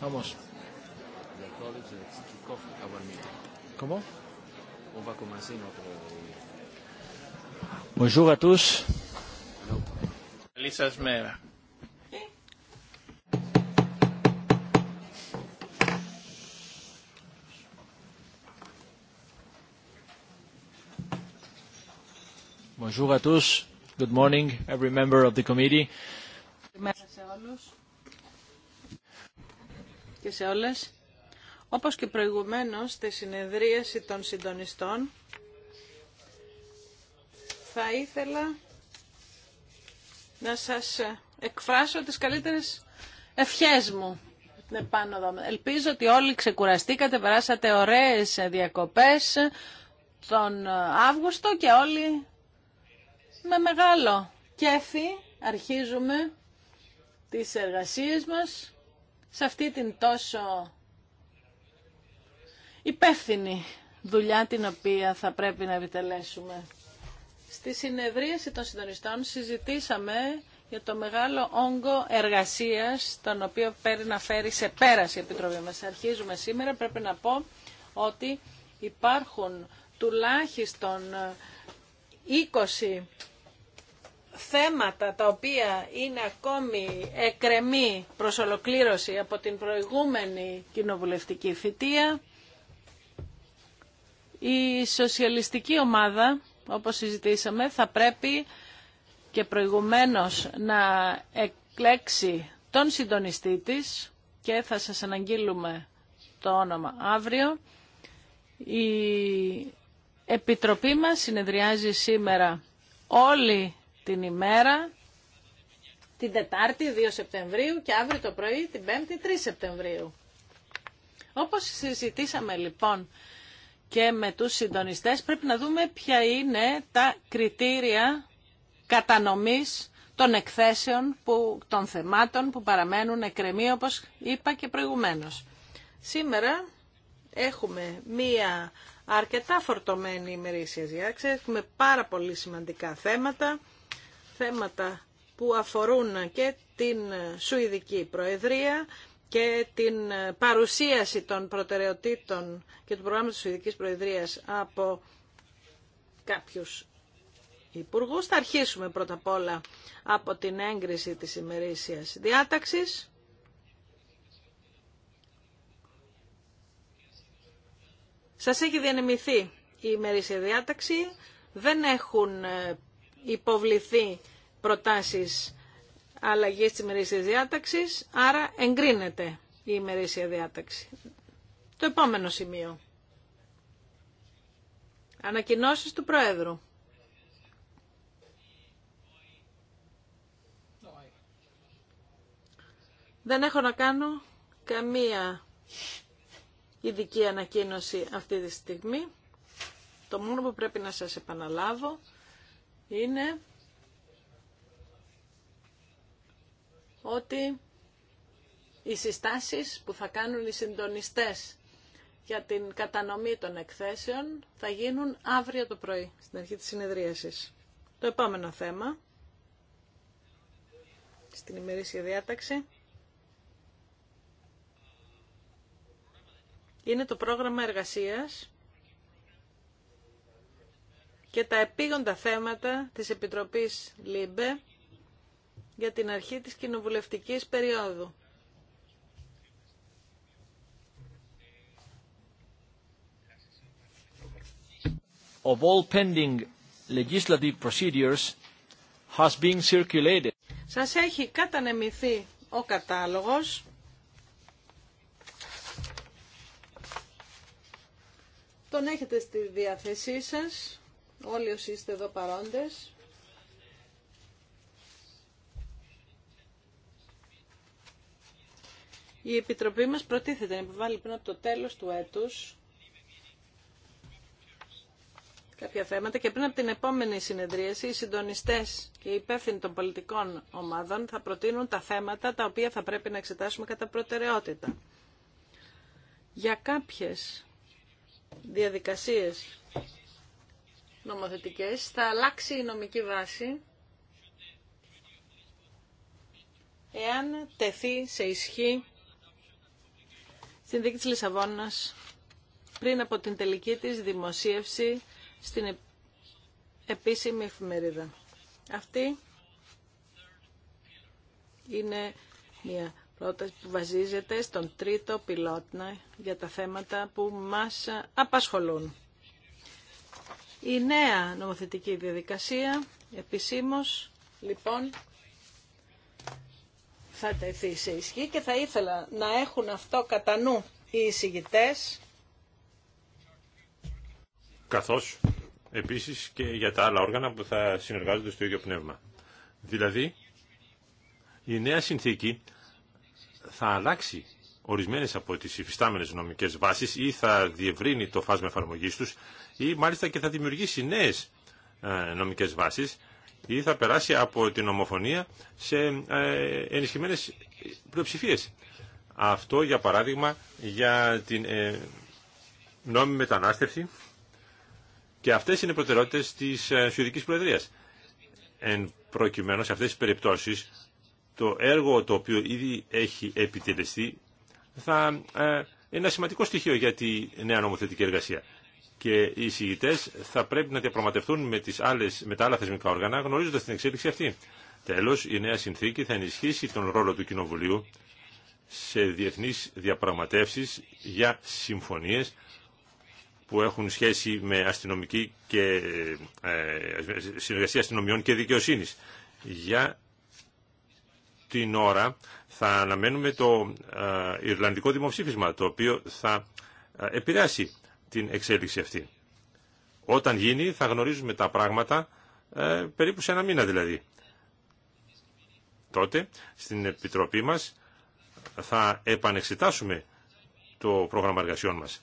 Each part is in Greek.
Vamos. Comment On va commencer notre... Bonjour à tous. Καλή Smera. Bonjour à tous. Good morning, every member of the committee. σε όλες. Όπως και προηγουμένως στη συνεδρίαση των συντονιστών, θα ήθελα να σας εκφράσω τις καλύτερες ευχές μου. Ναι, Ελπίζω ότι όλοι ξεκουραστήκατε, περάσατε ωραίες διακοπές τον Αύγουστο και όλοι με μεγάλο κέφι αρχίζουμε τις εργασίες μας σε αυτή την τόσο υπεύθυνη δουλειά την οποία θα πρέπει να επιτελέσουμε. Στη συνεδρίαση των συντονιστών συζητήσαμε για το μεγάλο όγκο εργασίας τον οποίο πρέπει να φέρει σε πέραση η Επιτροπή μας. Αρχίζουμε σήμερα, πρέπει να πω ότι υπάρχουν τουλάχιστον 20 θέματα τα οποία είναι ακόμη εκρεμή προς ολοκλήρωση από την προηγούμενη κοινοβουλευτική θητεία. Η σοσιαλιστική ομάδα, όπως συζητήσαμε, θα πρέπει και προηγουμένως να εκλέξει τον συντονιστή της και θα σας αναγγείλουμε το όνομα αύριο. Η Επιτροπή μας συνεδριάζει σήμερα όλοι την ημέρα την Τετάρτη 2 Σεπτεμβρίου και αύριο το πρωί την 5 3 Σεπτεμβρίου. Όπως συζητήσαμε λοιπόν και με τους συντονιστές πρέπει να δούμε ποια είναι τα κριτήρια κατανομής των εκθέσεων, που, των θεμάτων που παραμένουν εκκρεμοί όπως είπα και προηγουμένως. Σήμερα έχουμε μία αρκετά φορτωμένη ημερήσια διάξη, έχουμε πάρα πολύ σημαντικά θέματα θέματα που αφορούν και την Σουηδική Προεδρία και την παρουσίαση των προτεραιοτήτων και του προγράμματος της Σουηδικής Προεδρίας από κάποιους υπουργούς. Θα αρχίσουμε πρώτα απ' όλα από την έγκριση της ημερήσιας διάταξης. Σας έχει διανεμηθεί η ημερήσια διάταξη. Δεν έχουν υποβληθεί προτάσεις αλλαγής της ημερήσιας διάταξης, άρα εγκρίνεται η ημερήσια διάταξη. Το επόμενο σημείο. Ανακοινώσεις του Προέδρου. Δεν έχω να κάνω καμία ειδική ανακοίνωση αυτή τη στιγμή. Το μόνο που πρέπει να σας επαναλάβω είναι ότι οι συστάσεις που θα κάνουν οι συντονιστές για την κατανομή των εκθέσεων θα γίνουν αύριο το πρωί, στην αρχή της συνεδρίασης. Το επόμενο θέμα, στην ημερήσια διάταξη, είναι το πρόγραμμα εργασίας και τα επίγοντα θέματα της Επιτροπής ΛΥΜΠΕ για την αρχή της κοινοβουλευτικής περίοδου. Of all pending legislative procedures has been circulated. Σας έχει κατανεμηθεί ο κατάλογος Τον έχετε στη διάθεσή σας όλοι όσοι είστε εδώ παρόντες. Η Επιτροπή μας προτίθεται να επιβάλλει πριν από το τέλος του έτους κάποια θέματα και πριν από την επόμενη συνεδρίαση οι συντονιστές και οι υπεύθυνοι των πολιτικών ομάδων θα προτείνουν τα θέματα τα οποία θα πρέπει να εξετάσουμε κατά προτεραιότητα. Για κάποιες διαδικασίες νομοθετικές, θα αλλάξει η νομική βάση εάν τεθεί σε ισχύ στην δίκη της Λισαβόνας πριν από την τελική της δημοσίευση στην επίσημη εφημερίδα. Αυτή είναι μια πρόταση που βασίζεται στον τρίτο πιλότνα για τα θέματα που μας απασχολούν. Η νέα νομοθετική διαδικασία επισήμως λοιπόν θα τεθεί σε ισχύ και θα ήθελα να έχουν αυτό κατά νου οι εισηγητές. Καθώς επίσης και για τα άλλα όργανα που θα συνεργάζονται στο ίδιο πνεύμα. Δηλαδή η νέα συνθήκη θα αλλάξει ορισμένες από τις υφιστάμενες νομικέ βάσεις ή θα διευρύνει το φάσμα εφαρμογή τους ή μάλιστα και θα δημιουργήσει νέες ε, νομικές βάσεις ή θα περάσει από την ομοφωνία σε ε, ενισχυμένε πλειοψηφίε. Αυτό για παράδειγμα για την ε, νόμιμη μετανάστευση και αυτές είναι οι προτεραιότητες της Σουηδικής Προεδρίας. Εν προκειμένου σε αυτές τις περιπτώσεις το έργο το οποίο ήδη έχει επιτελεστεί θα ε, είναι ένα σημαντικό στοιχείο για τη νέα νομοθετική εργασία. Και οι εισηγητέ θα πρέπει να διαπραγματευτούν με, τις άλλες, με τα άλλα θεσμικά όργανα γνωρίζοντα την εξέλιξη αυτή. Τέλο, η νέα συνθήκη θα ενισχύσει τον ρόλο του Κοινοβουλίου σε διεθνεί διαπραγματεύσει για συμφωνίε που έχουν σχέση με αστυνομική και ε, ε συνεργασία αστυνομιών και δικαιοσύνης για την ώρα θα αναμένουμε το ε, Ιρλανδικό δημοψήφισμα, το οποίο θα ε, επηρεάσει την εξέλιξη αυτή. Όταν γίνει θα γνωρίζουμε τα πράγματα ε, περίπου σε ένα μήνα δηλαδή. Τότε στην Επιτροπή μας θα επανεξετάσουμε το πρόγραμμα εργασιών μας.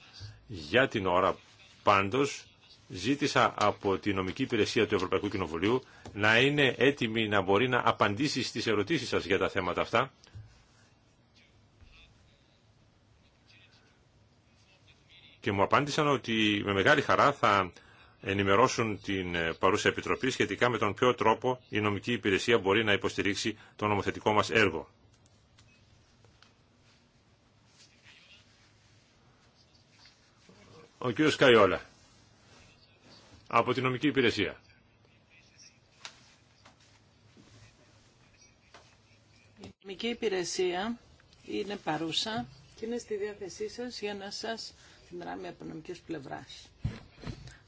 Για την ώρα πάντως ζήτησα από τη νομική υπηρεσία του Ευρωπαϊκού Κοινοβουλίου να είναι έτοιμη να μπορεί να απαντήσει στις ερωτήσεις σας για τα θέματα αυτά. Και μου απάντησαν ότι με μεγάλη χαρά θα ενημερώσουν την παρούσα Επιτροπή σχετικά με τον ποιο τρόπο η νομική υπηρεσία μπορεί να υποστηρίξει το νομοθετικό μας έργο. Ο κύριος Καϊόλα από την νομική υπηρεσία. Η νομική υπηρεσία είναι παρούσα και είναι στη διάθεσή σας για να σας δράμει από νομικής πλευράς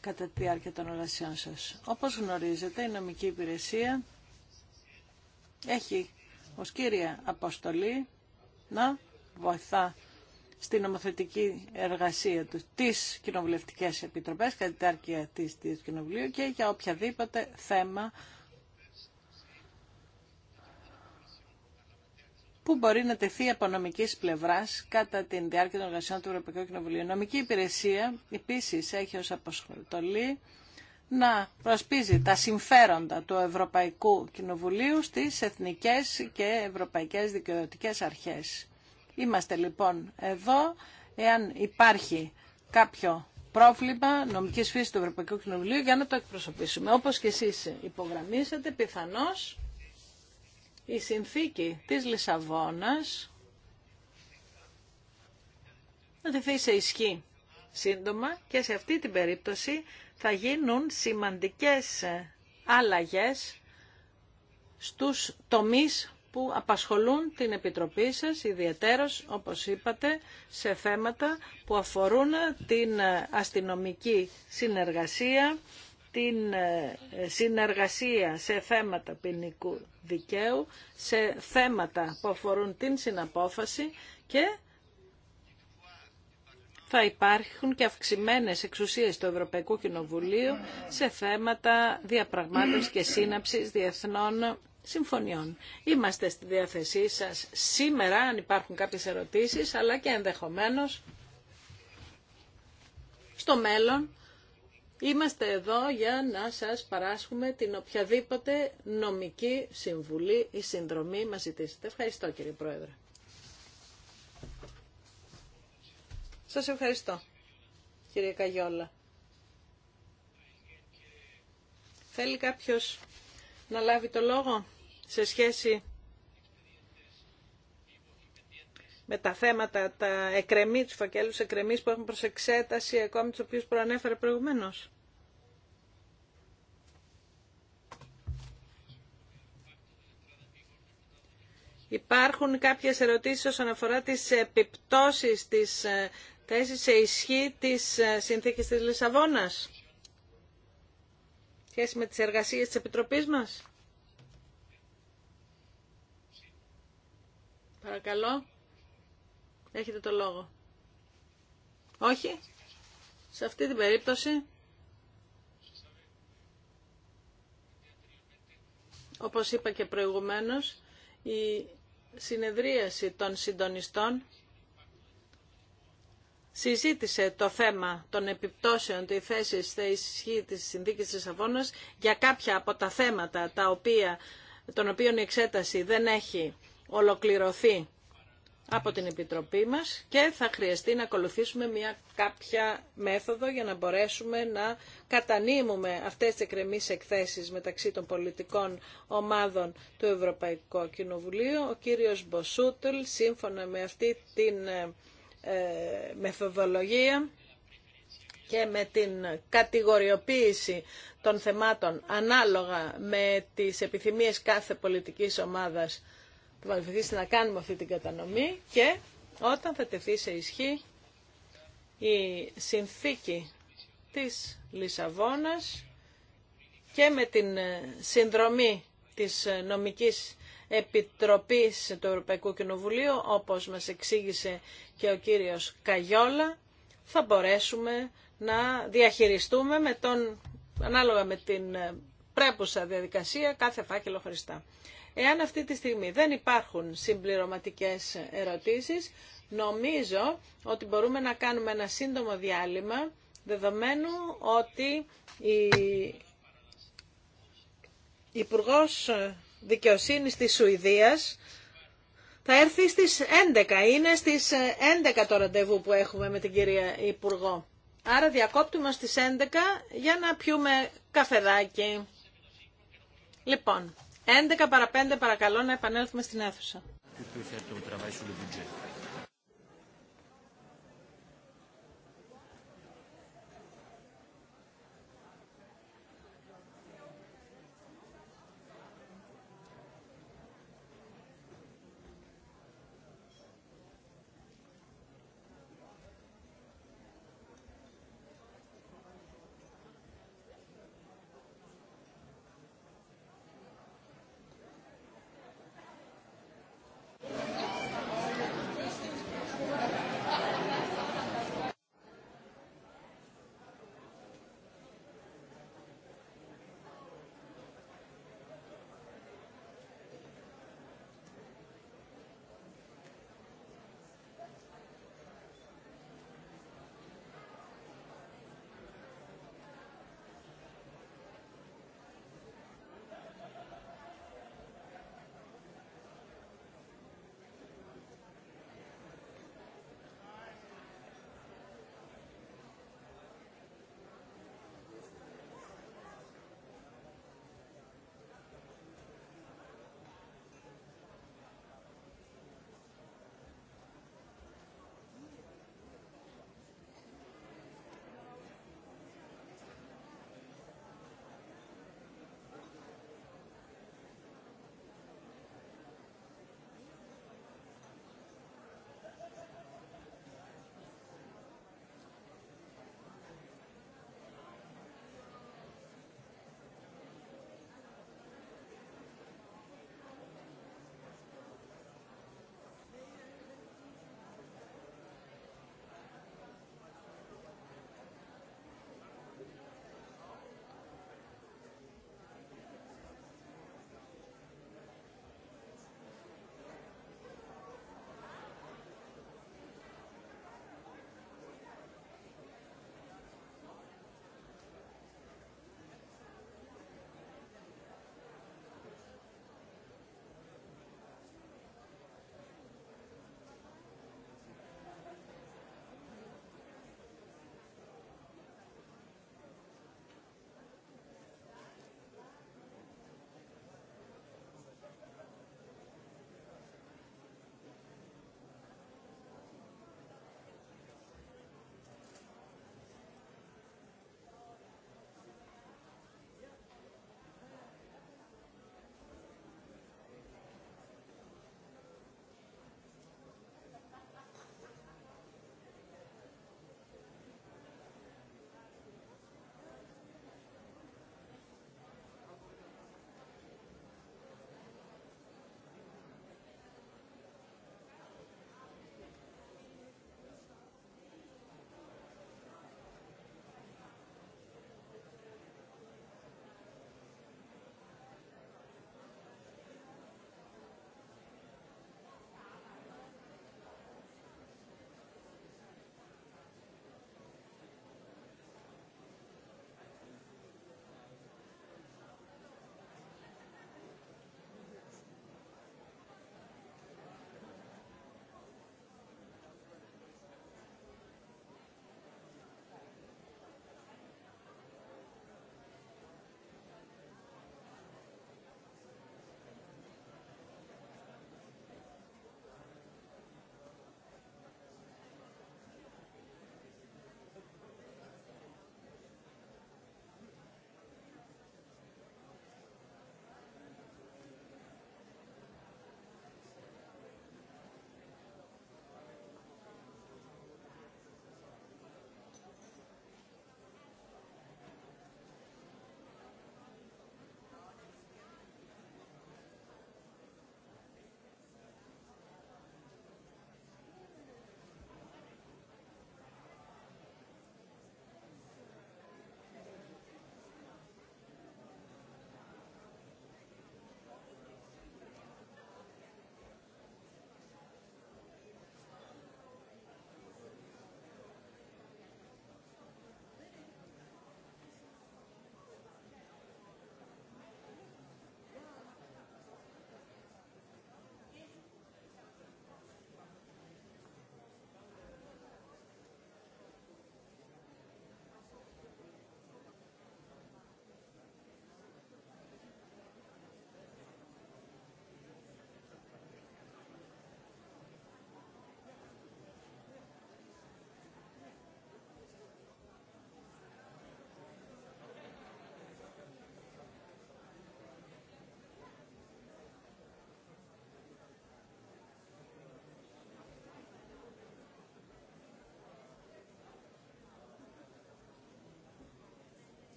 κατά τη διάρκεια των οργασιών σας. Όπως γνωρίζετε, η νομική υπηρεσία έχει ως κύρια αποστολή να βοηθά στην νομοθετική εργασία του τις κοινοβουλευτικέ επιτροπές κατά τη διάρκεια της, κοινοβουλίου και για οποιαδήποτε θέμα που μπορεί να τεθεί από νομικής πλευράς κατά τη διάρκεια των εργασιών του Ευρωπαϊκού Κοινοβουλίου. Η νομική υπηρεσία επίσης έχει ως αποστολή να προσπίζει τα συμφέροντα του Ευρωπαϊκού Κοινοβουλίου στις εθνικές και ευρωπαϊκές δικαιωτικές αρχές. Είμαστε λοιπόν εδώ, εάν υπάρχει κάποιο πρόβλημα νομική φύση του Ευρωπαϊκού Κοινοβουλίου για να το εκπροσωπήσουμε. Όπω και εσεί υπογραμμίσατε, πιθανώ η συνθήκη τη Λισαβόνα να τεθεί σε ισχύ σύντομα και σε αυτή την περίπτωση θα γίνουν σημαντικές αλλαγές στους τομείς που απασχολούν την Επιτροπή σας, ιδιαίτερος, όπως είπατε, σε θέματα που αφορούν την αστυνομική συνεργασία, την ε, συνεργασία σε θέματα ποινικού δικαίου, σε θέματα που αφορούν την συναπόφαση και θα υπάρχουν και αυξημένες εξουσίες του Ευρωπαϊκού Κοινοβουλίου σε θέματα διαπραγμάτευσης και σύναψης διεθνών συμφωνιών. Είμαστε στη διάθεσή σας σήμερα αν υπάρχουν κάποιες ερωτήσεις αλλά και ενδεχομένως στο μέλλον είμαστε εδώ για να σας παράσχουμε την οποιαδήποτε νομική συμβουλή ή συνδρομή μας ζητήσετε. Ευχαριστώ κύριε Πρόεδρε. Σας ευχαριστώ κύριε Καγιόλα. Θέλει κάποιος να λάβει το λόγο σε σχέση με τα θέματα, τα εκρεμή, τους φακέλους εκρεμής που έχουν προς εξέταση, ακόμη τους οποίους προανέφερε προηγουμένως. Υπάρχουν κάποιες ερωτήσεις όσον αφορά τις επιπτώσεις της ε, θέσης σε ισχύ της ε, Συνθήκης της Λισαβόνας σχέση με τις εργασίες της Επιτροπής μας. Παρακαλώ. Έχετε το λόγο. Όχι. Σε αυτή την περίπτωση, όπως είπα και προηγουμένως, η συνεδρίαση των συντονιστών συζήτησε το θέμα των επιπτώσεων της θέση στη τη της συνθήκης της για κάποια από τα θέματα τα οποία, των οποίων η εξέταση δεν έχει ολοκληρωθεί από την Επιτροπή μας και θα χρειαστεί να ακολουθήσουμε μια κάποια μέθοδο για να μπορέσουμε να κατανείμουμε αυτές τις εκκρεμείς εκθέσεις μεταξύ των πολιτικών ομάδων του Ευρωπαϊκού Κοινοβουλίου. Ο κύριος Μποσούτλ, σύμφωνα με αυτή την ε, ε, μεθοδολογία και με την κατηγοριοποίηση των θεμάτων ανάλογα με τις επιθυμίες κάθε πολιτικής ομάδας μας βοηθήσει να κάνουμε αυτή την κατανομή και όταν θα τεθεί σε ισχύ η συνθήκη της Λισαβόνας και με την ε, συνδρομή της ε, νομικής επιτροπής του Ευρωπαϊκού Κοινοβουλίου, όπως μας εξήγησε και ο κύριος Καγιόλα, θα μπορέσουμε να διαχειριστούμε με τον, ανάλογα με την ε, πρέπουσα διαδικασία κάθε φάκελο χωριστά. Εάν αυτή τη στιγμή δεν υπάρχουν συμπληρωματικές ερωτήσεις, νομίζω ότι μπορούμε να κάνουμε ένα σύντομο διάλειμμα, δεδομένου ότι η υπουργό Δικαιοσύνης της Σουηδίας θα έρθει στις 11. Είναι στις 11 το ραντεβού που έχουμε με την κυρία Υπουργό. Άρα διακόπτουμε στις 11 για να πιούμε καφεδάκι. Λοιπόν, 11 παρα 5 παρακαλώ να επανέλθουμε στην αίθουσα.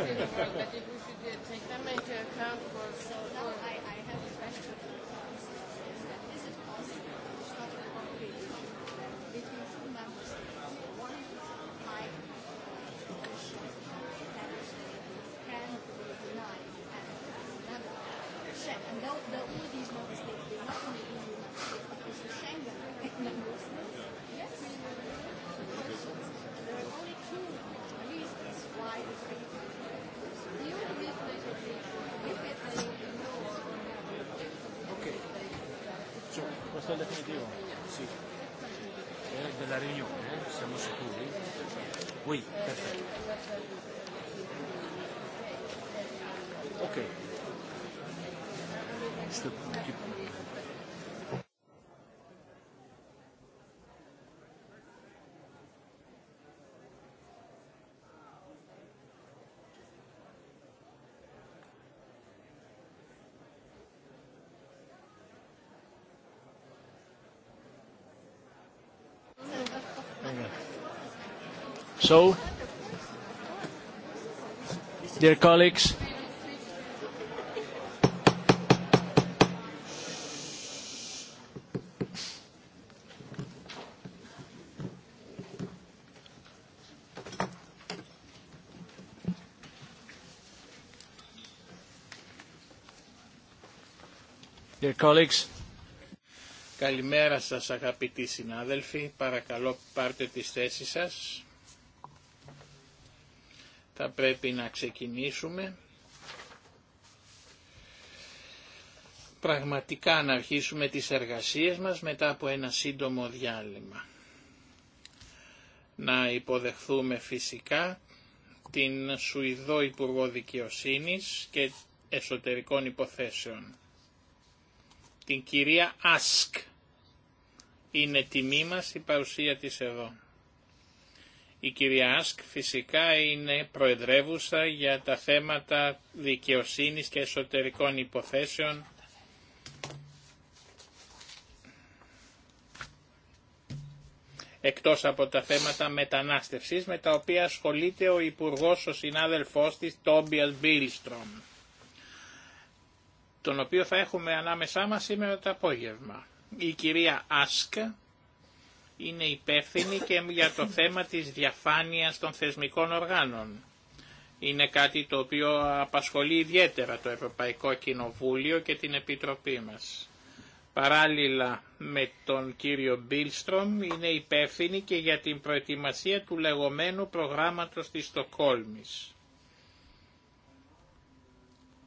But if we should take them into account for... now I, I have a question. Is it possible to start a cooperation between two member states? One might commission that can deny and another check. And though, though all these member Not only in the EU member states, but also Schengen members. Yes, there are only two reasons why the Ok. Questo è il definitivo? Sì. È della riunione, eh? siamo sicuri? Oui, perfetto. Ok. Juste, So, dear colleagues, dear colleagues, Καλημέρα σας αγαπητοί συνάδελφοι, παρακαλώ πάρτε τις θέσεις σας θα πρέπει να ξεκινήσουμε πραγματικά να αρχίσουμε τις εργασίες μας μετά από ένα σύντομο διάλειμμα. Να υποδεχθούμε φυσικά την Σουηδό Υπουργό Δικαιοσύνης και Εσωτερικών Υποθέσεων. Την κυρία Άσκ. Είναι τιμή μας η παρουσία της εδώ. Η κυρία Άσκ φυσικά είναι προεδρεύουσα για τα θέματα δικαιοσύνης και εσωτερικών υποθέσεων εκτός από τα θέματα μετανάστευσης με τα οποία ασχολείται ο Υπουργός, ο συνάδελφός της Τόμπιας Μπίλστρομ τον οποίο θα έχουμε ανάμεσά μας σήμερα το απόγευμα. Η κυρία Άσκ είναι υπεύθυνη και για το θέμα της διαφάνειας των θεσμικών οργάνων. Είναι κάτι το οποίο απασχολεί ιδιαίτερα το Ευρωπαϊκό Κοινοβούλιο και την Επιτροπή μας. Παράλληλα με τον κύριο Μπίλστρομ είναι υπεύθυνη και για την προετοιμασία του λεγόμενου προγράμματος της Στοκόλμης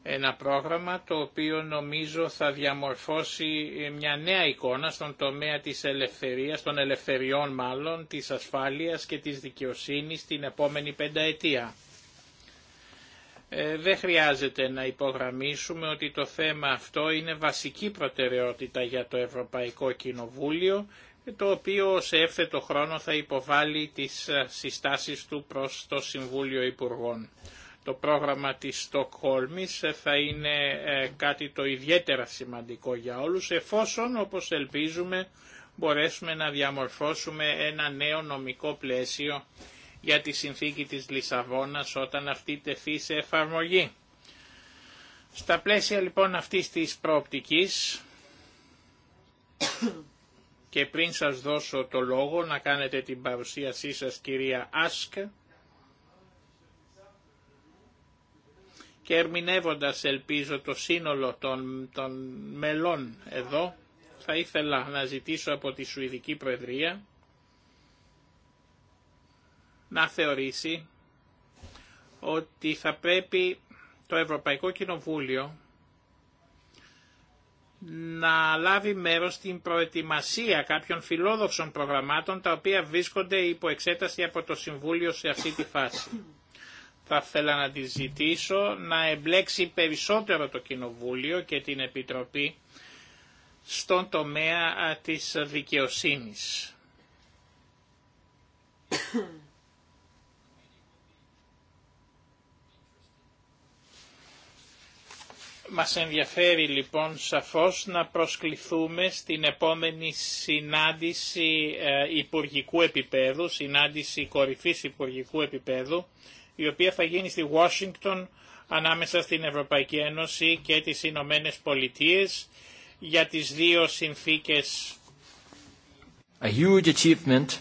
ένα πρόγραμμα το οποίο νομίζω θα διαμορφώσει μια νέα εικόνα στον τομέα της ελευθερίας, των ελευθεριών μάλλον, της ασφάλειας και της δικαιοσύνης την επόμενη πενταετία. Ε, δεν χρειάζεται να υπογραμμίσουμε ότι το θέμα αυτό είναι βασική προτεραιότητα για το Ευρωπαϊκό Κοινοβούλιο, το οποίο σε έφθετο χρόνο θα υποβάλει τις συστάσεις του προς το Συμβούλιο Υπουργών. Το πρόγραμμα της Στοκχόλμης θα είναι ε, κάτι το ιδιαίτερα σημαντικό για όλους, εφόσον, όπως ελπίζουμε, μπορέσουμε να διαμορφώσουμε ένα νέο νομικό πλαίσιο για τη συνθήκη της Λισαβόνας όταν αυτή τεθεί σε εφαρμογή. Στα πλαίσια λοιπόν αυτής της προοπτικής και πριν σας δώσω το λόγο να κάνετε την παρουσίασή σας κυρία Άσκ, και ερμηνεύοντας ελπίζω το σύνολο των, μελών εδώ θα ήθελα να ζητήσω από τη Σουηδική Προεδρία να θεωρήσει ότι θα πρέπει το Ευρωπαϊκό Κοινοβούλιο να λάβει μέρος στην προετοιμασία κάποιων φιλόδοξων προγραμμάτων τα οποία βρίσκονται υπό εξέταση από το Συμβούλιο σε αυτή τη φάση θα ήθελα να τη ζητήσω να εμπλέξει περισσότερο το Κοινοβούλιο και την Επιτροπή στον τομέα της δικαιοσύνης. Μας ενδιαφέρει λοιπόν σαφώς να προσκληθούμε στην επόμενη συνάντηση ε, υπουργικού επίπεδου, συνάντηση κορυφής υπουργικού επίπεδου, η οποία θα γίνει στη Washington ανάμεσα στην Ευρωπαϊκή Ένωση και τις Ηνωμένε Πολιτείε για τις δύο συνθήκες. A huge achievement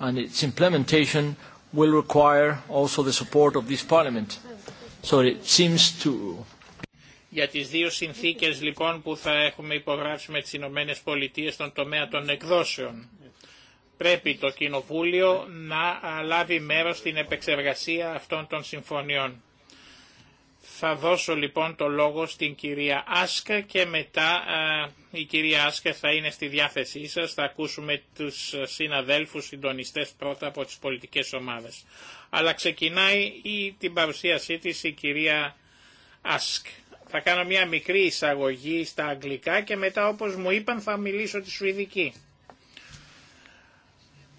and its implementation will require also the support of this parliament. So it seems to για τις δύο συνθήκες λοιπόν που θα έχουμε υπογράψει με τις Ηνωμένε Πολιτείες στον τομέα των εκδόσεων πρέπει το Κοινοβούλιο να λάβει μέρος στην επεξεργασία αυτών των συμφωνιών. Θα δώσω λοιπόν το λόγο στην κυρία Άσκα και μετά η κυρία Άσκα θα είναι στη διάθεσή σας. Θα ακούσουμε τους συναδέλφους συντονιστές πρώτα από τις πολιτικές ομάδες. Αλλά ξεκινάει η, την παρουσίασή της η κυρία Άσκ. Θα κάνω μια μικρή εισαγωγή στα αγγλικά και μετά όπως μου είπαν θα μιλήσω τη Σουηδική.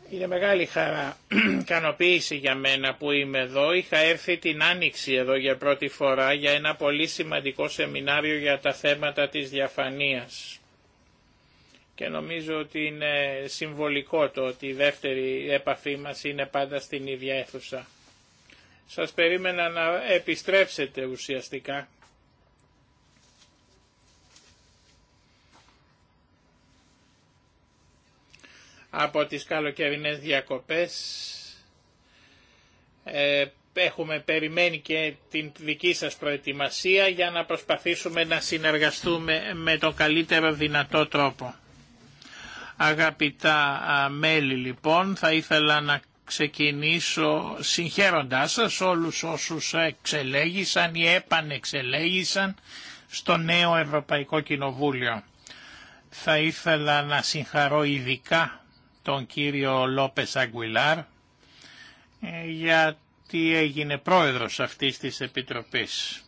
Είναι μεγάλη χαρά, κανοποίηση για μένα που είμαι εδώ. Είχα έρθει την Άνοιξη εδώ για πρώτη φορά για ένα πολύ σημαντικό σεμινάριο για τα θέματα της διαφανείας. Και νομίζω ότι είναι συμβολικό το ότι η δεύτερη επαφή μας είναι πάντα στην ίδια αίθουσα. Σας περίμενα να επιστρέψετε ουσιαστικά από τις καλοκαιρινές διακοπές. Ε, έχουμε περιμένει και την δική σας προετοιμασία για να προσπαθήσουμε να συνεργαστούμε με τον καλύτερο δυνατό τρόπο. Αγαπητά μέλη λοιπόν, θα ήθελα να ξεκινήσω συγχαίροντάς σας όλους όσους εξελέγησαν ή επανεξελέγησαν στο νέο Ευρωπαϊκό Κοινοβούλιο. Θα ήθελα να συγχαρώ ειδικά τον κύριο Λόπες Αγκουιλάρ ε, γιατί έγινε πρόεδρος αυτής της Επιτροπής.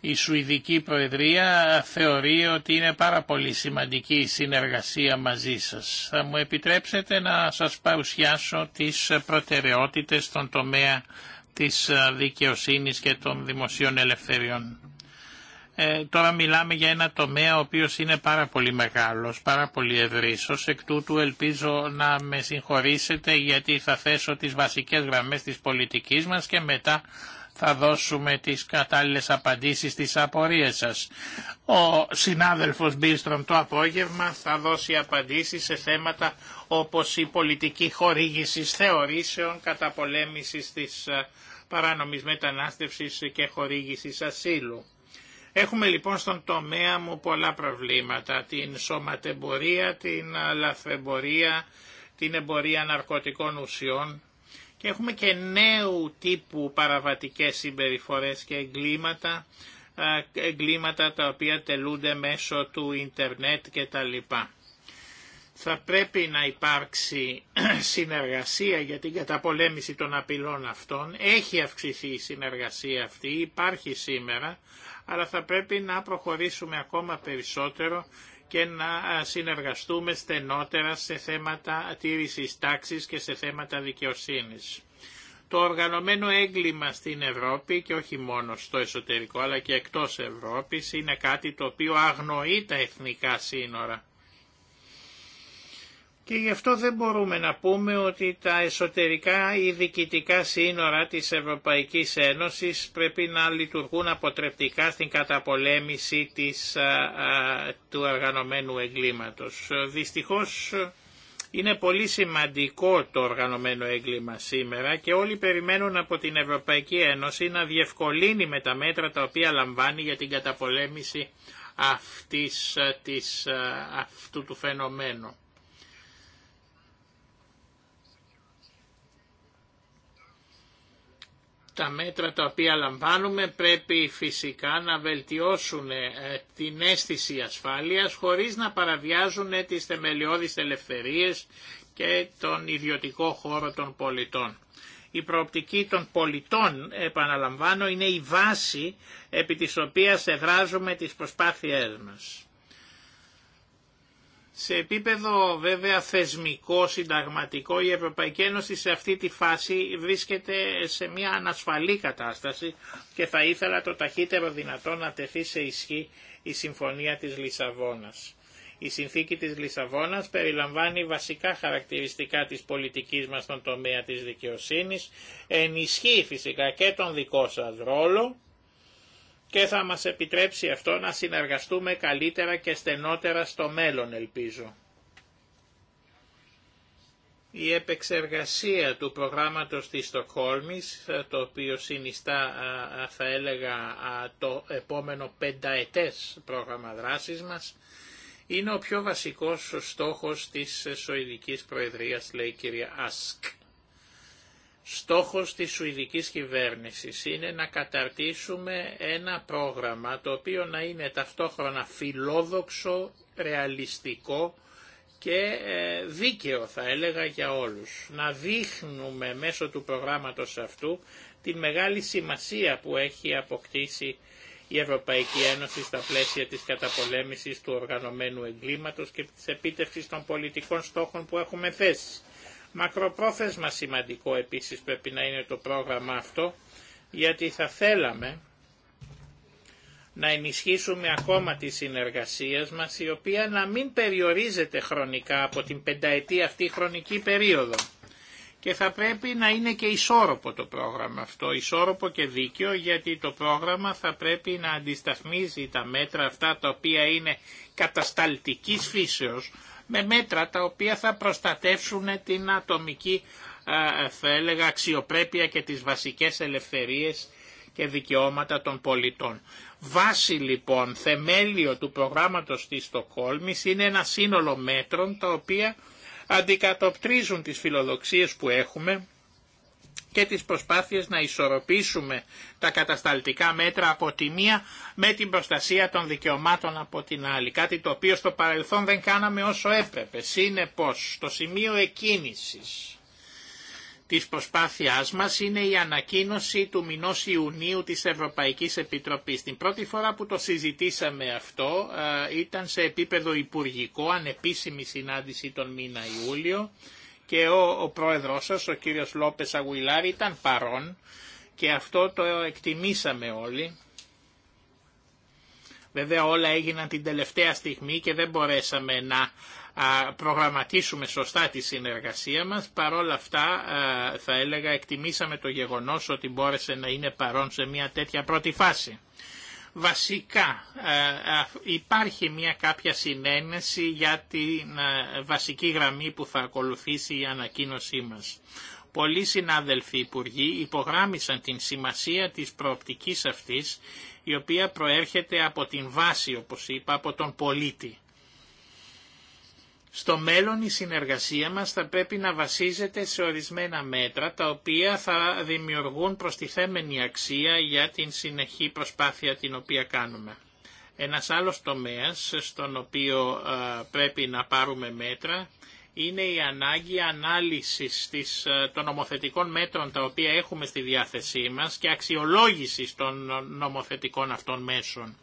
Η Σουηδική Προεδρία θεωρεί ότι είναι πάρα πολύ σημαντική η συνεργασία μαζί σας. Θα μου επιτρέψετε να σας παρουσιάσω τις προτεραιότητες στον τομέα της δικαιοσύνης και των δημοσίων ελευθεριών. Ε, τώρα μιλάμε για ένα τομέα ο οποίος είναι πάρα πολύ μεγάλος, πάρα πολύ ευρύσος. εκ τούτου ελπίζω να με συγχωρήσετε γιατί θα θέσω τις βασικές γραμμές της πολιτικής μας και μετά θα δώσουμε τις κατάλληλες απαντήσεις στις απορίες σας. Ο συνάδελφος Μπίστρον το απόγευμα θα δώσει απαντήσεις σε θέματα όπως η πολιτική χορήγηση θεωρήσεων καταπολέμησης της ε, παράνομης μετανάστευσης και χορήγησης ασύλου. Έχουμε λοιπόν στον τομέα μου πολλά προβλήματα, την σωματεμπορία, την λαθρεμπορία, την εμπορία ναρκωτικών ουσιών και έχουμε και νέου τύπου παραβατικές συμπεριφορές και εγκλήματα, εγκλήματα τα οποία τελούνται μέσω του ίντερνετ και τα λοιπά. Θα πρέπει να υπάρξει συνεργασία για την καταπολέμηση των απειλών αυτών. Έχει αυξηθεί η συνεργασία αυτή, υπάρχει σήμερα, αλλά θα πρέπει να προχωρήσουμε ακόμα περισσότερο και να συνεργαστούμε στενότερα σε θέματα τήρησης τάξης και σε θέματα δικαιοσύνης. Το οργανωμένο έγκλημα στην Ευρώπη και όχι μόνο στο εσωτερικό αλλά και εκτός Ευρώπης είναι κάτι το οποίο αγνοεί τα εθνικά σύνορα. Και γι' αυτό δεν μπορούμε να πούμε ότι τα εσωτερικά ή διοικητικά σύνορα της Ευρωπαϊκής Ένωσης πρέπει να λειτουργούν αποτρεπτικά στην καταπολέμηση της, του οργανωμένου εγκλήματος. Δυστυχώς είναι πολύ σημαντικό το οργανωμένο έγκλημα σήμερα και όλοι περιμένουν από την Ευρωπαϊκή Ένωση να διευκολύνει με τα μέτρα τα οποία λαμβάνει για την καταπολέμηση αυτής, της, αυτού του φαινομένου. τα μέτρα τα οποία λαμβάνουμε πρέπει φυσικά να βελτιώσουν ε, την αίσθηση ασφάλειας χωρίς να παραβιάζουν ε, τις θεμελιώδεις ελευθερίες και τον ιδιωτικό χώρο των πολιτών. Η προοπτική των πολιτών, επαναλαμβάνω, είναι η βάση επί της οποίας εδράζουμε τις προσπάθειές μας. Σε επίπεδο βέβαια θεσμικό, συνταγματικό, η Ευρωπαϊκή Ένωση σε αυτή τη φάση βρίσκεται σε μια ανασφαλή κατάσταση και θα ήθελα το ταχύτερο δυνατό να τεθεί σε ισχύ η Συμφωνία της Λισαβόνας. Η συνθήκη της Λισαβόνας περιλαμβάνει βασικά χαρακτηριστικά της πολιτικής μας στον τομέα της δικαιοσύνης, ενισχύει φυσικά και τον δικό σας ρόλο, και θα μας επιτρέψει αυτό να συνεργαστούμε καλύτερα και στενότερα στο μέλλον ελπίζω. Η επεξεργασία του προγράμματος της Στοκχόλμης, το οποίο συνιστά θα έλεγα το επόμενο πενταετές πρόγραμμα δράσης μας, είναι ο πιο βασικός στόχος της Σοηδικής Προεδρίας, λέει η κυρία Άσκ. Στόχος της Σουηδικής Κυβέρνησης είναι να καταρτήσουμε ένα πρόγραμμα το οποίο να είναι ταυτόχρονα φιλόδοξο, ρεαλιστικό και ε, δίκαιο θα έλεγα για όλους. Να δείχνουμε μέσω του προγράμματος αυτού την μεγάλη σημασία που έχει αποκτήσει η Ευρωπαϊκή Ένωση στα πλαίσια της καταπολέμησης του οργανωμένου εγκλήματος και της επίτευξης των πολιτικών στόχων που έχουμε θέσει. Μακροπρόθεσμα σημαντικό επίσης πρέπει να είναι το πρόγραμμα αυτό, γιατί θα θέλαμε να ενισχύσουμε ακόμα τη συνεργασία μας, η οποία να μην περιορίζεται χρονικά από την πενταετή αυτή χρονική περίοδο. Και θα πρέπει να είναι και ισόρροπο το πρόγραμμα αυτό, ισόρροπο και δίκαιο, γιατί το πρόγραμμα θα πρέπει να αντισταθμίζει τα μέτρα αυτά τα οποία είναι κατασταλτικής φύσεως, με μέτρα τα οποία θα προστατεύσουν την ατομική θα αξιοπρέπεια και τις βασικές ελευθερίες και δικαιώματα των πολιτών. Βάση λοιπόν, θεμέλιο του προγράμματος της Στοκόλμης είναι ένα σύνολο μέτρων τα οποία αντικατοπτρίζουν τις φιλοδοξίες που έχουμε και τις προσπάθειες να ισορροπήσουμε τα κατασταλτικά μέτρα από τη μία με την προστασία των δικαιωμάτων από την άλλη. Κάτι το οποίο στο παρελθόν δεν κάναμε όσο έπρεπε. Σύνεπως, το σημείο εκκίνησης της προσπάθειάς μας είναι η ανακοίνωση του μηνός Ιουνίου της Ευρωπαϊκής Επιτροπής. Την πρώτη φορά που το συζητήσαμε αυτό ε, ήταν σε επίπεδο υπουργικό, ανεπίσημη συνάντηση τον μήνα Ιούλιο και ο, ο πρόεδρός σας, ο κύριος Λόπες Αγουιλάρη, ήταν παρόν και αυτό το εκτιμήσαμε όλοι. Βέβαια όλα έγιναν την τελευταία στιγμή και δεν μπορέσαμε να προγραμματίσουμε σωστά τη συνεργασία μας. Παρόλα αυτά θα έλεγα εκτιμήσαμε το γεγονός ότι μπόρεσε να είναι παρόν σε μια τέτοια πρώτη φάση. Βασικά ε, ε, υπάρχει μια κάποια συνένεση για την ε, βασική γραμμή που θα ακολουθήσει η ανακοίνωσή μας. Πολλοί συνάδελφοι υπουργοί υπογράμμισαν την σημασία της προοπτικής αυτής η οποία προέρχεται από την βάση όπως είπα από τον πολίτη. Στο μέλλον η συνεργασία μας θα πρέπει να βασίζεται σε ορισμένα μέτρα τα οποία θα δημιουργούν προστιθέμενη αξία για την συνεχή προσπάθεια την οποία κάνουμε. Ένας άλλος τομέας στον οποίο πρέπει να πάρουμε μέτρα είναι η ανάγκη ανάλυσης της, των νομοθετικών μέτρων τα οποία έχουμε στη διάθεσή μας και αξιολόγησης των νομοθετικών αυτών μέσων.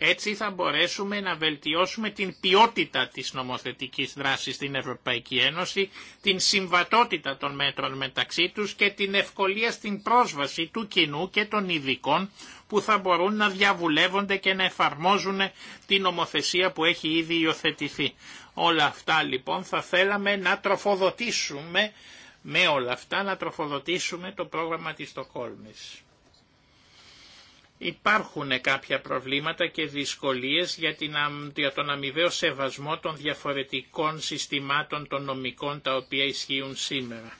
Έτσι θα μπορέσουμε να βελτιώσουμε την ποιότητα της νομοθετικής δράσης στην Ευρωπαϊκή Ένωση, την συμβατότητα των μέτρων μεταξύ τους και την ευκολία στην πρόσβαση του κοινού και των ειδικών που θα μπορούν να διαβουλεύονται και να εφαρμόζουν την νομοθεσία που έχει ήδη υιοθετηθεί. Όλα αυτά λοιπόν θα θέλαμε να τροφοδοτήσουμε με όλα αυτά να τροφοδοτήσουμε το πρόγραμμα της Στοκόλμης. Υπάρχουν κάποια προβλήματα και δυσκολίες για, την, για τον αμοιβαίο σεβασμό των διαφορετικών συστημάτων των νομικών τα οποία ισχύουν σήμερα.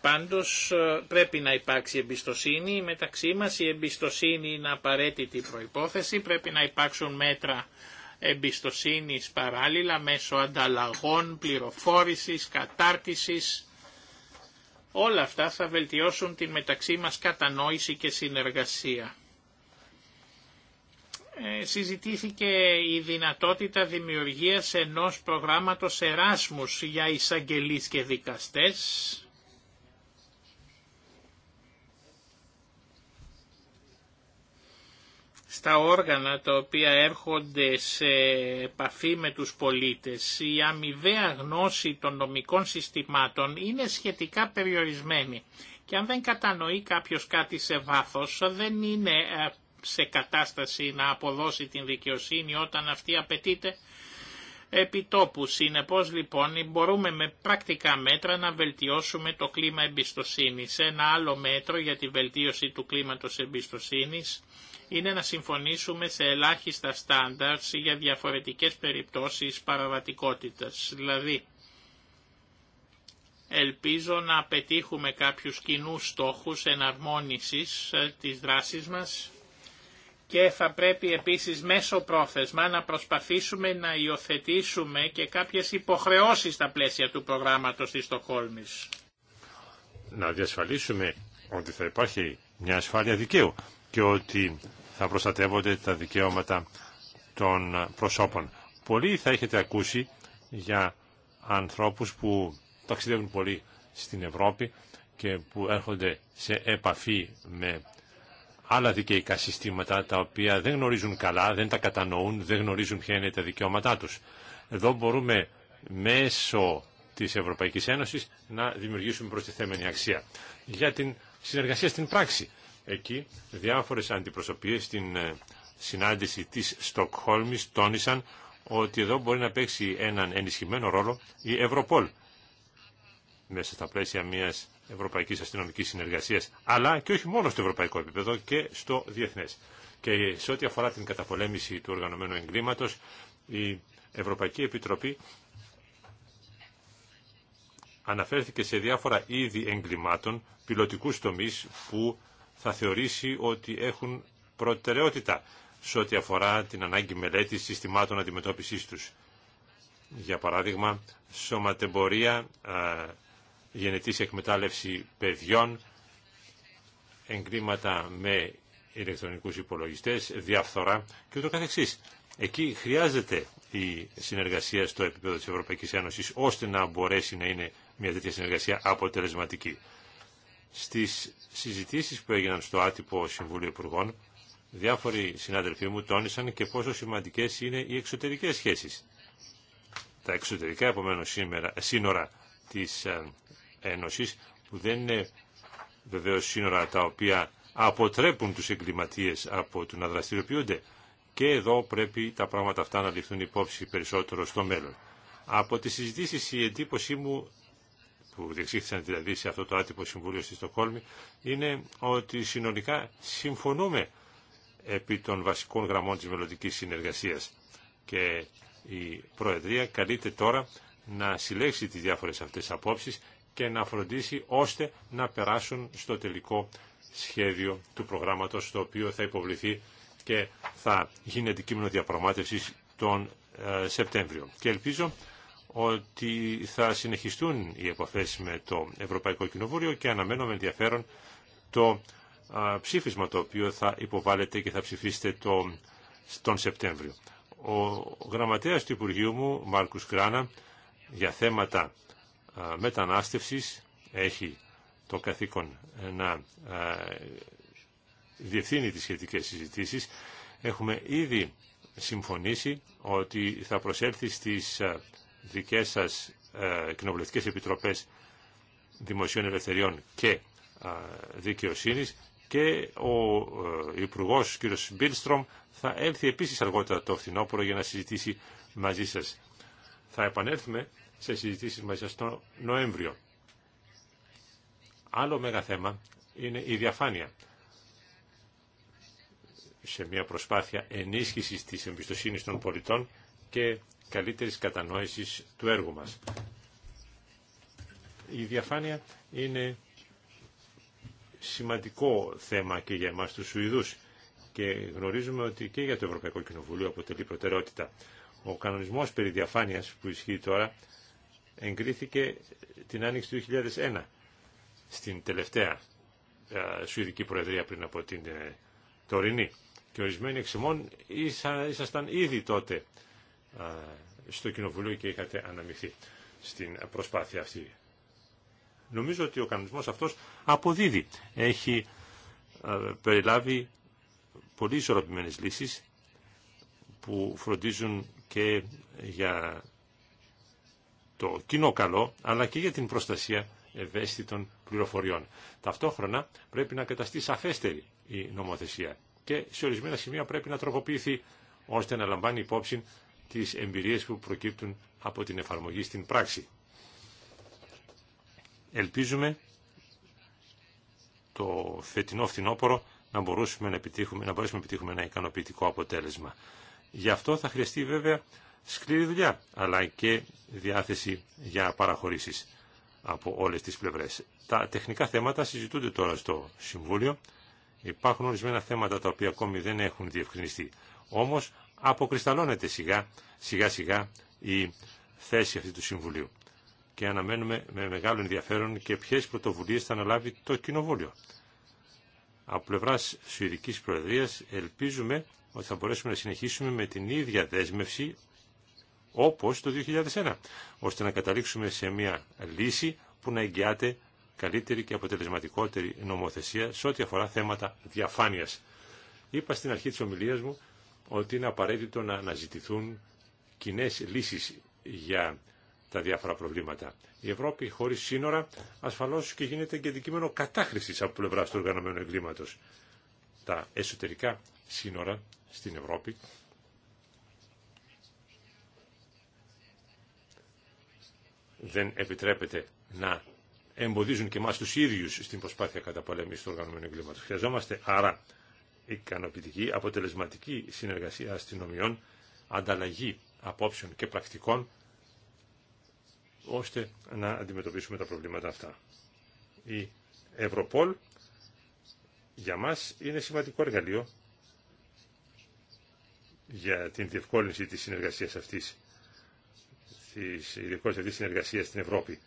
Πάντως ε, πρέπει να υπάρξει εμπιστοσύνη μεταξύ μας, η εμπιστοσύνη είναι απαραίτητη προϋπόθεση, πρέπει να υπάρξουν μέτρα εμπιστοσύνης παράλληλα μέσω ανταλλαγών, πληροφόρησης, κατάρτισης. Όλα αυτά θα βελτιώσουν την μεταξύ μας κατανόηση και συνεργασία. Ε, συζητήθηκε η δυνατότητα δημιουργίας ενός προγράμματος Εράσμους για εισαγγελείς και δικαστές. στα όργανα τα οποία έρχονται σε επαφή με τους πολίτες, η αμοιβαία γνώση των νομικών συστημάτων είναι σχετικά περιορισμένη. Και αν δεν κατανοεί κάποιος κάτι σε βάθος, δεν είναι ε, σε κατάσταση να αποδώσει την δικαιοσύνη όταν αυτή απαιτείται επιτόπου. Συνεπώς λοιπόν μπορούμε με πρακτικά μέτρα να βελτιώσουμε το κλίμα εμπιστοσύνης. Ένα άλλο μέτρο για τη βελτίωση του κλίματος εμπιστοσύνης είναι να συμφωνήσουμε σε ελάχιστα στάνταρς για διαφορετικές περιπτώσεις παραβατικότητας. Δηλαδή, ελπίζω να πετύχουμε κάποιους κοινούς στόχους εναρμόνισης ε, της δράσης μας και θα πρέπει επίσης μέσω πρόθεσμα να προσπαθήσουμε να υιοθετήσουμε και κάποιες υποχρεώσεις στα πλαίσια του προγράμματος της Στοχόλμης. Να διασφαλίσουμε ότι θα υπάρχει μια ασφάλεια δικαίου και ότι θα προστατεύονται τα δικαιώματα των προσώπων. Πολλοί θα έχετε ακούσει για ανθρώπους που ταξιδεύουν πολύ στην Ευρώπη και που έρχονται σε επαφή με άλλα δικαιικά συστήματα τα οποία δεν γνωρίζουν καλά, δεν τα κατανοούν, δεν γνωρίζουν ποια είναι τα δικαιώματά τους. Εδώ μπορούμε μέσω της Ευρωπαϊκής Ένωσης να δημιουργήσουμε προστιθέμενη αξία. Για την συνεργασία στην πράξη. Εκεί διάφορες αντιπροσωπείες στην ε, συνάντηση της Στοκχόλμης τόνισαν ότι εδώ μπορεί να παίξει έναν ενισχυμένο ρόλο η Ευρωπόλ μέσα στα πλαίσια μιας Ευρωπαϊκής Αστυνομικής Συνεργασίας, αλλά και όχι μόνο στο ευρωπαϊκό επίπεδο και στο διεθνές. Και σε ό,τι αφορά την καταπολέμηση του οργανωμένου εγκλήματος, η Ευρωπαϊκή Επιτροπή αναφέρθηκε σε διάφορα είδη εγκλημάτων, πιλωτικούς τομείς που θα θεωρήσει ότι έχουν προτεραιότητα σε ό,τι αφορά την ανάγκη μελέτης συστημάτων αντιμετώπισης τους. Για παράδειγμα, σωματεμπορία, γενετής εκμετάλλευση παιδιών, εγκλήματα με ηλεκτρονικούς υπολογιστές, διαφθορά και ούτω καθεξής. Εκεί χρειάζεται η συνεργασία στο επίπεδο της Ευρωπαϊκής Ένωσης ώστε να μπορέσει να είναι μια τέτοια συνεργασία αποτελεσματική. Στις συζητήσεις που έγιναν στο άτυπο Συμβούλιο Υπουργών, διάφοροι συνάδελφοί μου τόνισαν και πόσο σημαντικές είναι οι εξωτερικές σχέσεις. Τα εξωτερικά επομένως σήμερα, σύνορα της ε, που δεν είναι βεβαίω σύνορα τα οποία αποτρέπουν τους εγκληματίες από το να δραστηριοποιούνται και εδώ πρέπει τα πράγματα αυτά να ληφθούν υπόψη περισσότερο στο μέλλον. Από τις συζητήσεις η εντύπωσή μου που διεξήχθησαν δηλαδή σε αυτό το άτυπο συμβούλιο στη Στοκόλμη είναι ότι συνολικά συμφωνούμε επί των βασικών γραμμών της μελλοντική συνεργασίας και η Προεδρία καλείται τώρα να συλλέξει τις διάφορες αυτές απόψεις και να φροντίσει ώστε να περάσουν στο τελικό σχέδιο του προγράμματος το οποίο θα υποβληθεί και θα γίνει αντικείμενο διαπραγμάτευσης τον ε, Σεπτέμβριο. Και ελπίζω ότι θα συνεχιστούν οι επαφές με το Ευρωπαϊκό Κοινοβούλιο και αναμένω με ενδιαφέρον το ε, ψήφισμα το οποίο θα υποβάλλεται και θα ψηφίσετε τον Σεπτέμβριο. Ο γραμματέας του Υπουργείου μου, Μάρκους Κράνα, για θέματα ε, μετανάστευσης έχει το καθήκον ε, να ε, διευθύνει τις σχετικές συζητήσεις. Έχουμε ήδη συμφωνήσει ότι θα προσέλθει στις δικές σας κοινοβουλευτικές επιτροπές δημοσίων ελευθεριών και δικαιοσύνης και ο υπουργό κ. Μπίλστρομ θα έλθει επίσης αργότερα το φθινόπωρο για να συζητήσει μαζί σας. Θα επανέλθουμε σε συζητήσεις μαζί σας Νοέμβριο. Άλλο μέγα θέμα είναι η διαφάνεια. Σε μια προσπάθεια ενίσχυσης της εμπιστοσύνης των πολιτών και καλύτερης κατανόησης του έργου μας. Η διαφάνεια είναι σημαντικό θέμα και για εμάς τους Σουηδούς και γνωρίζουμε ότι και για το Ευρωπαϊκό Κοινοβουλίο αποτελεί προτεραιότητα. Ο κανονισμός περί διαφάνειας που ισχύει τώρα εγκρίθηκε την άνοιξη του 2001 στην τελευταία ε, Σουηδική Προεδρία πριν από την ε, τωρινή. Και ορισμένοι εξημών ήσασταν ήδη τότε ε, στο Κοινοβουλίο και είχατε αναμειχθεί στην προσπάθεια αυτή. Νομίζω ότι ο κανονισμός αυτός αποδίδει. Έχει περιλάβει πολύ ισορροπημένες λύσεις που φροντίζουν και για το κοινό καλό, αλλά και για την προστασία ευαίσθητων πληροφοριών. Ταυτόχρονα πρέπει να καταστεί σαφέστερη η νομοθεσία και σε ορισμένα σημεία πρέπει να τροποποιηθεί ώστε να λαμβάνει υπόψη τις εμπειρίες που προκύπτουν από την εφαρμογή στην πράξη. Ελπίζουμε το φετινό φθινόπωρο να, μπορούμε να, επιτύχουμε, να μπορέσουμε να επιτύχουμε ένα ικανοποιητικό αποτέλεσμα. Γι' αυτό θα χρειαστεί βέβαια σκληρή δουλειά, αλλά και διάθεση για παραχωρήσεις από όλες τις πλευρές. Τα τεχνικά θέματα συζητούνται τώρα στο Συμβούλιο. Υπάρχουν ορισμένα θέματα τα οποία ακόμη δεν έχουν διευκρινιστεί. Όμως αποκρισταλώνεται σιγά, σιγά σιγά η θέση αυτή του Συμβουλίου. Και αναμένουμε με μεγάλο ενδιαφέρον και ποιε πρωτοβουλίε θα αναλάβει το Κοινοβούλιο. Από πλευρά Σουηδική Προεδρία ελπίζουμε ότι θα μπορέσουμε να συνεχίσουμε με την ίδια δέσμευση όπως το 2001, ώστε να καταλήξουμε σε μια λύση που να εγγυάται καλύτερη και αποτελεσματικότερη νομοθεσία σε ό,τι αφορά θέματα διαφάνειας. Είπα στην αρχή της ομιλίας μου ότι είναι απαραίτητο να αναζητηθούν κοινέ λύσεις για τα διάφορα προβλήματα. Η Ευρώπη χωρίς σύνορα ασφαλώς και γίνεται και αντικείμενο κατάχρησης από πλευρά του οργανωμένου εγκλήματος. Τα εσωτερικά σύνορα στην Ευρώπη δεν επιτρέπεται να εμποδίζουν και εμάς του ίδιους στην προσπάθεια καταπολέμησης του οργανωμένου εγκλήματος. Χρειαζόμαστε άρα ικανοποιητική, αποτελεσματική συνεργασία αστυνομιών, ανταλλαγή απόψεων και πρακτικών, ώστε να αντιμετωπίσουμε τα προβλήματα αυτά. Η Ευρωπόλ για μας είναι σημαντικό εργαλείο για την διευκόλυνση της συνεργασίας αυτής τη ειδικότητα της συνεργασίας στην Ευρώπη.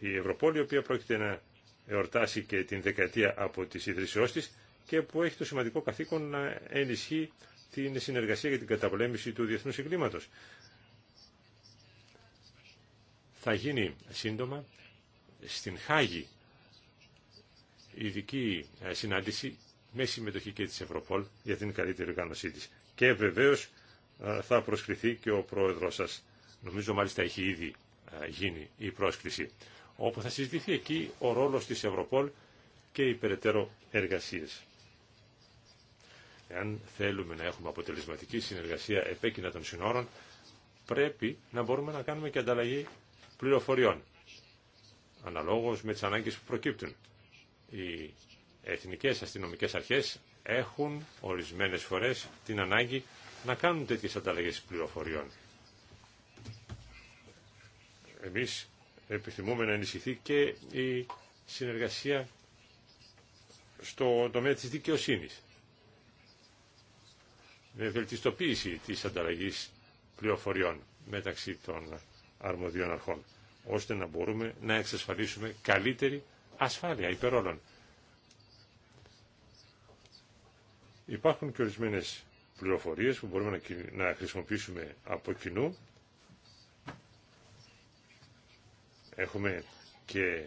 Η Ευρωπόλη, η οποία πρόκειται να εορτάσει και την δεκαετία από τις ίδρυσεώς τη και που έχει το σημαντικό καθήκον να ενισχύει την συνεργασία για την καταπολέμηση του διεθνούς εγκλήματο. Θα γίνει σύντομα στην Χάγη ειδική συνάντηση με συμμετοχή και της Ευρωπόλ για την καλύτερη οργάνωσή της. Και βεβαίως ε, θα προσκληθεί και ο πρόεδρος σας. Νομίζω μάλιστα έχει ήδη ε, γίνει η πρόσκληση. Όπου θα συζητηθεί εκεί ο ρόλος της Ευρωπόλ και οι περαιτέρω εργασίες. Εάν θέλουμε να έχουμε αποτελεσματική συνεργασία επέκεινα των συνόρων, πρέπει να μπορούμε να κάνουμε και ανταλλαγή πληροφοριών, αναλόγως με τις ανάγκες που προκύπτουν. Οι εθνικές αστυνομικές αρχές έχουν ορισμένες φορές την ανάγκη να κάνουν τέτοιες ανταλλαγές πληροφοριών. Εμείς επιθυμούμε να ενισχυθεί και η συνεργασία στο τομέα της δικαιοσύνης. Με βελτιστοποίηση της ανταλλαγής πληροφοριών μεταξύ των αρμοδίων αρχών, ώστε να μπορούμε να εξασφαλίσουμε καλύτερη ασφάλεια υπερόλων. Υπάρχουν και ορισμένες πληροφορίες που μπορούμε να χρησιμοποιήσουμε από κοινού. Έχουμε και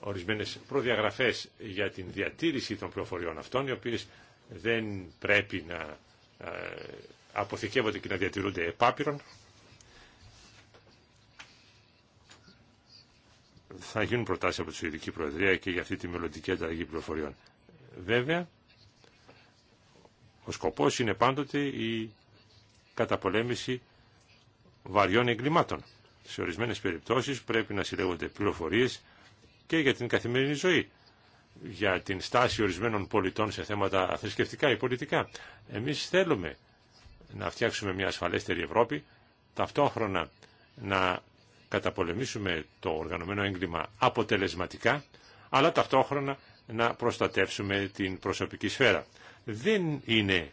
ορισμένες προδιαγραφές για την διατήρηση των πληροφοριών αυτών, οι οποίες δεν πρέπει να ε, αποθηκεύονται και να διατηρούνται επάπειρον. Θα γίνουν προτάσεις από τη Σουηδική Προεδρία και για αυτή τη μελλοντική ανταλλαγή πληροφοριών. Βέβαια, ο σκοπός είναι πάντοτε η καταπολέμηση βαριών εγκλημάτων. Σε ορισμένες περιπτώσεις πρέπει να συλλέγονται πληροφορίες και για την καθημερινή ζωή, για την στάση ορισμένων πολιτών σε θέματα θρησκευτικά ή πολιτικά. Εμείς θέλουμε να φτιάξουμε μια ασφαλέστερη Ευρώπη, ταυτόχρονα να καταπολεμήσουμε το οργανωμένο έγκλημα αποτελεσματικά, αλλά ταυτόχρονα να προστατεύσουμε την προσωπική σφαίρα δεν είναι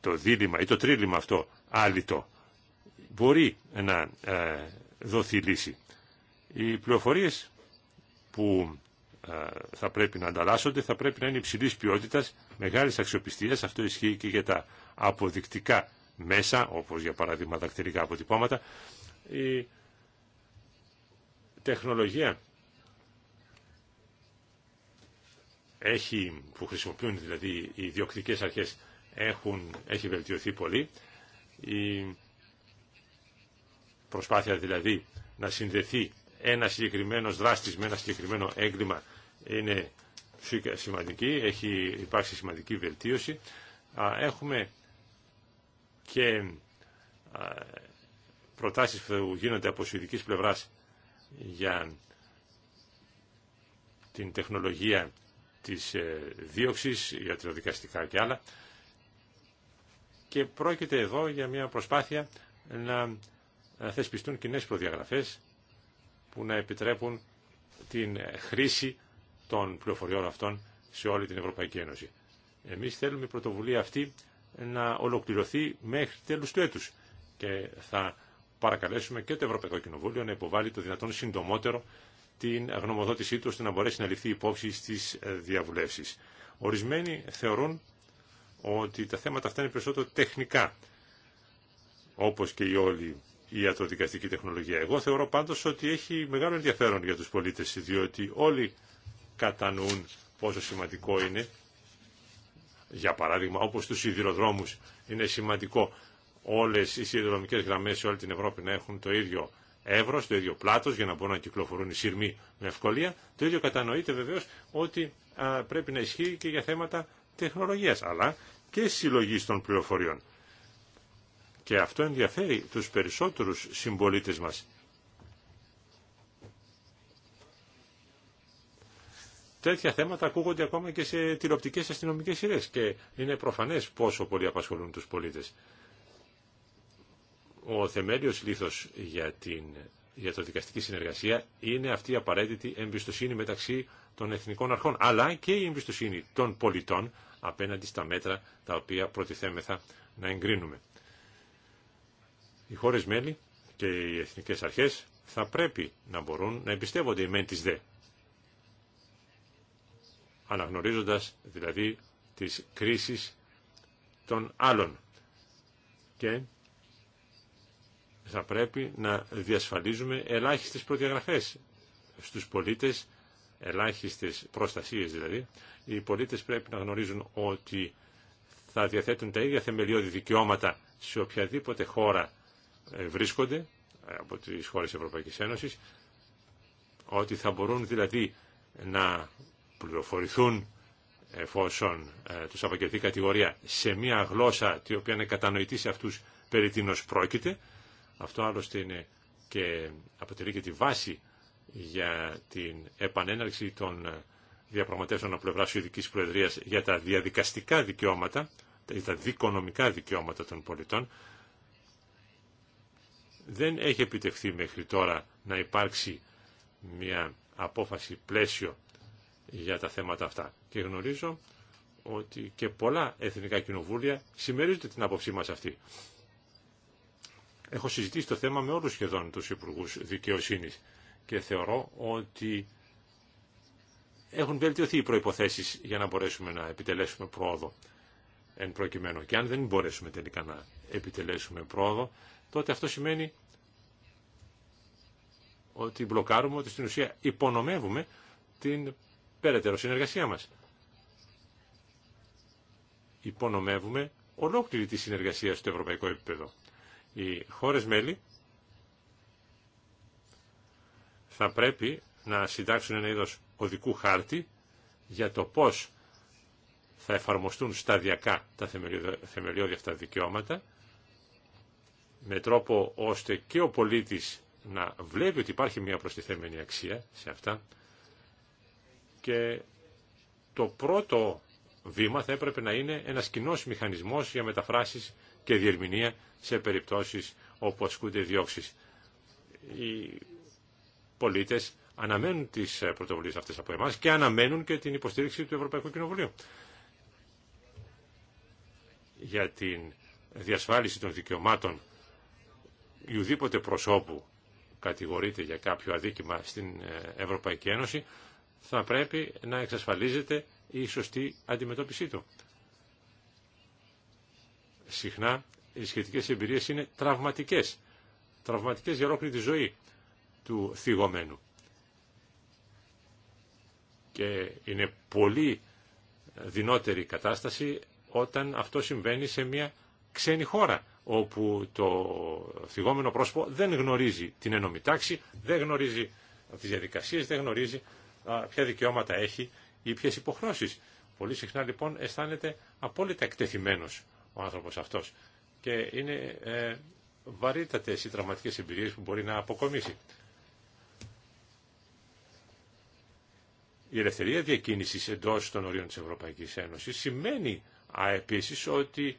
το δίλημα ή το τρίλημα αυτό άλυτο. Μπορεί να ε, δοθεί λύση. Οι πληροφορίες που ε, θα πρέπει να ανταλλάσσονται θα πρέπει να είναι υψηλή ποιότητα, μεγάλη αξιοπιστία. Αυτό ισχύει και για τα αποδεικτικά μέσα, όπω για παράδειγμα δακτυλικά αποτυπώματα. Η τεχνολογία έχει, που χρησιμοποιούν δηλαδή οι διοκτικές αρχές έχουν, έχει βελτιωθεί πολύ. Η προσπάθεια δηλαδή να συνδεθεί ένα συγκεκριμένο δράστη με ένα συγκεκριμένο έγκλημα είναι σημαντική, έχει υπάρξει σημαντική βελτίωση. Έχουμε και προτάσεις που γίνονται από σουηδικής πλευράς για την τεχνολογία της ε, δίωξης, ιατροδικαστικά και άλλα. Και πρόκειται εδώ για μια προσπάθεια να ε, θεσπιστούν κοινέ προδιαγραφές που να επιτρέπουν την χρήση των πληροφοριών αυτών σε όλη την Ευρωπαϊκή Ένωση. Εμείς θέλουμε η πρωτοβουλία αυτή να ολοκληρωθεί μέχρι τέλους του έτους και θα παρακαλέσουμε και το Ευρωπαϊκό Κοινοβούλιο να υποβάλει το δυνατόν συντομότερο την γνωμοδότησή του ώστε να μπορέσει να ληφθεί υπόψη στις διαβουλεύσεις. Ορισμένοι θεωρούν ότι τα θέματα αυτά είναι περισσότερο τεχνικά, όπως και η όλη η ιατροδικαστική τεχνολογία. Εγώ θεωρώ πάντως ότι έχει μεγάλο ενδιαφέρον για τους πολίτες, διότι όλοι κατανοούν πόσο σημαντικό είναι, για παράδειγμα, όπως του σιδηροδρόμους, είναι σημαντικό όλες οι σιδηροδρομικές γραμμές σε όλη την Ευρώπη να έχουν το ίδιο εύρο, το ίδιο πλάτος για να μπορούν να κυκλοφορούν οι σύρμοι με ευκολία. Το ίδιο κατανοείται βεβαίως ότι πρέπει να ισχύει και για θέματα τεχνολογίας αλλά και συλλογή των πληροφοριών. Και αυτό ενδιαφέρει τους περισσότερους συμπολίτες μας. Τέτοια θέματα ακούγονται ακόμα και σε τηλεοπτικές αστυνομικές σειρές και είναι προφανές πόσο πολύ απασχολούν τους πολίτες. Ο θεμέλιος λίθος για, την, για το δικαστική συνεργασία είναι αυτή η απαραίτητη εμπιστοσύνη μεταξύ των εθνικών αρχών, αλλά και η εμπιστοσύνη των πολιτών απέναντι στα μέτρα τα οποία προτιθέμεθα να εγκρίνουμε. Οι χώρες μέλη και οι εθνικές αρχές θα πρέπει να μπορούν να εμπιστεύονται οι μεν τις δε, αναγνωρίζοντας δηλαδή τις κρίσεις των άλλων και θα πρέπει να διασφαλίζουμε ελάχιστες προδιαγραφές στους πολίτες, ελάχιστες προστασίες δηλαδή. Οι πολίτες πρέπει να γνωρίζουν ότι θα διαθέτουν τα ίδια θεμελιώδη δικαιώματα σε οποιαδήποτε χώρα ε, βρίσκονται ε, από τις χώρες Ευρωπαϊκής Ένωσης, ότι θα μπορούν δηλαδή να πληροφορηθούν εφόσον ε, τους απαγγελθεί κατηγορία σε μια γλώσσα την οποία είναι κατανοητή σε αυτούς περί τίνος πρόκειται αυτό άλλωστε είναι και αποτελεί και τη βάση για την επανέναρξη των διαπραγματεύσεων από πλευρά Σουηδική προεδρία για τα διαδικαστικά δικαιώματα, για τα δικονομικά δικαιώματα των πολιτών. Δεν έχει επιτευχθεί μέχρι τώρα να υπάρξει μια απόφαση πλαίσιο για τα θέματα αυτά. Και γνωρίζω ότι και πολλά εθνικά κοινοβούλια συμμερίζονται την άποψή μας αυτή. Έχω συζητήσει το θέμα με όλους σχεδόν τους υπουργού δικαιοσύνης και θεωρώ ότι έχουν βελτιωθεί οι προϋποθέσεις για να μπορέσουμε να επιτελέσουμε πρόοδο εν προκειμένου. Και αν δεν μπορέσουμε τελικά να επιτελέσουμε πρόοδο, τότε αυτό σημαίνει ότι μπλοκάρουμε, ότι στην ουσία υπονομεύουμε την περαιτέρω συνεργασία μας. Υπονομεύουμε ολόκληρη τη συνεργασία στο ευρωπαϊκό επίπεδο οι χώρες μέλη θα πρέπει να συντάξουν ένα είδος οδικού χάρτη για το πώς θα εφαρμοστούν σταδιακά τα θεμελιώδη αυτά δικαιώματα με τρόπο ώστε και ο πολίτης να βλέπει ότι υπάρχει μια προστιθέμενη αξία σε αυτά και το πρώτο βήμα θα έπρεπε να είναι ένας κοινός μηχανισμός για μεταφράσεις και διερμηνία σε περιπτώσεις όπου ασκούνται διώξεις. Οι πολίτες αναμένουν τις πρωτοβουλίες αυτές από εμάς και αναμένουν και την υποστήριξη του Ευρωπαϊκού Κοινοβουλίου για την διασφάλιση των δικαιωμάτων ουδήποτε προσώπου κατηγορείται για κάποιο αδίκημα στην ε, Ευρωπαϊκή Ένωση, θα πρέπει να εξασφαλίζεται η σωστή αντιμετώπιση του. Συχνά οι σχετικέ εμπειρίες είναι τραυματικές. Τραυματικές για ολόκληρη τη ζωή του θυγωμένου. Και είναι πολύ δυνότερη κατάσταση όταν αυτό συμβαίνει σε μια ξένη χώρα όπου το θυγόμενο πρόσωπο δεν γνωρίζει την ενόμη τάξη, δεν γνωρίζει τις διαδικασίες, δεν γνωρίζει ποια δικαιώματα έχει ή ποιες υποχρώσεις. Πολύ συχνά λοιπόν αισθάνεται απόλυτα εκτεθειμένος ο άνθρωπος αυτός και είναι ε, βαρύτατες οι τραυματικές εμπειρίες που μπορεί να αποκομίσει. Η ελευθερία διακίνησης εντός των ορίων της Ευρωπαϊκής Ένωσης σημαίνει επίση ότι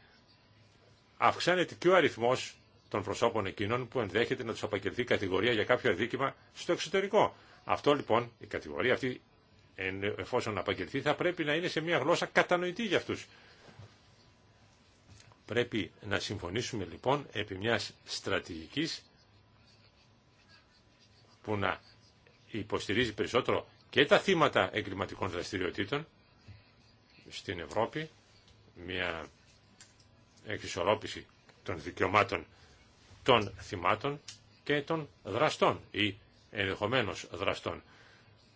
αυξάνεται και ο αριθμός των προσώπων εκείνων που ενδέχεται να τους απαγγελθεί κατηγορία για κάποιο αδίκημα στο εξωτερικό. Αυτό λοιπόν, η κατηγορία αυτή εφόσον απαγγελθεί θα πρέπει να είναι σε μια γλώσσα κατανοητή για αυτούς. Πρέπει να συμφωνήσουμε λοιπόν επί μιας στρατηγικής που να υποστηρίζει περισσότερο και τα θύματα εγκληματικών δραστηριοτήτων στην Ευρώπη, μια εξισορρόπηση των δικαιωμάτων των θυμάτων και των δραστών ή ενδεχομένως δραστών,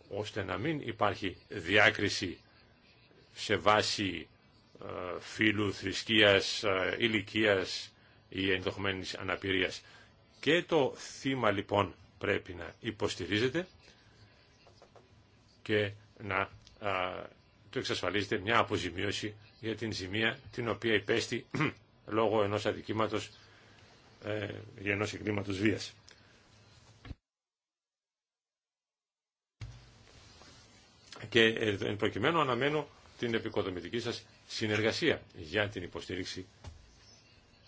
ώστε να μην υπάρχει διάκριση σε βάση ε, φίλου θρησκείας, ε, ηλικίας ή εντοχμένης αναπηρίας. Και το θύμα λοιπόν πρέπει να υποστηρίζεται και να ε, του εξασφαλίζεται μια αποζημίωση για την ζημία την οποία υπέστη λόγω ενός αδικήματος ε, για ενός εγκλήματος βίας. Και εν προκειμένου αναμένω την επικοδομητική σας συνεργασία για την υποστήριξη,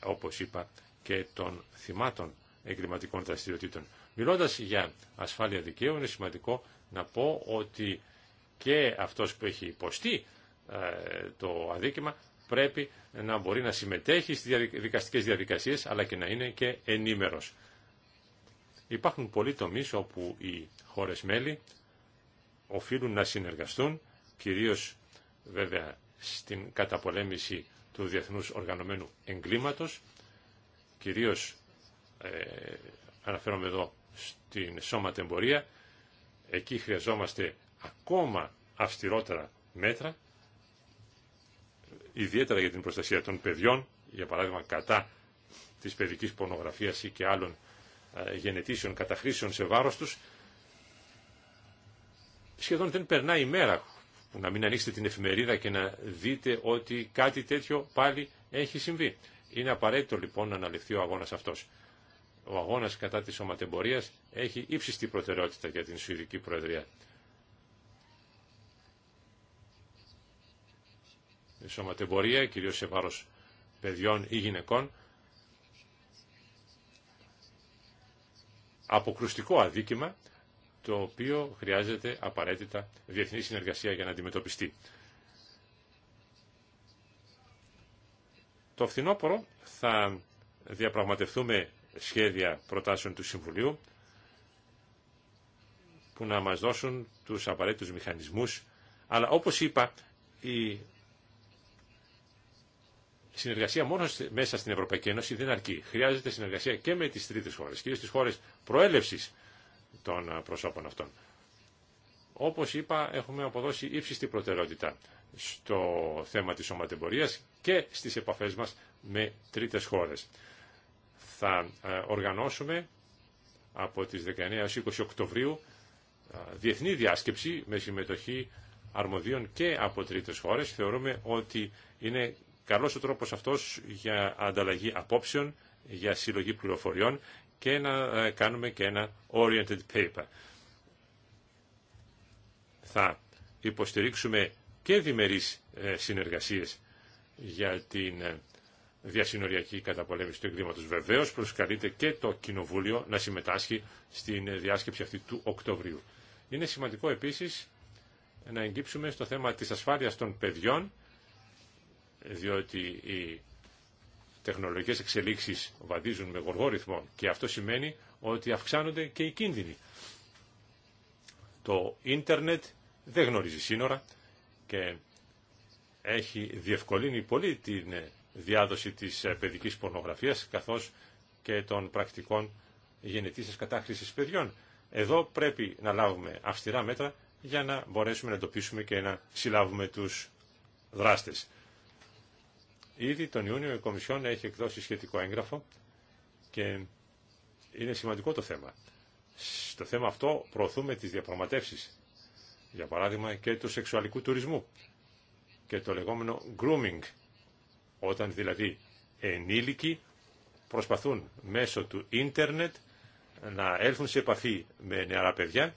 όπως είπα, και των θυμάτων εγκληματικών δραστηριοτήτων. Μιλώντας για ασφάλεια δικαίου, είναι σημαντικό να πω ότι και αυτός που έχει υποστεί ε, το αδίκημα πρέπει να μπορεί να συμμετέχει στις δικαστικές διαδικασίες, αλλά και να είναι και ενήμερος. Υπάρχουν πολλοί τομείς όπου οι χώρες μέλη οφείλουν να συνεργαστούν, κυρίως βέβαια στην καταπολέμηση του διεθνούς οργανωμένου εγκλήματος, κυρίως ε, αναφέρομαι εδώ στην σώματεμπορία, εκεί χρειαζόμαστε ακόμα αυστηρότερα μέτρα, ιδιαίτερα για την προστασία των παιδιών, για παράδειγμα κατά της παιδικής πορνογραφίας ή και άλλων ε, γενετήσεων πονογραφίας η μέρα να μην ανοίξετε την εφημερίδα και να δείτε ότι κάτι τέτοιο πάλι έχει συμβεί. Είναι απαραίτητο λοιπόν να αναλυφθεί ο αγώνας αυτός. Ο αγώνας κατά της σωματεμπορίας έχει ύψιστη προτεραιότητα για την Σουηδική Προεδρία. Η σωματεμπορία, κυρίως σε βάρος παιδιών ή γυναικών, αποκρουστικό αδίκημα το οποίο χρειάζεται απαραίτητα διεθνή συνεργασία για να αντιμετωπιστεί. Το φθινόπωρο θα διαπραγματευτούμε σχέδια προτάσεων του Συμβουλίου που να μας δώσουν τους απαραίτητους μηχανισμούς, αλλά όπως είπα, η συνεργασία μόνο μέσα στην Ευρωπαϊκή Ένωση δεν αρκεί. Χρειάζεται συνεργασία και με τις τρίτες χώρες, και τις χώρες προέλευσης των ε, προσώπων αυτών. Όπως είπα, έχουμε αποδώσει ύψιστη προτεραιότητα στο θέμα της σωματεμπορίας και στις επαφές μας με τρίτες χώρες. Θα ε, οργανώσουμε από τις 19 20 Οκτωβρίου ε, διεθνή διάσκεψη με συμμετοχή αρμοδίων και από τρίτες χώρες. Θεωρούμε ότι είναι καλός ο τρόπος αυτός για ανταλλαγή απόψεων, για συλλογή πληροφοριών και να ε, κάνουμε και ένα oriented paper. Θα υποστηρίξουμε και διμερείς ε, συνεργασίες για την ε, διασυνοριακή καταπολέμηση του εκδήματος. Βεβαίως προσκαλείται και το Κοινοβούλιο να συμμετάσχει στην διάσκεψη αυτή του Οκτωβρίου. Είναι σημαντικό επίσης να εγκύψουμε στο θέμα της ασφάλειας των παιδιών, διότι η τεχνολογικές εξελίξεις βαδίζουν με γοργό ρυθμό και αυτό σημαίνει ότι αυξάνονται και οι κίνδυνοι. Το ίντερνετ δεν γνωρίζει σύνορα και έχει διευκολύνει πολύ την διάδοση της παιδικής πορνογραφίας καθώς και των πρακτικών γενετήσεω κατάχρησης παιδιών. Εδώ πρέπει να λάβουμε αυστηρά μέτρα για να μπορέσουμε να εντοπίσουμε και να συλλάβουμε τους δράστες. Ήδη τον Ιούνιο η Κομισιόν έχει εκδώσει σχετικό έγγραφο και είναι σημαντικό το θέμα. Στο θέμα αυτό προωθούμε τις διαπραγματεύσεις, για παράδειγμα και του σεξουαλικού τουρισμού και το λεγόμενο grooming, όταν δηλαδή ενήλικοι προσπαθούν μέσω του ίντερνετ να έλθουν σε επαφή με νεαρά παιδιά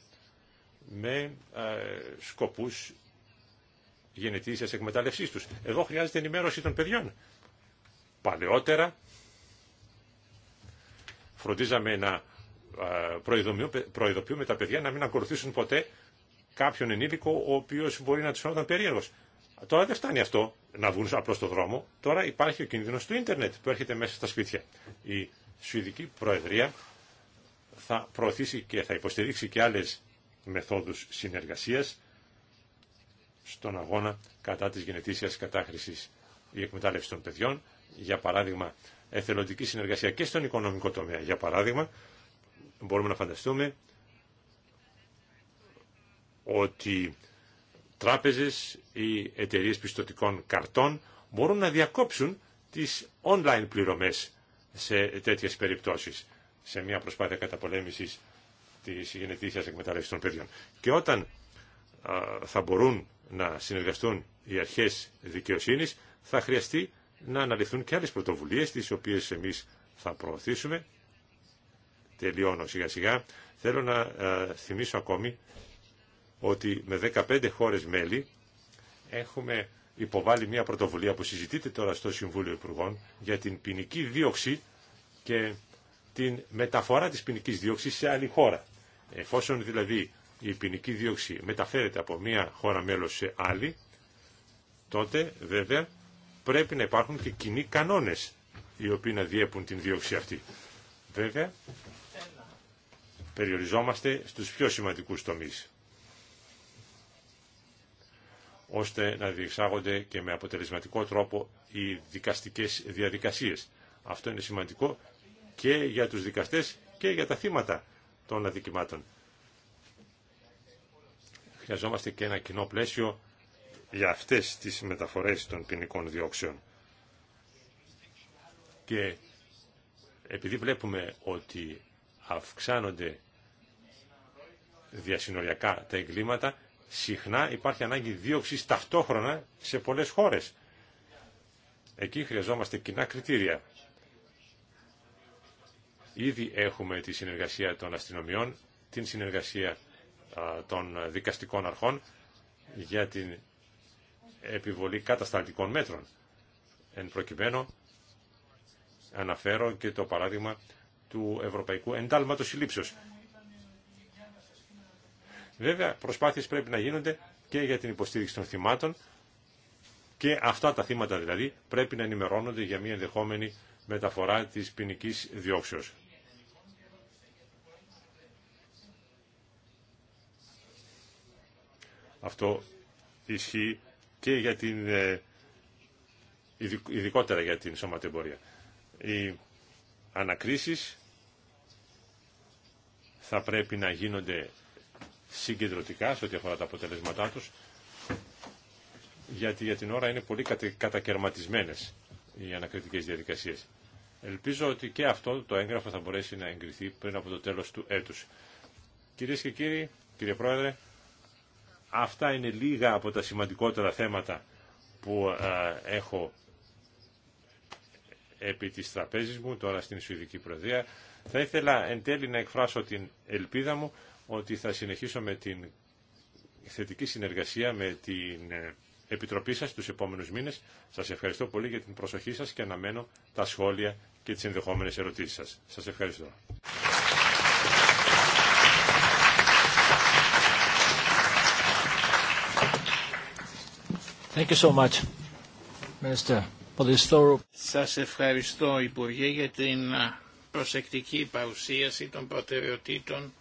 με ε, σκοπούς γενετήσιας εκμετάλλευσής τους. Εδώ χρειάζεται ενημέρωση των παιδιών. Παλαιότερα φροντίζαμε να ε, προειδοποιούμε τα παιδιά να μην ακολουθήσουν ποτέ κάποιον ενήλικο ο οποίος μπορεί να του φαίνονταν περίεργο. Τώρα δεν φτάνει αυτό να βγουν απλώ στον δρόμο. Τώρα υπάρχει ο κίνδυνο του ίντερνετ που έρχεται μέσα στα σπίτια. Η Σουηδική Προεδρία θα προωθήσει και θα υποστηρίξει και άλλε μεθόδου συνεργασία στον αγώνα κατά της γενετήσιας κατάχρησης η εκμετάλλευση των παιδιών, για παράδειγμα εθελοντική συνεργασία και στον οικονομικό τομέα. Για παράδειγμα, μπορούμε να φανταστούμε ότι τράπεζες ή εταιρείες πιστοτικών καρτών μπορούν να διακόψουν τις online πληρωμές σε τέτοιες περιπτώσεις, σε μια προσπάθεια καταπολέμησης της γενετήσιας εκμετάλλευσης των παιδιών. Και όταν θα μπορούν να συνεργαστούν οι αρχές δικαιοσύνης, θα χρειαστεί να αναλυθούν και άλλες πρωτοβουλίες, τις οποίες εμείς θα προωθήσουμε. Τελειώνω σιγά σιγά. Θέλω να θυμίσω ακόμη ότι με 15 χώρες μέλη έχουμε υποβάλει μια πρωτοβουλία που συζητείται τώρα στο Συμβούλιο Υπουργών για την ποινική δίωξη και την μεταφορά της ποινική δίωξης σε άλλη χώρα. Εφόσον δηλαδή η ποινική δίωξη μεταφέρεται από μία χώρα μέλος σε άλλη, τότε βέβαια πρέπει να υπάρχουν και κοινοί κανόνες οι οποίοι να διέπουν την δίωξη αυτή. Βέβαια, περιοριζόμαστε στους πιο σημαντικούς τομείς, ώστε να διεξάγονται και με αποτελεσματικό τρόπο οι δικαστικές διαδικασίες. Αυτό είναι σημαντικό και για τους δικαστές και για τα θύματα των αδικημάτων χρειαζόμαστε και ένα κοινό πλαίσιο για αυτές τις μεταφορές των ποινικών διώξεων. Και επειδή βλέπουμε ότι αυξάνονται διασυνοριακά τα εγκλήματα, συχνά υπάρχει ανάγκη δίωξη ταυτόχρονα σε πολλές χώρες. Εκεί χρειαζόμαστε κοινά κριτήρια. Ήδη έχουμε τη συνεργασία των αστυνομιών, την συνεργασία των δικαστικών αρχών για την επιβολή κατασταλτικών μέτρων. Εν προκειμένου αναφέρω και το παράδειγμα του Ευρωπαϊκού Εντάλματος Συλλήψεως. Βέβαια, προσπάθειες πρέπει να γίνονται και για την υποστήριξη των θυμάτων και αυτά τα θύματα δηλαδή πρέπει να ενημερώνονται για μια ενδεχόμενη μεταφορά της ποινική διώξεως. Αυτό ισχύει και για την, ε, ειδικότερα για την σωματεμπορία. Οι ανακρίσεις θα πρέπει να γίνονται συγκεντρωτικά σε ό,τι αφορά τα αποτελέσματά τους, γιατί για την ώρα είναι πολύ κατακαιρματισμένες οι ανακριτικές διαδικασίες. Ελπίζω ότι και αυτό το έγγραφο θα μπορέσει να εγκριθεί πριν από το τέλος του έτους. Κυρίες και κύριοι, κύριε Πρόεδρε, Αυτά είναι λίγα από τα σημαντικότερα θέματα που ε, έχω επί της τραπέζης μου τώρα στην Σουηδική Προεδρία. Θα ήθελα εν τέλει να εκφράσω την ελπίδα μου ότι θα συνεχίσω με την θετική συνεργασία με την ε, Επιτροπή σας τους επόμενους μήνες. Σας ευχαριστώ πολύ για την προσοχή σας και αναμένω τα σχόλια και τις ενδεχόμενες ερωτήσεις σας. Σας ευχαριστώ. Thank Σας ευχαριστώ, Υπουργέ, για την προσεκτική παρουσίαση των προτεραιοτήτων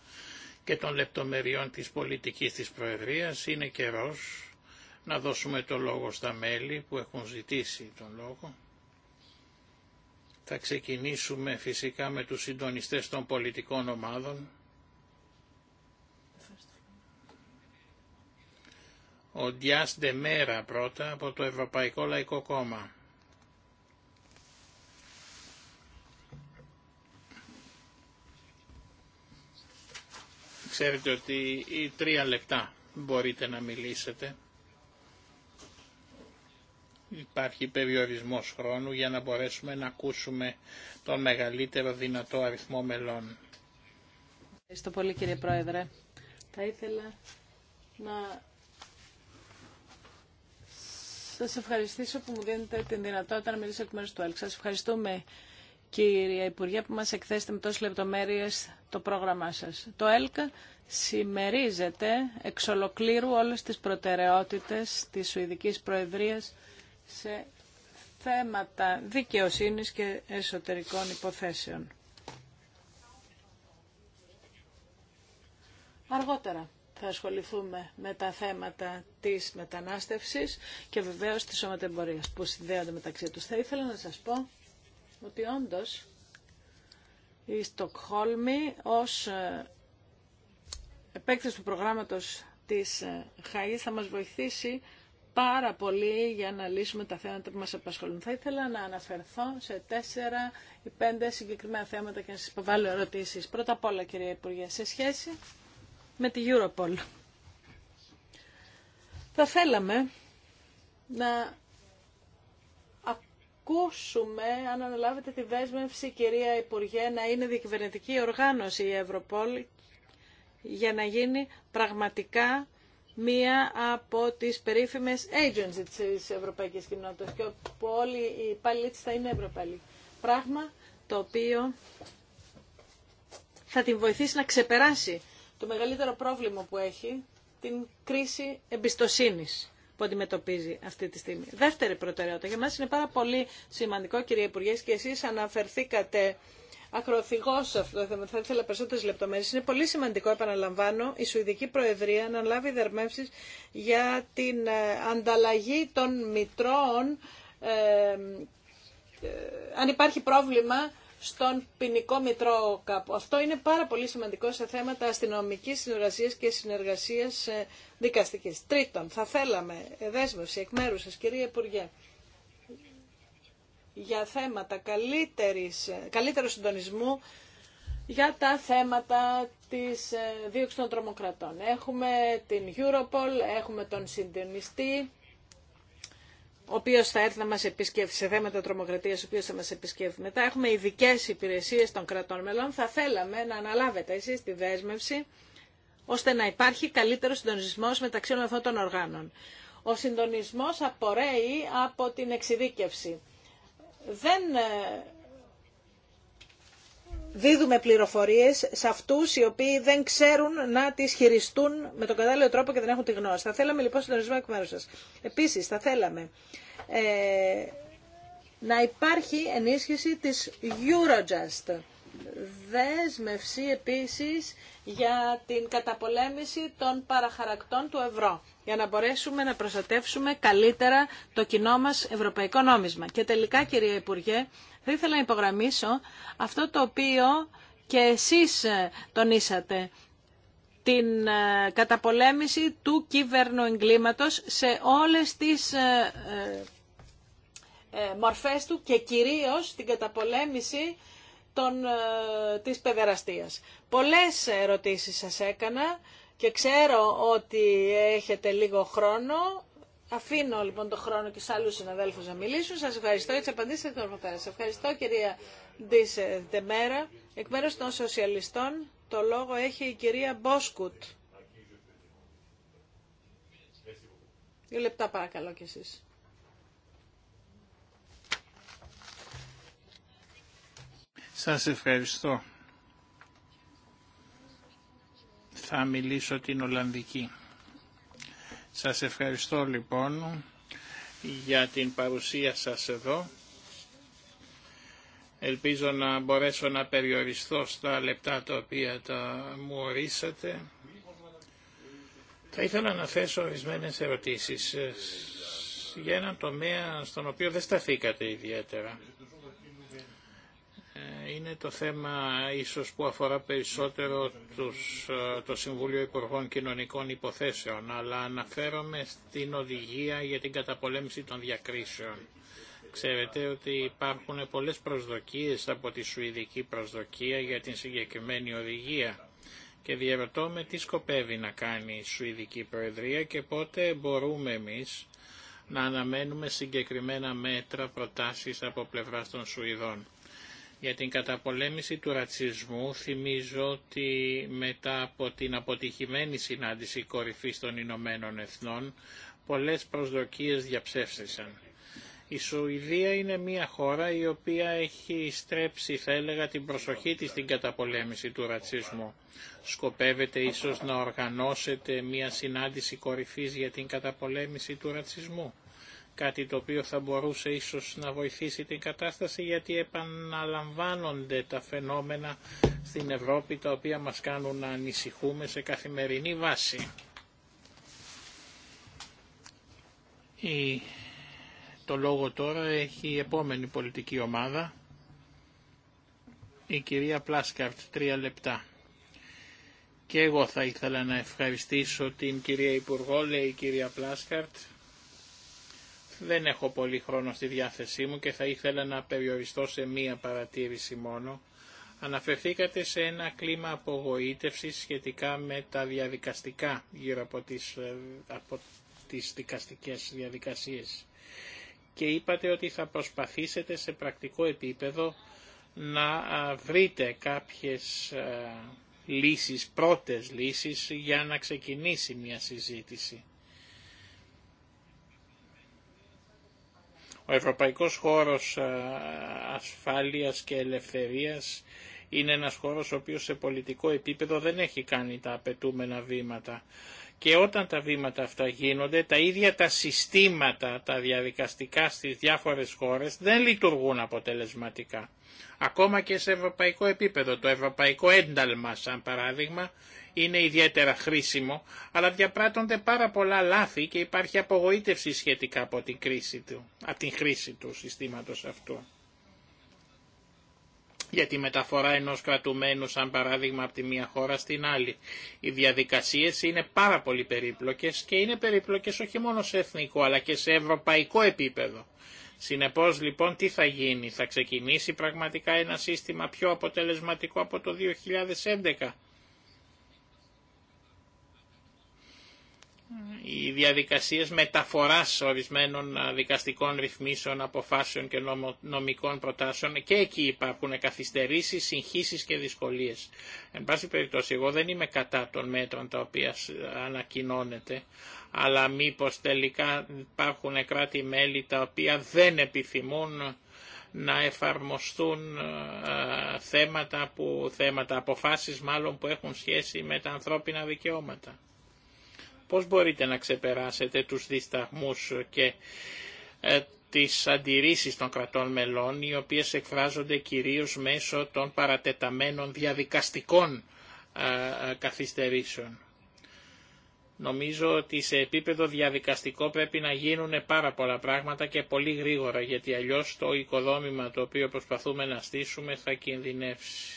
και των λεπτομεριών της πολιτικής της Προεδρίας. Είναι καιρός να δώσουμε το λόγο στα μέλη που έχουν ζητήσει τον λόγο. Θα ξεκινήσουμε φυσικά με τους συντονιστές των πολιτικών ομάδων. Ο Ντιάς Ντεμέρα πρώτα από το Ευρωπαϊκό Λαϊκό Κόμμα. Ξέρετε ότι οι τρία λεπτά μπορείτε να μιλήσετε. Υπάρχει περιορισμός χρόνου για να μπορέσουμε να ακούσουμε τον μεγαλύτερο δυνατό αριθμό μελών. Ευχαριστώ πολύ κύριε Πρόεδρε. Θα ήθελα να σας ευχαριστήσω που μου δίνετε την δυνατότητα να μιλήσω εκ μέρους του ΕΛΚ. Σας ευχαριστούμε κύριε Υπουργέ που μας εκθέσετε με τόσες λεπτομέρειες το πρόγραμμά σας. Το ΕΛΚ συμμερίζεται εξ ολοκλήρου όλες τις προτεραιότητες της Σουηδικής Προεδρίας σε θέματα δικαιοσύνης και εσωτερικών υποθέσεων. Αργότερα θα ασχοληθούμε με τα θέματα της μετανάστευσης και βεβαίως της σωματεμπορία που συνδέονται μεταξύ τους. Θα ήθελα να σας πω ότι όντως η Στοκχόλμη ως ε, επέκταση του προγράμματος της ε, ΧΑΗ θα μας βοηθήσει πάρα πολύ για να λύσουμε τα θέματα που μας απασχολούν. Θα ήθελα να αναφερθώ σε τέσσερα ή πέντε συγκεκριμένα θέματα και να σας υποβάλω ερωτήσεις. Πρώτα απ' όλα, κυρία Υπουργέ, σε σχέση με τη Europol. Θα θέλαμε να ακούσουμε αν αναλάβετε τη δέσμευση, κυρία Υπουργέ, να είναι διακυβερνητική οργάνωση η Ευρωπόλ για να γίνει πραγματικά μία από τις περίφημες agencies της Ευρωπαϊκής Κοινότητας και όπου όλοι οι υπάλληλοι θα είναι Ευρωπαίοι. Πράγμα το οποίο θα την βοηθήσει να ξεπεράσει το μεγαλύτερο πρόβλημα που έχει την κρίση εμπιστοσύνη που αντιμετωπίζει αυτή τη στιγμή. Δεύτερη προτεραιότητα. Για μας είναι πάρα πολύ σημαντικό, κύριε Υπουργέ, και εσεί αναφερθήκατε ακροθυγός σε αυτό το θέμα. Θα ήθελα περισσότερε λεπτομέρειες. Είναι πολύ σημαντικό, επαναλαμβάνω, η Σουηδική Προεδρία να λάβει δερμεύσει για την ε, ανταλλαγή των μητρώων ε, ε, αν υπάρχει πρόβλημα στον ποινικό μητρό κάπου. Αυτό είναι πάρα πολύ σημαντικό σε θέματα αστυνομικής συνεργασίας και συνεργασίας ε, δικαστικής. Τρίτον, θα θέλαμε δέσμευση εκ μέρου κυρία Υπουργέ, για θέματα ε, καλύτερου συντονισμού για τα θέματα της ε, δίωξης των τρομοκρατών. Έχουμε την Europol, έχουμε τον συντονιστή, ο οποίος θα έρθει να μας επισκέφθει σε θέματα τρομοκρατίας, ο οποίος θα μας επισκέφθει μετά. Έχουμε ειδικέ υπηρεσίες των κρατών μελών. Θα θέλαμε να αναλάβετε εσείς τη δέσμευση, ώστε να υπάρχει καλύτερος συντονισμός μεταξύ όλων αυτών των οργάνων. Ο συντονισμός απορρέει από την εξειδίκευση. Δεν ε, δίδουμε πληροφορίες σε αυτούς οι οποίοι δεν ξέρουν να τις χειριστούν με τον κατάλληλο τρόπο και δεν έχουν τη γνώση. Θα θέλαμε λοιπόν συντονισμό εκ μέρους σας. Επίσης θα θέλαμε ε, να υπάρχει ενίσχυση της Eurojust δέσμευση επίσης για την καταπολέμηση των παραχαρακτών του ευρώ για να μπορέσουμε να προστατεύσουμε καλύτερα το κοινό μας ευρωπαϊκό νόμισμα. Και τελικά κύριε Υπουργέ, θα ήθελα να υπογραμμίσω αυτό το οποίο και εσείς ε, τονίσατε την ε, καταπολέμηση του εγκλήματος σε όλες τις ε, μορφές του και κυρίως την καταπολέμηση των, ε, της παιδεραστίας. Πολλές ερωτήσεις σας έκανα και ξέρω ότι έχετε λίγο χρόνο. Αφήνω λοιπόν το χρόνο και σε άλλους συναδέλφους να μιλήσουν. Σας ευχαριστώ για τις απαντήσεις των Σας ευχαριστώ κυρία Ντίσε Δεμέρα. Εκ μέρους των σοσιαλιστών το λόγο έχει η κυρία Μπόσκουτ. Δύο λεπτά παρακαλώ κι εσείς. Σας ευχαριστώ. Θα μιλήσω την Ολλανδική. Σας ευχαριστώ λοιπόν για την παρουσία σας εδώ. Ελπίζω να μπορέσω να περιοριστώ στα λεπτά τα οποία τα μου ορίσατε. Θα ήθελα να θέσω ορισμένε ερωτήσεις ε, για έναν τομέα στον οποίο δεν σταθήκατε ιδιαίτερα. Ε, είναι το θέμα ίσως που αφορά περισσότερο τους, ε, το Συμβούλιο Υπουργών Κοινωνικών Υποθέσεων, αλλά αναφέρομαι στην οδηγία για την καταπολέμηση των διακρίσεων. Ξέρετε ότι υπάρχουν πολλές προσδοκίες από τη Σουηδική προσδοκία για την συγκεκριμένη οδηγία και διαρωτώ με τι σκοπεύει να κάνει η Σουηδική Προεδρία και πότε μπορούμε εμείς να αναμένουμε συγκεκριμένα μέτρα προτάσεις από πλευράς των Σουηδών για την καταπολέμηση του ρατσισμού θυμίζω ότι μετά από την αποτυχημένη συνάντηση κορυφής των Ηνωμένων Εθνών πολλές προσδοκίες διαψεύστησαν. Η Σουηδία είναι μια χώρα η οποία έχει στρέψει θα έλεγα την προσοχή της στην καταπολέμηση του ρατσισμού. Σκοπεύεται ίσως να οργανώσετε μια συνάντηση κορυφής για την καταπολέμηση του ρατσισμού κάτι το οποίο θα μπορούσε ίσως να βοηθήσει την κατάσταση γιατί επαναλαμβάνονται τα φαινόμενα στην Ευρώπη τα οποία μας κάνουν να ανησυχούμε σε καθημερινή βάση. Η... Το λόγο τώρα έχει η επόμενη πολιτική ομάδα, η κυρία Πλάσκαρτ, τρία λεπτά. Και εγώ θα ήθελα να ευχαριστήσω την κυρία Υπουργό, λέει η κυρία Πλάσκαρτ, δεν έχω πολύ χρόνο στη διάθεσή μου και θα ήθελα να περιοριστώ σε μία παρατήρηση μόνο. Αναφερθήκατε σε ένα κλίμα απογοήτευσης σχετικά με τα διαδικαστικά γύρω από τις, ε, από δικαστικές διαδικασίες. Και είπατε ότι θα προσπαθήσετε σε πρακτικό επίπεδο να βρείτε κάποιες ε, λύσεις, πρώτες λύσεις για να ξεκινήσει μια συζήτηση. Ο Ευρωπαϊκός Χώρος ε, Ασφάλειας και Ελευθερίας είναι ένας χώρος ο οποίος σε πολιτικό επίπεδο δεν έχει κάνει τα απαιτούμενα βήματα. Και όταν τα βήματα αυτά γίνονται, τα ίδια τα συστήματα, τα διαδικαστικά στις διάφορες χώρες δεν λειτουργούν αποτελεσματικά. Ακόμα και σε ευρωπαϊκό επίπεδο, το ευρωπαϊκό ένταλμα σαν παράδειγμα είναι ιδιαίτερα χρήσιμο, αλλά διαπράττονται πάρα πολλά λάθη και υπάρχει απογοήτευση σχετικά από την, κρίση του, από την χρήση του συστήματος αυτού. Για τη μεταφορά ενός κρατουμένου σαν παράδειγμα από τη μία χώρα στην άλλη. Οι διαδικασίες είναι πάρα πολύ περίπλοκες και είναι περίπλοκες όχι μόνο σε εθνικό αλλά και σε ευρωπαϊκό επίπεδο. Συνεπώς λοιπόν τι θα γίνει, θα ξεκινήσει πραγματικά ένα σύστημα πιο αποτελεσματικό από το 2011. Οι διαδικασίες μεταφοράς ορισμένων δικαστικών ρυθμίσεων, αποφάσεων και νομικών προτάσεων και εκεί υπάρχουν καθυστερήσεις, συγχύσεις και δυσκολίες. Εν πάση περιπτώσει εγώ δεν είμαι κατά των μέτρων τα οποία ανακοινώνεται, αλλά μήπως τελικά υπάρχουν κράτη-μέλη τα οποία δεν επιθυμούν να εφαρμοστούν ε, θέματα, που, θέματα, αποφάσεις μάλλον που έχουν σχέση με τα ανθρώπινα δικαιώματα. Πώς μπορείτε να ξεπεράσετε τους δισταγμούς και ε, τις αντιρρήσεις των κρατών μελών, οι οποίες εκφράζονται κυρίως μέσω των παρατεταμένων διαδικαστικών ε, ε, καθυστερήσεων. Νομίζω ότι σε επίπεδο διαδικαστικό πρέπει να γίνουν πάρα πολλά πράγματα και πολύ γρήγορα, γιατί αλλιώς το οικοδόμημα το οποίο προσπαθούμε να στήσουμε θα κινδυνεύσει.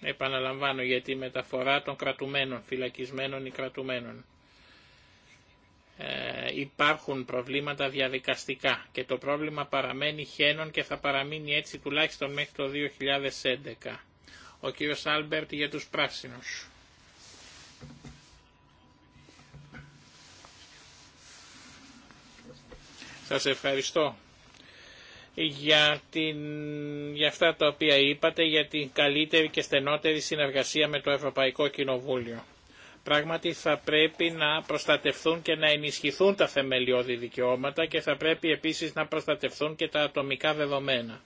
Επαναλαμβάνω για τη μεταφορά των κρατουμένων, φυλακισμένων ή κρατουμένων. Ε, υπάρχουν προβλήματα διαδικαστικά και το πρόβλημα παραμένει χένον και θα παραμείνει έτσι τουλάχιστον μέχρι το 2011. Ο κύριος Άλμπερτ για τους πράσινους. Σας ευχαριστώ για, την, για αυτά τα οποία είπατε για την καλύτερη και στενότερη συνεργασία με το Ευρωπαϊκό Κοινοβούλιο. Πράγματι θα πρέπει να προστατευθούν και να ενισχυθούν τα θεμελιώδη δικαιώματα και θα πρέπει επίσης να προστατευθούν και τα ατομικά δεδομένα.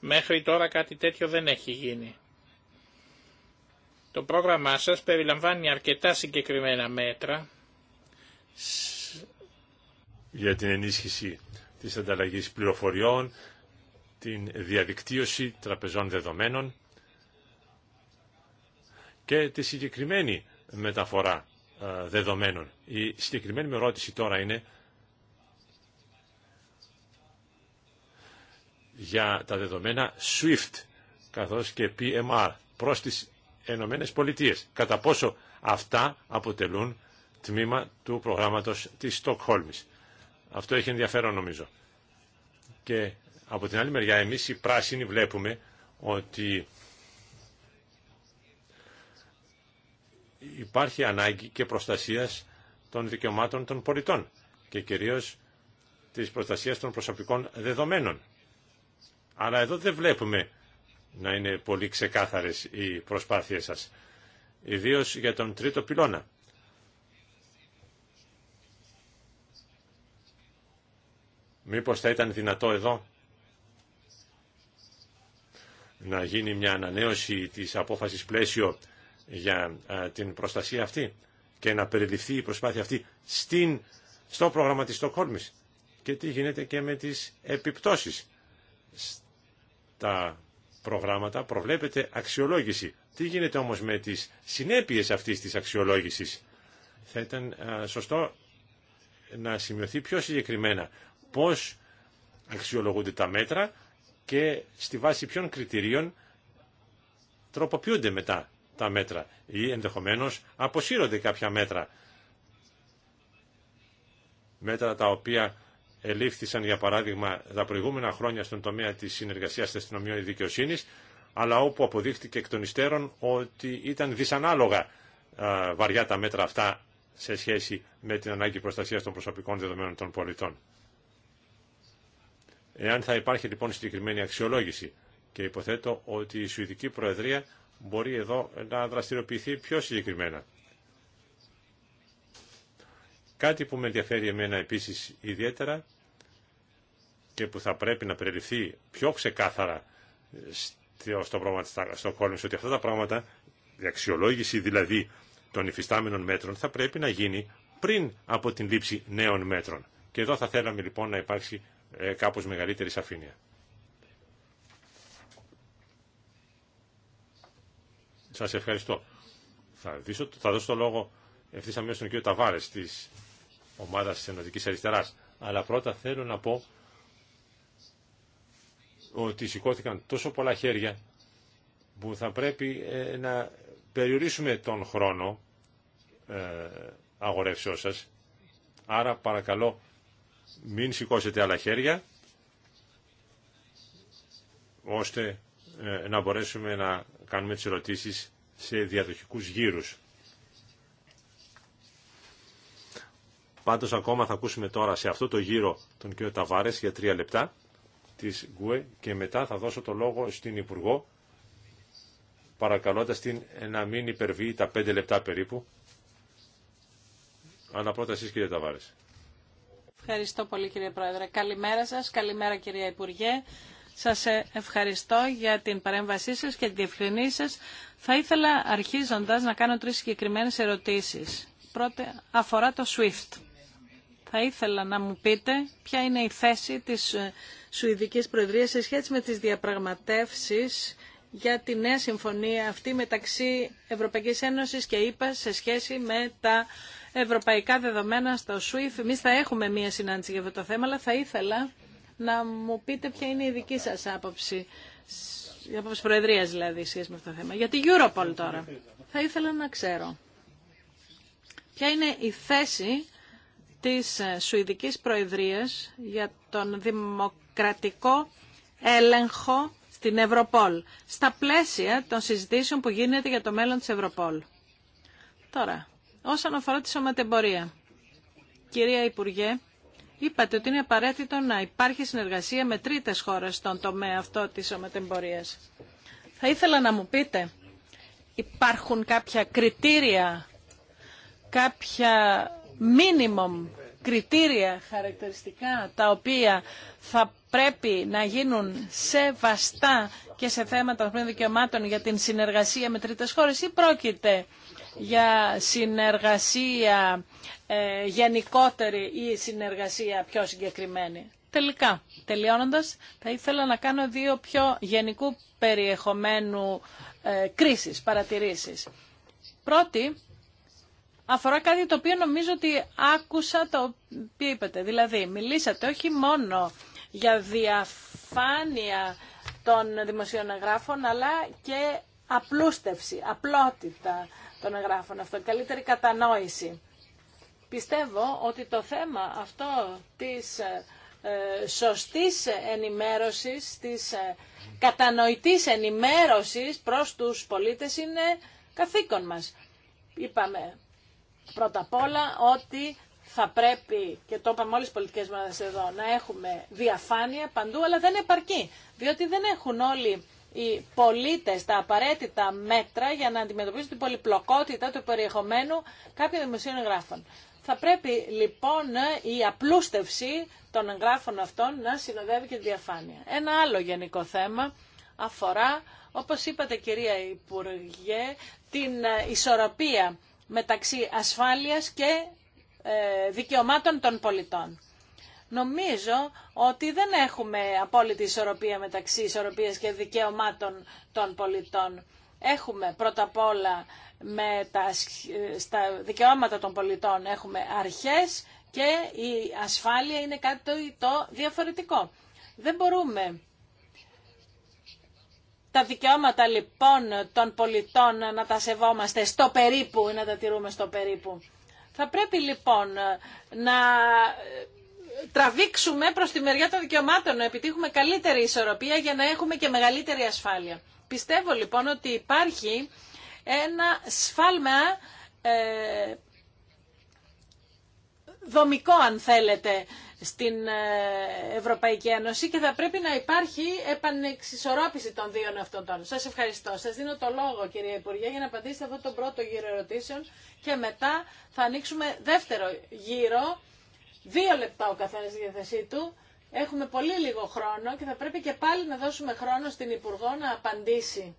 Μέχρι τώρα κάτι τέτοιο δεν έχει γίνει. Το πρόγραμμά σας περιλαμβάνει αρκετά συγκεκριμένα μέτρα για την ενίσχυση της ανταλλαγής πληροφοριών, την διαδικτύωση τραπεζών δεδομένων και τη συγκεκριμένη μεταφορά ε, δεδομένων. Η συγκεκριμένη με ερώτηση τώρα είναι για τα δεδομένα SWIFT καθώς και PMR προς τις Ενωμένες Πολιτείες. Κατά πόσο αυτά αποτελούν τμήμα του προγράμματος της Στοκχόλμης. Αυτό έχει ενδιαφέρον νομίζω. Και από την άλλη μεριά εμείς οι πράσινοι βλέπουμε ότι υπάρχει ανάγκη και προστασίας των δικαιωμάτων των πολιτών και κυρίως της προστασίας των προσωπικών δεδομένων. Αλλά εδώ δεν βλέπουμε να είναι πολύ ξεκάθαρες οι προσπάθειες σας. Ιδίως για τον τρίτο πυλώνα. Μήπως θα ήταν δυνατό εδώ να γίνει μια ανανέωση της απόφασης πλαίσιο για την προστασία αυτή και να περιληφθεί η προσπάθεια αυτή στην, στο πρόγραμμα της Στοκχόλμης και τι γίνεται και με τις επιπτώσεις στα προγράμματα προβλέπεται αξιολόγηση. Τι γίνεται όμως με τις συνέπειες αυτής της αξιολόγησης. Θα ήταν σωστό να σημειωθεί πιο συγκεκριμένα πώς αξιολογούνται τα μέτρα και στη βάση ποιων κριτηρίων τροποποιούνται μετά τα μέτρα ή ενδεχομένως αποσύρονται κάποια μέτρα. Μέτρα τα οποία ελήφθησαν για παράδειγμα τα προηγούμενα χρόνια στον τομέα της συνεργασίας αστυνομιών δικαιοσύνης, αλλά όπου αποδείχτηκε εκ των υστέρων ότι ήταν δυσανάλογα βαριά τα μέτρα αυτά σε σχέση με την ανάγκη προστασίας των προσωπικών δεδομένων των πολιτών. Εάν θα υπάρχει λοιπόν συγκεκριμένη αξιολόγηση και υποθέτω ότι η Σουηδική Προεδρία μπορεί εδώ να δραστηριοποιηθεί πιο συγκεκριμένα. Κάτι που με ενδιαφέρει εμένα επίσης ιδιαίτερα και που θα πρέπει να περιληφθεί πιο ξεκάθαρα στο πρόγραμμα της Στοκχόλμης, ότι αυτά τα πράγματα, η αξιολόγηση δηλαδή των υφιστάμενων μέτρων, θα πρέπει να γίνει πριν από την λήψη νέων μέτρων. Και εδώ θα θέλαμε λοιπόν να υπάρξει ε, κάπως μεγαλύτερη σαφήνεια. Σας ευχαριστώ. Θα, δώσω, δώσω το λόγο ευθύς αμέσως στον κύριο Ταβάρες της Ομάδα της Ενωτικής Αριστεράς. Αλλά πρώτα θέλω να πω ότι σηκώθηκαν τόσο πολλά χέρια που θα πρέπει ε, να περιορίσουμε τον χρόνο ε, αγορεύσεώς σας. Άρα παρακαλώ μην σηκώσετε άλλα χέρια ώστε ε, να μπορέσουμε να κάνουμε τις ερωτήσεις σε διαδοχικούς γύρους. Πάντως ακόμα θα ακούσουμε τώρα σε αυτό το γύρο τον κύριο Ταβάρες για τρία λεπτά της ΓουΕ και μετά θα δώσω το λόγο στην Υπουργό παρακαλώντας την να μην υπερβεί τα πέντε λεπτά περίπου. Αλλά πρώτα εσείς κύριε Ταβάρες. Ευχαριστώ πολύ κύριε Πρόεδρε. Καλημέρα σας, καλημέρα κυρία Υπουργέ. Σας ευχαριστώ για την παρέμβασή σας και την διευκρινή σας. Θα ήθελα αρχίζοντας να κάνω τρεις συγκεκριμένες ερωτήσεις. Πρώτα αφορά το SWIFT θα ήθελα να μου πείτε ποια είναι η θέση της ε, Σουηδικής Προεδρίας σε σχέση με τις διαπραγματεύσεις για τη νέα συμφωνία αυτή μεταξύ Ευρωπαϊκής Ένωσης και ΕΠΑ σε σχέση με τα ευρωπαϊκά δεδομένα στο SWIFT. Εμεί θα έχουμε μία συνάντηση για αυτό το θέμα, αλλά θα ήθελα να μου πείτε ποια είναι η δική σας άποψη, η άποψη Προεδρίας δηλαδή, σχέση με αυτό το θέμα. Για τη Europol τώρα. Θα ήθελα να ξέρω ποια είναι η θέση της ε, Σουηδικής Προεδρίας για τον δημοκρατικό έλεγχο στην Ευρωπόλ, στα πλαίσια των συζητήσεων που γίνεται για το μέλλον της Ευρωπόλ. Τώρα, όσον αφορά τη σωματεμπορία, κυρία Υπουργέ, είπατε ότι είναι απαραίτητο να υπάρχει συνεργασία με τρίτες χώρες στον τομέα αυτό της σωματεμπορίας. Θα ήθελα να μου πείτε, υπάρχουν κάποια κριτήρια, κάποια minimum κριτήρια χαρακτηριστικά τα οποία θα πρέπει να γίνουν σεβαστά και σε θέματα ανθρωπίνων δικαιωμάτων για την συνεργασία με τρίτες χώρες ή πρόκειται για συνεργασία ε, γενικότερη ή συνεργασία πιο συγκεκριμένη. Τελικά, τελειώνοντας, θα ήθελα να κάνω δύο πιο γενικού περιεχομένου ε, κρίσεις, παρατηρήσεις. Πρώτη, αφορά κάτι το οποίο νομίζω ότι άκουσα το οποίο είπατε. Δηλαδή, μιλήσατε όχι μόνο για διαφάνεια των εγγράφων αλλά και απλούστευση, απλότητα των εγγράφων αυτών, καλύτερη κατανόηση. Πιστεύω ότι το θέμα αυτό της ε, σωστής ενημέρωσης, της ε, κατανοητής ενημέρωσης προς τους πολίτες είναι καθήκον μας. Είπαμε πρώτα απ' όλα ότι θα πρέπει, και το είπαμε όλες οι πολιτικές μας εδώ, να έχουμε διαφάνεια παντού, αλλά δεν επαρκεί. Διότι δεν έχουν όλοι οι πολίτες τα απαραίτητα μέτρα για να αντιμετωπίσουν την πολυπλοκότητα του περιεχομένου κάποιων δημοσίων εγγράφων. Θα πρέπει λοιπόν η απλούστευση των εγγράφων αυτών να συνοδεύει και τη διαφάνεια. Ένα άλλο γενικό θέμα αφορά, όπως είπατε κυρία Υπουργέ, την ε, ισορροπία μεταξύ ασφάλειας και ε, δικαιωμάτων των πολιτών. Νομίζω ότι δεν έχουμε απόλυτη ισορροπία μεταξύ ισορροπίας και δικαιωμάτων των πολιτών. Έχουμε πρώτα απ' όλα με τα, ε, στα δικαιώματα των πολιτών έχουμε αρχές και η ασφάλεια είναι κάτι το διαφορετικό. Δεν μπορούμε τα δικαιώματα λοιπόν των πολιτών να τα σεβόμαστε στο περίπου ή να τα τηρούμε στο περίπου. Θα πρέπει λοιπόν να τραβήξουμε προς τη μεριά των δικαιωμάτων, να επιτύχουμε καλύτερη ισορροπία για να έχουμε και μεγαλύτερη ασφάλεια. Πιστεύω λοιπόν ότι υπάρχει ένα σφάλμα ε, δομικό αν θέλετε στην ε, Ευρωπαϊκή Ένωση και θα πρέπει να υπάρχει επανεξισορρόπηση των δύο αυτών των. Σας ευχαριστώ. Σας δίνω το λόγο κυρία Υπουργέ για να απαντήσετε αυτό το πρώτο γύρο ερωτήσεων και μετά θα ανοίξουμε δεύτερο γύρο. Δύο λεπτά ο καθένας στη διαθεσή του. Έχουμε πολύ λίγο χρόνο και θα πρέπει και πάλι να δώσουμε χρόνο στην Υπουργό να απαντήσει.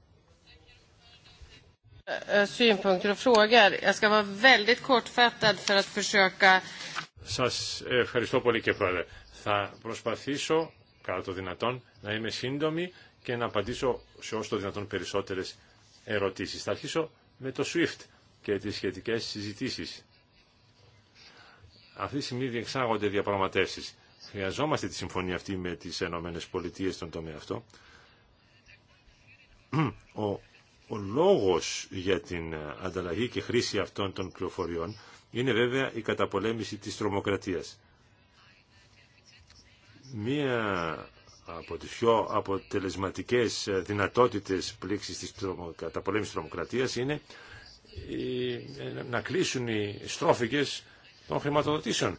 Ε, ε, Synpunkter och frågor. Jag ska vara väldigt kortfattad för att försöka σας ευχαριστώ πολύ και πρόεδρε. Θα προσπαθήσω, κατά το δυνατόν, να είμαι σύντομη και να απαντήσω σε όσο το δυνατόν περισσότερες ερωτήσεις. Θα αρχίσω με το SWIFT και τις σχετικές συζητήσεις. Αυτή τη στιγμή διεξάγονται διαπραγματεύσεις. Χρειαζόμαστε τη συμφωνία αυτή με τις Ενωμένες Πολιτείες στον τομέα αυτό. Ο, ο λόγος για την ανταλλαγή και χρήση αυτών των πληροφοριών είναι βέβαια η καταπολέμηση της τρομοκρατίας. Μία από τις πιο αποτελεσματικές δυνατότητες πλήξης της καταπολέμησης της τρομοκρατίας είναι να κλείσουν οι στρόφικες των χρηματοδοτήσεων.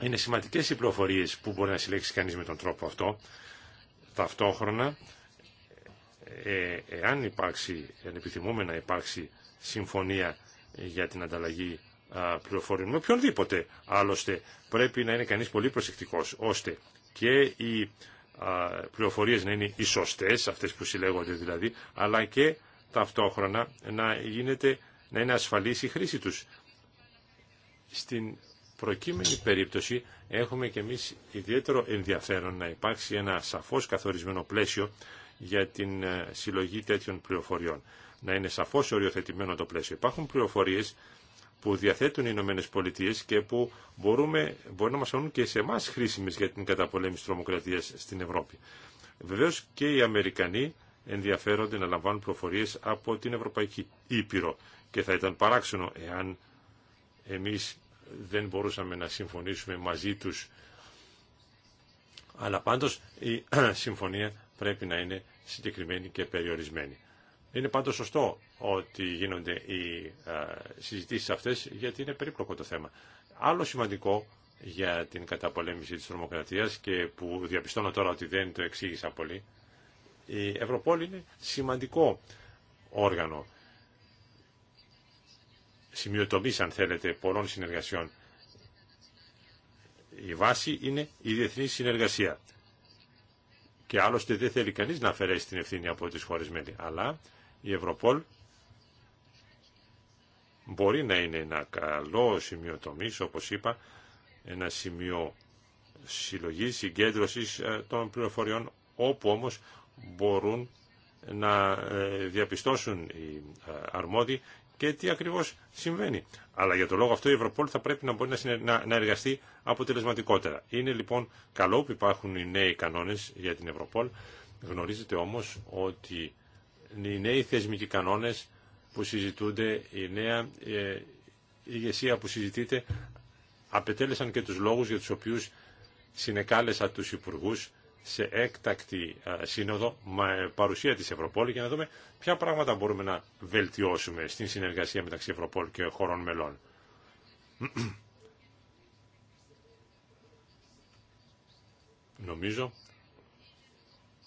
Είναι σημαντικές οι πληροφορίες που μπορεί να συλλέξει κανείς με τον τρόπο αυτό. Ταυτόχρονα, ε, εάν υπάρξει, αν επιθυμούμε να υπάρξει συμφωνία για την ανταλλαγή πληροφοριών με οποιονδήποτε. Άλλωστε πρέπει να είναι κανείς πολύ προσεκτικός ώστε και οι πληροφορίες να είναι οι σωστές, αυτές που συλλέγονται δηλαδή, αλλά και ταυτόχρονα να, γίνεται, να είναι ασφαλής η χρήση τους. Στην προκείμενη περίπτωση έχουμε και εμείς ιδιαίτερο ενδιαφέρον να υπάρξει ένα σαφώς καθορισμένο πλαίσιο για την ε, συλλογή τέτοιων πληροφοριών να είναι σαφώ οριοθετημένο το πλαίσιο. Υπάρχουν πληροφορίε που διαθέτουν οι Ηνωμένε Πολιτείε και που μπορούμε, μπορεί να μα φανούν και σε εμά χρήσιμε για την καταπολέμηση Τρομοκρατία στην Ευρώπη. Βεβαίω και οι Αμερικανοί ενδιαφέρονται να λαμβάνουν πληροφορίε από την Ευρωπαϊκή Ήπειρο και θα ήταν παράξενο εάν εμεί δεν μπορούσαμε να συμφωνήσουμε μαζί του, Αλλά πάντως η συμφωνία πρέπει να είναι συγκεκριμένη και περιορισμένη. Είναι πάντως σωστό ότι γίνονται οι ε, συζητήσεις αυτές γιατί είναι περίπλοκο το θέμα. Άλλο σημαντικό για την καταπολέμηση της τρομοκρατίας και που διαπιστώνω τώρα ότι δεν το εξήγησα πολύ, η Ευρωπόλη είναι σημαντικό όργανο, σημειοτομής αν θέλετε, πολλών συνεργασιών. Η βάση είναι η διεθνή συνεργασία. Και άλλωστε δεν θέλει κανείς να αφαιρέσει την ευθύνη από τις χώρες μέλη. Αλλά η Ευρωπόλ μπορεί να είναι ένα καλό σημείο τομής, όπως είπα, ένα σημείο συλλογής, συγκέντρωσης ε, των πληροφοριών, όπου όμως μπορούν να ε, διαπιστώσουν οι ε, αρμόδιοι και τι ακριβώς συμβαίνει. Αλλά για το λόγο αυτό η Ευρωπόλ θα πρέπει να μπορεί να εργαστεί αποτελεσματικότερα. Είναι λοιπόν καλό που υπάρχουν οι νέοι κανόνες για την Ευρωπόλ. Γνωρίζετε όμως ότι οι νέοι θεσμικοί κανόνες που συζητούνται, η νέα ε, ηγεσία που συζητείται, απετέλεσαν και τους λόγους για τους οποίους συνεκάλεσα τους υπουργούς σε έκτακτη ε, σύνοδο με παρουσία της Ευρωπόλη για να δούμε ποια πράγματα μπορούμε να βελτιώσουμε στην συνεργασία μεταξύ Ευρωπόλ και χωρών μελών. Νομίζω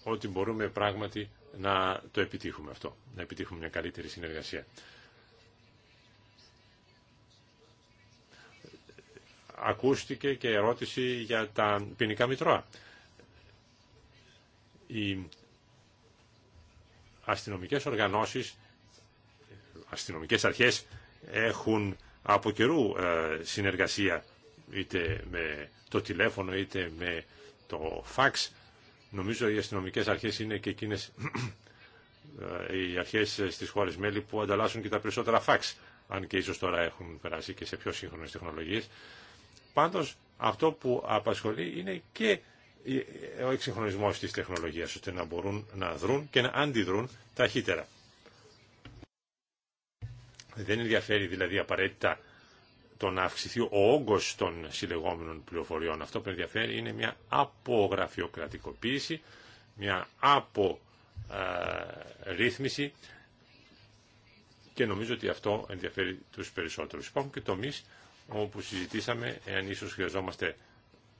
ότι μπορούμε πράγματι να το επιτύχουμε αυτό, να επιτύχουμε μια καλύτερη συνεργασία. Ακούστηκε και ερώτηση για τα ποινικά μητρώα. Οι αστυνομικές οργανώσεις, αστυνομικές αρχές έχουν από καιρού ε, συνεργασία είτε με το τηλέφωνο είτε με το φαξ Νομίζω οι αστυνομικές αρχές είναι και εκείνες ε, οι αρχές στις χώρες μέλη που ανταλλάσσουν και τα περισσότερα φαξ, αν και ίσως τώρα έχουν περάσει και σε πιο σύγχρονες τεχνολογίες. Πάντως αυτό που απασχολεί είναι και ο εξυγχρονισμός της τεχνολογίας, ώστε να μπορούν να δρουν και να αντιδρούν ταχύτερα. Δεν ενδιαφέρει δηλαδή απαραίτητα το να αυξηθεί ο όγκο των συλλεγόμενων πληροφοριών. Αυτό που ενδιαφέρει είναι μια απογραφειοκρατικοποίηση, μια απορρίθμιση ε, και νομίζω ότι αυτό ενδιαφέρει τους περισσότερου. Υπάρχουν και τομείς όπου συζητήσαμε εάν ίσω χρειαζόμαστε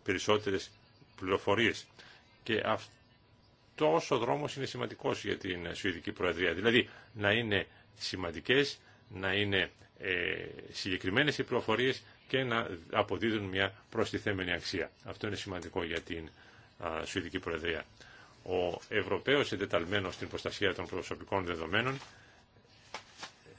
περισσότερε πληροφορίες. Και αυτό ο δρόμος είναι σημαντικός για την Σουηδική Προεδρία. Δηλαδή να είναι σημαντικέ, να είναι ε, συγκεκριμένες οι πληροφορίες και να αποδίδουν μια προστιθέμενη αξία. Αυτό είναι σημαντικό για την Σουηδική Προεδρία. Ο Ευρωπαίος εντεταλμένος στην προστασία των προσωπικών δεδομένων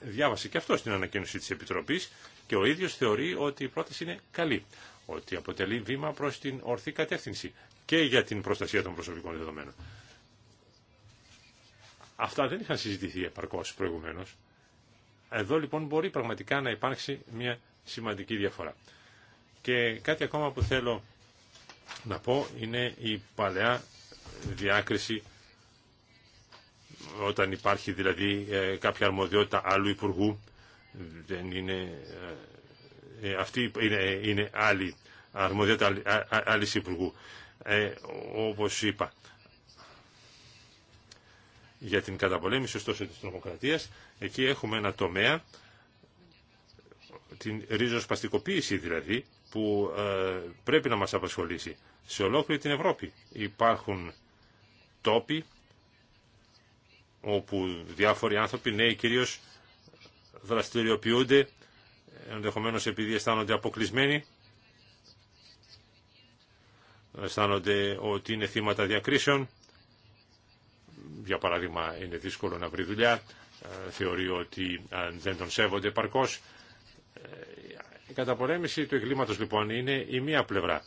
διάβασε και αυτό στην ανακοίνωση της Επιτροπής και ο ίδιος θεωρεί ότι η πρόταση είναι καλή, ότι αποτελεί βήμα προς την ορθή κατεύθυνση και για την προστασία των προσωπικών δεδομένων. Αυτά δεν είχαν συζητηθεί επαρκώς προηγουμένως. Εδώ λοιπόν μπορεί πραγματικά να υπάρξει μια σημαντική διαφορά. Και κάτι ακόμα που θέλω να πω είναι η παλαιά διάκριση όταν υπάρχει δηλαδή ε, κάποια αρμοδιότητα άλλου υπουργού δεν είναι ε, ε, αυτή είναι, είναι άλλη αρμοδιότητα άλλη υπουργού ε, όπως είπα για την καταπολέμηση ωστόσο της τρομοκρατίας. Εκεί έχουμε ένα τομέα, την ριζοσπαστικοποίηση δηλαδή, που ε, πρέπει να μας απασχολήσει. Σε ολόκληρη την Ευρώπη υπάρχουν τόποι όπου διάφοροι άνθρωποι, νέοι κυρίως, δραστηριοποιούνται, ενδεχομένως επειδή αισθάνονται αποκλεισμένοι, αισθάνονται ότι είναι θύματα διακρίσεων, για παράδειγμα είναι δύσκολο να βρει δουλειά, ε, θεωρεί ότι δεν τον σέβονται παρκώς. Ε, η καταπολέμηση του εγκλήματος λοιπόν είναι η μία πλευρά.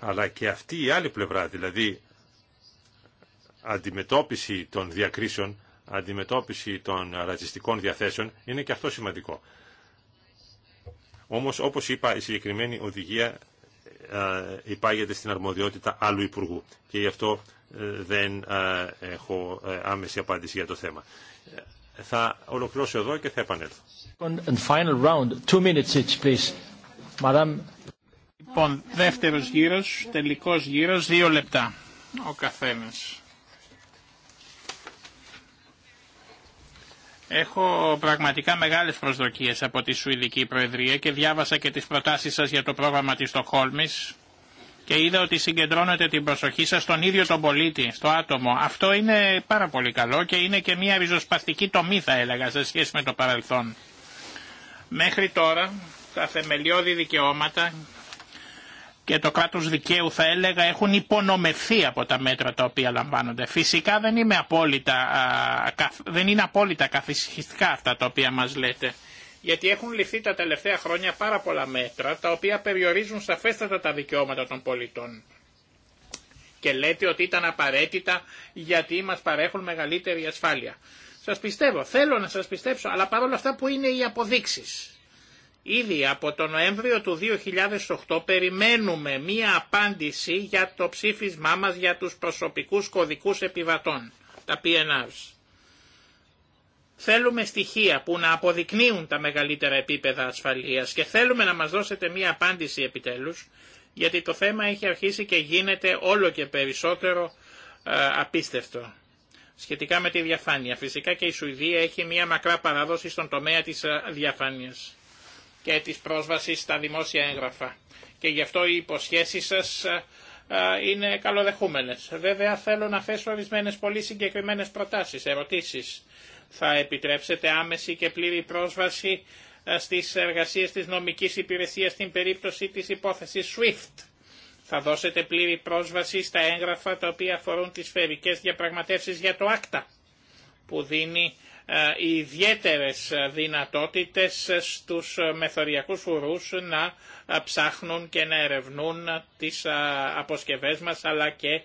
Αλλά και αυτή η άλλη πλευρά, δηλαδή αντιμετώπιση των διακρίσεων, αντιμετώπιση των ρατσιστικών διαθέσεων, είναι και αυτό σημαντικό. Όμως, όπως είπα, η συγκεκριμένη οδηγία ε, υπάγεται στην αρμοδιότητα άλλου Υπουργού και γι' αυτό ε, δεν ε, έχω άμεση απάντηση για το θέμα. Θα ολοκληρώσω εδώ και θα επανέλθω. final Λοιπόν, δεύτερος γύρος, τελικός γύρος, δύο λεπτά ο καθένας. Έχω πραγματικά μεγάλες προσδοκίες από τη Σουηδική Προεδρία και διάβασα και τις προτάσεις σας για το πρόγραμμα της Στοχόλμης και είδα ότι συγκεντρώνετε την προσοχή σας στον ίδιο τον πολίτη, στο άτομο. Αυτό είναι πάρα πολύ καλό και είναι και μια ριζοσπαστική τομή θα έλεγα σε σχέση με το παρελθόν. Μέχρι τώρα τα θεμελιώδη δικαιώματα και το κράτος δικαίου θα έλεγα έχουν υπονομευθεί από τα μέτρα τα οποία λαμβάνονται. Φυσικά δεν, είμαι απόλυτα, δεν είναι απόλυτα καθησυχιστικά αυτά τα οποία μας λέτε. Γιατί έχουν ληφθεί τα τελευταία χρόνια πάρα πολλά μέτρα τα οποία περιορίζουν σαφέστατα τα δικαιώματα των πολιτών. Και λέτε ότι ήταν απαραίτητα γιατί μας παρέχουν μεγαλύτερη ασφάλεια. Σας πιστεύω, θέλω να σας πιστέψω, αλλά παρόλα αυτά που είναι οι αποδείξεις. Ήδη από τον Νοέμβριο του 2008 περιμένουμε μία απάντηση για το ψήφισμά μας για τους προσωπικούς κωδικούς επιβατών, τα PNRs. Θέλουμε στοιχεία που να αποδεικνύουν τα μεγαλύτερα επίπεδα ασφαλείας και θέλουμε να μας δώσετε μία απάντηση επιτέλους, γιατί το θέμα έχει αρχίσει και γίνεται όλο και περισσότερο ε, απίστευτο. Σχετικά με τη διαφάνεια, φυσικά και η Σουηδία έχει μία μακρά παράδοση στον τομέα της ε, διαφάνειας και της πρόσβασης στα δημόσια έγγραφα. Και γι' αυτό οι υποσχέσεις σας ε, ε, είναι καλοδεχούμενες. Βέβαια θέλω να θέσω ορισμένε πολύ συγκεκριμένες προτάσεις, ερωτήσεις. Θα επιτρέψετε άμεση και πλήρη πρόσβαση ε, στις εργασίες της νομικής υπηρεσίας στην περίπτωση της υπόθεσης SWIFT. Θα δώσετε πλήρη πρόσβαση στα έγγραφα τα οποία αφορούν τις σφαιρικές διαπραγματεύσεις για το ΆΚΤΑ που δίνει ε, ιδιαίτερες δυνατότητες στους μεθοριακούς φορούς να ε, ψάχνουν και να ερευνούν τις ε, αποσκευές μας αλλά και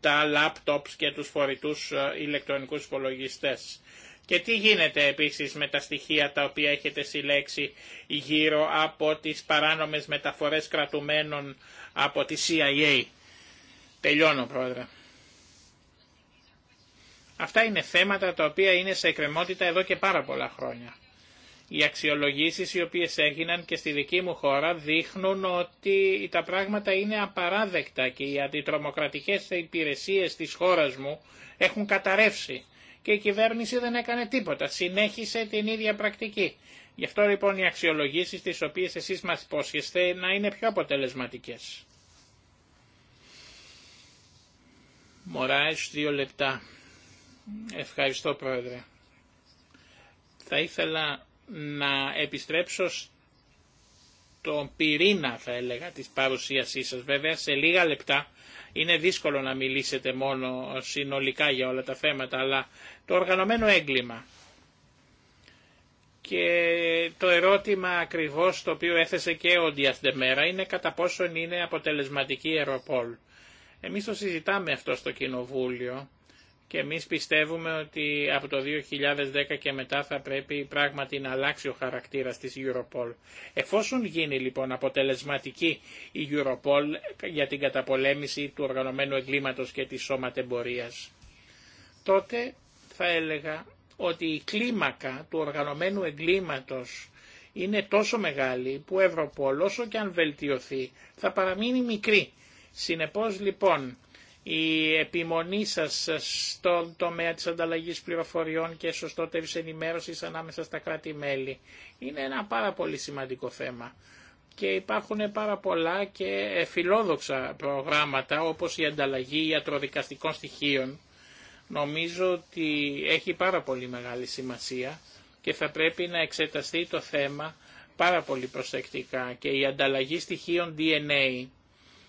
τα λάπτοπς και τους φορητούς ηλεκτρονικούς υπολογιστές. Και τι γίνεται επίσης με τα στοιχεία τα οποία έχετε συλλέξει γύρω από τις παράνομες μεταφορές κρατουμένων από τη CIA. Τελειώνω πρόεδρε. Αυτά είναι θέματα τα οποία είναι σε εκκρεμότητα εδώ και πάρα πολλά χρόνια. Οι αξιολογήσεις οι οποίες έγιναν και στη δική μου χώρα δείχνουν ότι τα πράγματα είναι απαράδεκτα και οι αντιτρομοκρατικές υπηρεσίες της χώρας μου έχουν καταρρεύσει και η κυβέρνηση δεν έκανε τίποτα, συνέχισε την ίδια πρακτική. Γι' αυτό λοιπόν οι αξιολογήσεις τις οποίες εσείς μας υπόσχεστε να είναι πιο αποτελεσματικές. Μωράες δύο λεπτά. Ευχαριστώ Πρόεδρε. Θα ήθελα να επιστρέψω στον πυρήνα θα έλεγα της παρουσίασής σας. Βέβαια σε λίγα λεπτά είναι δύσκολο να μιλήσετε μόνο συνολικά για όλα τα θέματα, αλλά το οργανωμένο έγκλημα και το ερώτημα ακριβώς το οποίο έθεσε και ο Ντεμέρα είναι κατά πόσον είναι αποτελεσματική η Ευρωπόλ. Εμείς το συζητάμε αυτό στο Κοινοβούλιο και εμείς πιστεύουμε ότι από το 2010 και μετά θα πρέπει πράγματι να αλλάξει ο χαρακτήρας της Europol. Εφόσον γίνει λοιπόν αποτελεσματική η Europol για την καταπολέμηση του οργανωμένου εγκλήματος και της σώματεμπορίας, τότε θα έλεγα ότι η κλίμακα του οργανωμένου εγκλήματος είναι τόσο μεγάλη που Ευρωπόλ όσο και αν βελτιωθεί θα παραμείνει μικρή. Συνεπώς λοιπόν η επιμονή σας στον τομέα της ανταλλαγής πληροφοριών και σωστότερης ενημέρωσης ανάμεσα στα κράτη-μέλη. Είναι ένα πάρα πολύ σημαντικό θέμα και υπάρχουν πάρα πολλά και φιλόδοξα προγράμματα όπως η ανταλλαγή ιατροδικαστικών στοιχείων. Νομίζω ότι έχει πάρα πολύ μεγάλη σημασία και θα πρέπει να εξεταστεί το θέμα πάρα πολύ προσεκτικά και η ανταλλαγή στοιχείων DNA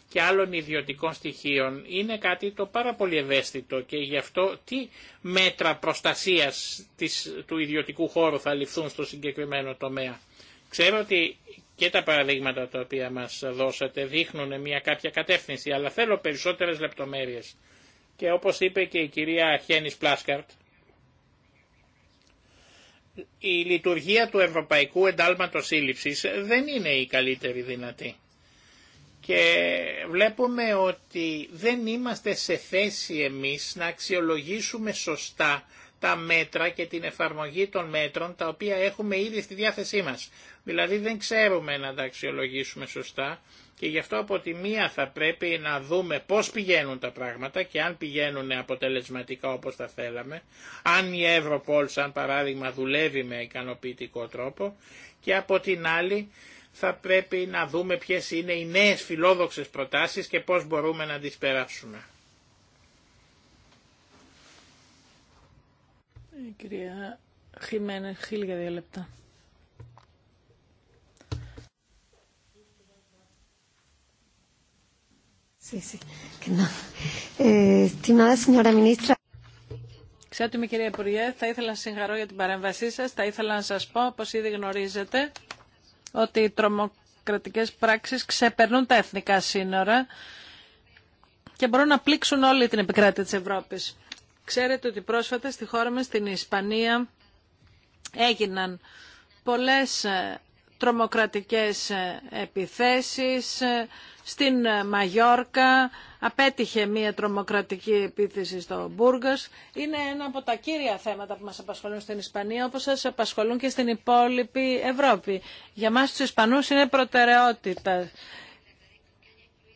και άλλων ιδιωτικών στοιχείων είναι κάτι το πάρα πολύ ευαίσθητο και γι' αυτό τι μέτρα προστασίας της, του ιδιωτικού χώρου θα ληφθούν στο συγκεκριμένο τομέα. Ξέρω ότι και τα παραδείγματα τα οποία μας δώσατε δείχνουν μια κάποια κατεύθυνση, αλλά θέλω περισσότερες λεπτομέρειες. Και όπως είπε και η κυρία Χένης Πλάσκαρτ, η λειτουργία του Ευρωπαϊκού Εντάλματος Σύλληψης δεν είναι η καλύτερη δυνατή και βλέπουμε ότι δεν είμαστε σε θέση εμείς να αξιολογήσουμε σωστά τα μέτρα και την εφαρμογή των μέτρων τα οποία έχουμε ήδη στη διάθεσή μας. Δηλαδή δεν ξέρουμε να τα αξιολογήσουμε σωστά και γι' αυτό από τη μία θα πρέπει να δούμε πώς πηγαίνουν τα πράγματα και αν πηγαίνουν αποτελεσματικά όπως τα θέλαμε, αν η Ευρωπόλ σαν παράδειγμα δουλεύει με ικανοποιητικό τρόπο και από την άλλη θα πρέπει να δούμε ποιες είναι οι νέες φιλόδοξες προτάσεις και πώς μπορούμε να τις περάσουμε. Η ε, κυρία Χιμένε, χίλια δύο λεπτά. κυρία ε, Υπουργέ, θα ήθελα να συγχαρώ για την παρέμβασή σας. Θα ήθελα να σας πω, όπως ήδη γνωρίζετε, ότι οι τρομοκρατικές πράξεις ξεπερνούν τα εθνικά σύνορα και μπορούν να πλήξουν όλη την επικράτεια της Ευρώπης. Ξέρετε ότι πρόσφατα στη χώρα μας, στην Ισπανία, έγιναν πολλές ε, τρομοκρατικές ε, επιθέσεις. Ε, στην ε, Μαγιόρκα απέτυχε μία τρομοκρατική επίθεση στο Μπούργκας Είναι ένα από τα κύρια θέματα που μας απασχολούν στην Ισπανία, όπως σας απασχολούν και στην υπόλοιπη Ευρώπη. Για μας τους Ισπανούς είναι προτεραιότητα.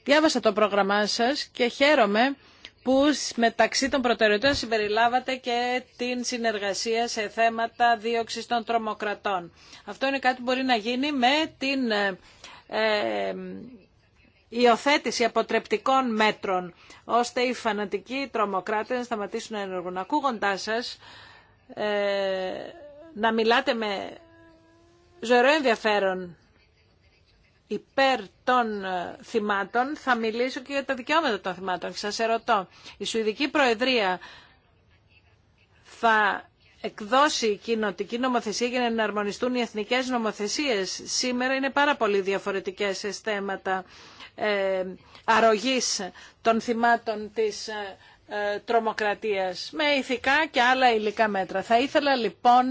Διάβασα το πρόγραμμά σας και χαίρομαι που μεταξύ των προτεραιοτήτων συμπεριλάβατε και την συνεργασία σε θέματα δίωξη των τρομοκρατών. Αυτό είναι κάτι που μπορεί να γίνει με την ε, ε, υιοθέτηση αποτρεπτικών μέτρων, ώστε οι φανατικοί τρομοκράτες να σταματήσουν να ενεργούν. Ακούγοντάς σας, ε, να μιλάτε με ζωηρό ενδιαφέρον υπέρ των ε, θυμάτων, θα μιλήσω και για τα δικαιώματα των θυμάτων. Σας ερωτώ, η Σουηδική Προεδρία θα εκδώσει κοινοτική νομοθεσία για να εναρμονιστούν οι εθνικές νομοθεσίες. Σήμερα είναι πάρα πολύ διαφορετικές σε θέματα ε, αρρωγής των θυμάτων της ε, ε τρομοκρατίας με ηθικά και άλλα υλικά μέτρα. Θα ήθελα λοιπόν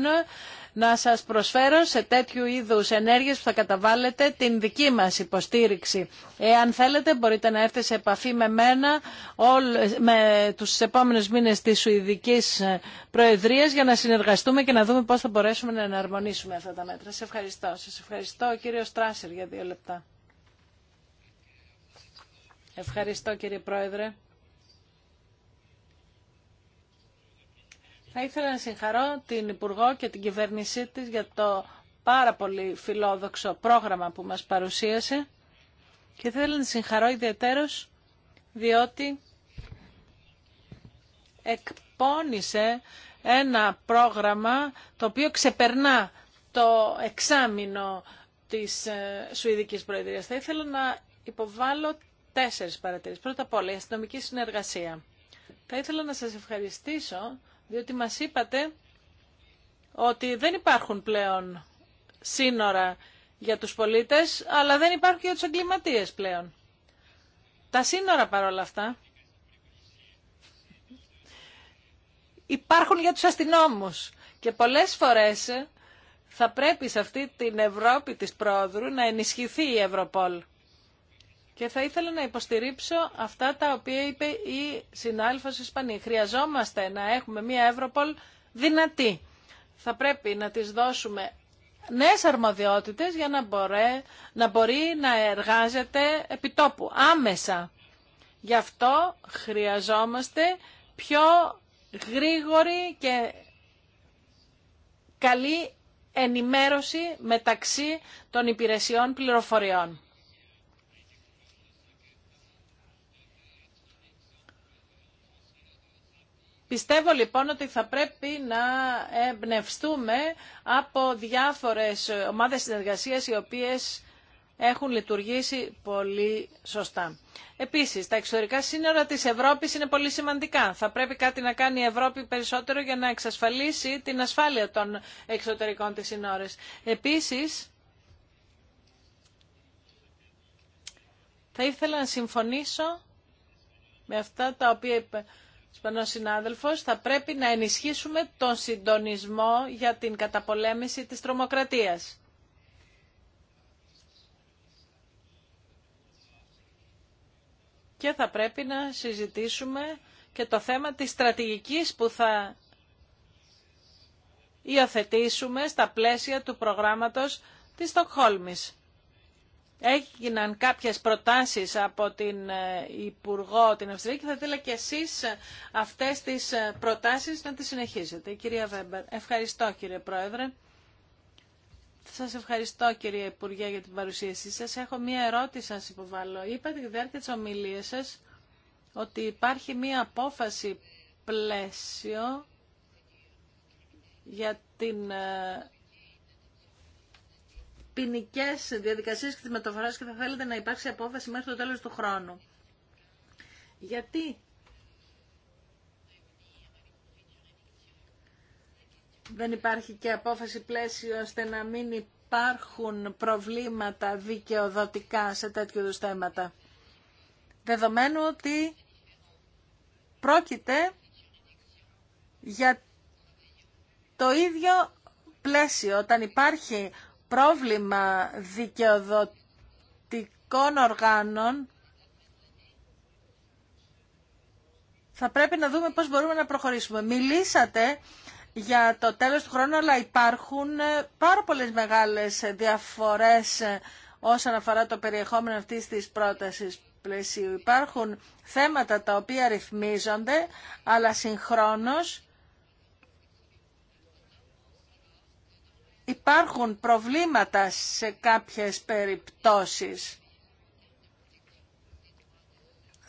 να σας προσφέρω σε τέτοιου είδους ενέργειες που θα καταβάλλετε την δική μας υποστήριξη. Εάν θέλετε μπορείτε να έρθετε σε επαφή με μένα με τους επόμενους μήνες της Σουηδικής Προεδρίας για να συνεργαστούμε και να δούμε πώς θα μπορέσουμε να εναρμονίσουμε αυτά τα μέτρα. Σε ευχαριστώ. Σας ευχαριστώ κύριο Στράσερ για δύο λεπτά. Ευχαριστώ κύριε Πρόεδρε. Θα ήθελα να συγχαρώ την Υπουργό και την κυβέρνησή της για το πάρα πολύ φιλόδοξο πρόγραμμα που μας παρουσίασε και θα ήθελα να συγχαρώ ιδιαίτερως διότι εκπώνησε ένα πρόγραμμα το οποίο ξεπερνά το εξάμεινο της ε, Σουηδικής Προεδρίας. Θα ήθελα να υποβάλω τέσσερις παρατηρήσεις. Πρώτα απ' όλα, η αστυνομική συνεργασία. Θα ήθελα να σας ευχαριστήσω διότι μας είπατε ότι δεν υπάρχουν πλέον σύνορα για τους πολίτες, αλλά δεν υπάρχουν και για τους εγκληματίες πλέον. Τα σύνορα παρόλα αυτά υπάρχουν για τους αστυνόμους και πολλές φορές θα πρέπει σε αυτή την Ευρώπη της πρόοδου να ενισχυθεί η Ευρωπόλ. Και θα ήθελα να υποστηρίξω αυτά τα οποία είπε η συνάλφος Ισπανή. Χρειαζόμαστε να έχουμε μια Ευρωπολ δυνατή. Θα πρέπει να της δώσουμε νέες αρμοδιότητες για να, μπορεί, να μπορεί να εργάζεται επιτόπου, άμεσα. Γι' αυτό χρειαζόμαστε πιο γρήγορη και καλή ενημέρωση μεταξύ των υπηρεσιών πληροφοριών. Πιστεύω λοιπόν ότι θα πρέπει να εμπνευστούμε από διάφορες ομάδες συνεργασίας οι οποίες έχουν λειτουργήσει πολύ σωστά. Επίσης, τα εξωτερικά σύνορα της Ευρώπης είναι πολύ σημαντικά. Θα πρέπει κάτι να κάνει η Ευρώπη περισσότερο για να εξασφαλίσει την ασφάλεια των εξωτερικών της σύνορες. Επίσης, θα ήθελα να συμφωνήσω με αυτά τα οποία Σπανός συνάδελφος, θα πρέπει να ενισχύσουμε τον συντονισμό για την καταπολέμηση της τρομοκρατίας. Και θα πρέπει να συζητήσουμε και το θέμα της στρατηγικής που θα υιοθετήσουμε στα πλαίσια του προγράμματος της Στοκχόλμης έγιναν κάποιες προτάσεις από την ε, Υπουργό την Αυστρία και θα ήθελα και εσείς ε, αυτές τις ε, προτάσεις να τις συνεχίσετε. κυρία Βέμπερ, ευχαριστώ κύριε Πρόεδρε. Σας ευχαριστώ κύριε Υπουργέ για την παρουσίασή σας. Έχω μία ερώτηση σας υποβάλλω. Είπατε τη διάρκεια της σας ότι υπάρχει μία απόφαση πλαίσιο για την ποινικέ διαδικασίε και τη μεταφορά και θα θέλετε να υπάρξει απόφαση μέχρι το τέλο του χρόνου. Γιατί δεν υπάρχει και απόφαση πλαίσιο ώστε να μην υπάρχουν προβλήματα δικαιοδοτικά σε τέτοιου είδους θέματα. Δεδομένου ότι πρόκειται για το ίδιο πλαίσιο. Όταν υπάρχει πρόβλημα δικαιοδοτικών οργάνων θα πρέπει να δούμε πώς μπορούμε να προχωρήσουμε. Μιλήσατε για το τέλος του χρόνου, αλλά υπάρχουν ε, πάρα πολλές μεγάλες διαφορές ε, όσον αφορά το περιεχόμενο αυτής της πρότασης πλαισίου. Υπάρχουν θέματα τα οποία ρυθμίζονται, αλλά συγχρόνως υπάρχουν προβλήματα σε κάποιες περιπτώσεις.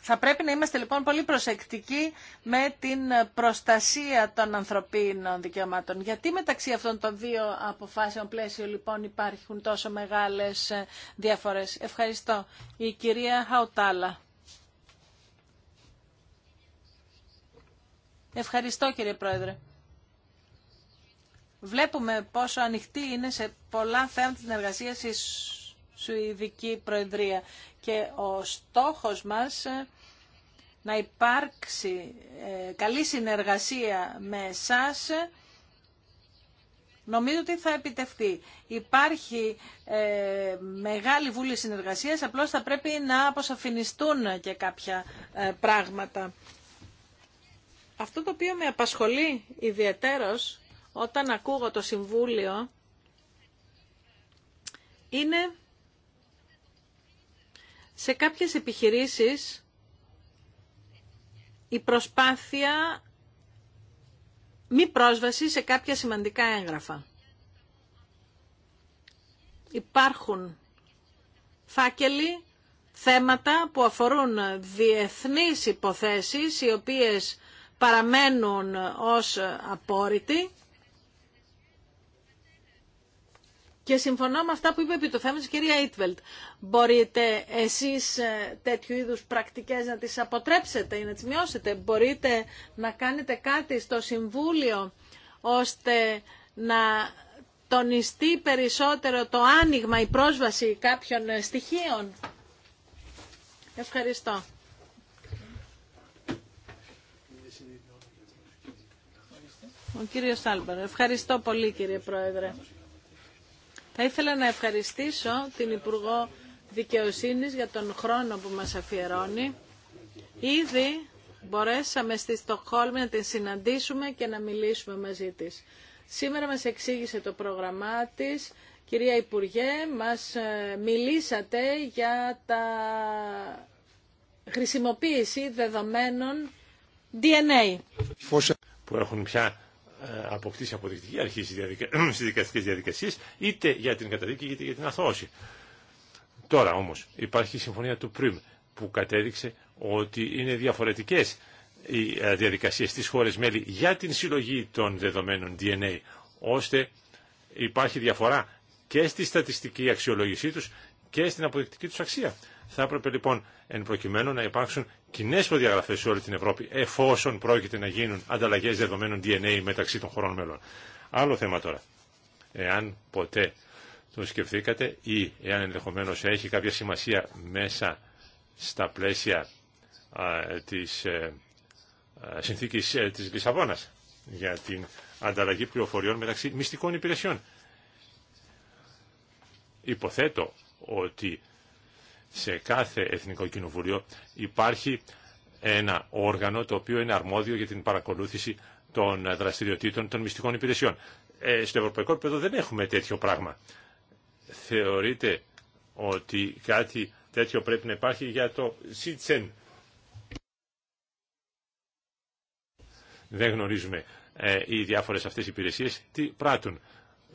Θα πρέπει να είμαστε λοιπόν πολύ προσεκτικοί με την προστασία των ανθρωπίνων δικαιωμάτων. Γιατί μεταξύ αυτών των δύο αποφάσεων πλαίσιο λοιπόν υπάρχουν τόσο μεγάλες διαφορές. Ευχαριστώ. Η κυρία Χαουτάλα. Ευχαριστώ κύριε Πρόεδρε. Βλέπουμε πόσο ανοιχτή είναι σε πολλά θέματα της εργασία η Σουηδική Προεδρία και ο στόχος μας ε, να υπάρξει ε, καλή συνεργασία με εσάς ε, Νομίζω ότι θα επιτευχθεί. Υπάρχει μεγάλη βούλη συνεργασίας, απλώς θα πρέπει να αποσαφινιστούν και κάποια πράγματα. Αυτό το οποίο με απασχολεί ιδιαίτερος όταν ακούω το Συμβούλιο, είναι σε κάποιες επιχειρήσεις η προσπάθεια μη πρόσβαση σε κάποια σημαντικά έγγραφα. Υπάρχουν φάκελοι, θέματα που αφορούν διεθνείς υποθέσεις, οι οποίες παραμένουν ως απόρριτοι Και συμφωνώ με αυτά που είπε επί του θέμα της κυρία Ίτβελτ. Μπορείτε εσείς ε, τέτοιου είδους πρακτικές να τις αποτρέψετε ή να τις μειώσετε. Μπορείτε να κάνετε κάτι στο Συμβούλιο ώστε να τονιστεί περισσότερο το άνοιγμα, η πρόσβαση κάποιων στοιχείων. Ευχαριστώ. Ο κύριος Σάλμπερ. Ευχαριστώ πολύ κύριε Πρόεδρε. Θα ήθελα να ευχαριστήσω την Υπουργό Δικαιοσύνης για τον χρόνο που μας αφιερώνει. Ήδη μπορέσαμε στη Στοκχόλμη να την συναντήσουμε και να μιλήσουμε μαζί της. Σήμερα μας εξήγησε το πρόγραμμά της. Κυρία Υπουργέ, μας ε, μιλήσατε για τα χρησιμοποίηση δεδομένων DNA. Που έχουν πια ε, αποκτήσει αποδεικτική αρχή στις δικαστικέ διαδικασίες είτε για την καταδίκη είτε για την αθώωση. Τώρα όμως υπάρχει η συμφωνία του ΠΡΙΜ που κατέδειξε ότι είναι διαφορετικές οι ε, διαδικασίες στις χώρες μέλη για την συλλογή των δεδομένων DNA ώστε υπάρχει διαφορά και στη στατιστική αξιολόγησή τους και στην αποδεικτική τους αξία. Θα έπρεπε λοιπόν εν προκειμένου να υπάρξουν κοινέ προδιαγραφέ σε όλη την Ευρώπη, εφόσον πρόκειται να γίνουν ανταλλαγέ δεδομένων DNA μεταξύ των χωρών μελών. Άλλο θέμα τώρα. Εάν ποτέ το σκεφτήκατε ή εάν ενδεχομένω έχει κάποια σημασία μέσα στα πλαίσια τη της Λισαβόνα ε, συνθήκης ε, της Λισαβόνας για την ανταλλαγή πληροφοριών μεταξύ μυστικών υπηρεσιών. Υποθέτω ότι σε κάθε Εθνικό Κοινοβούλιο υπάρχει ένα όργανο το οποίο είναι αρμόδιο για την παρακολούθηση των δραστηριοτήτων των μυστικών υπηρεσιών. Ε, στο ευρωπαϊκό επίπεδο δεν έχουμε τέτοιο πράγμα. Θεωρείτε ότι κάτι τέτοιο πρέπει να υπάρχει για το ΣΥΤΣΕΝ. Δεν γνωρίζουμε ε, οι διάφορες αυτές οι υπηρεσίες τι πράττουν.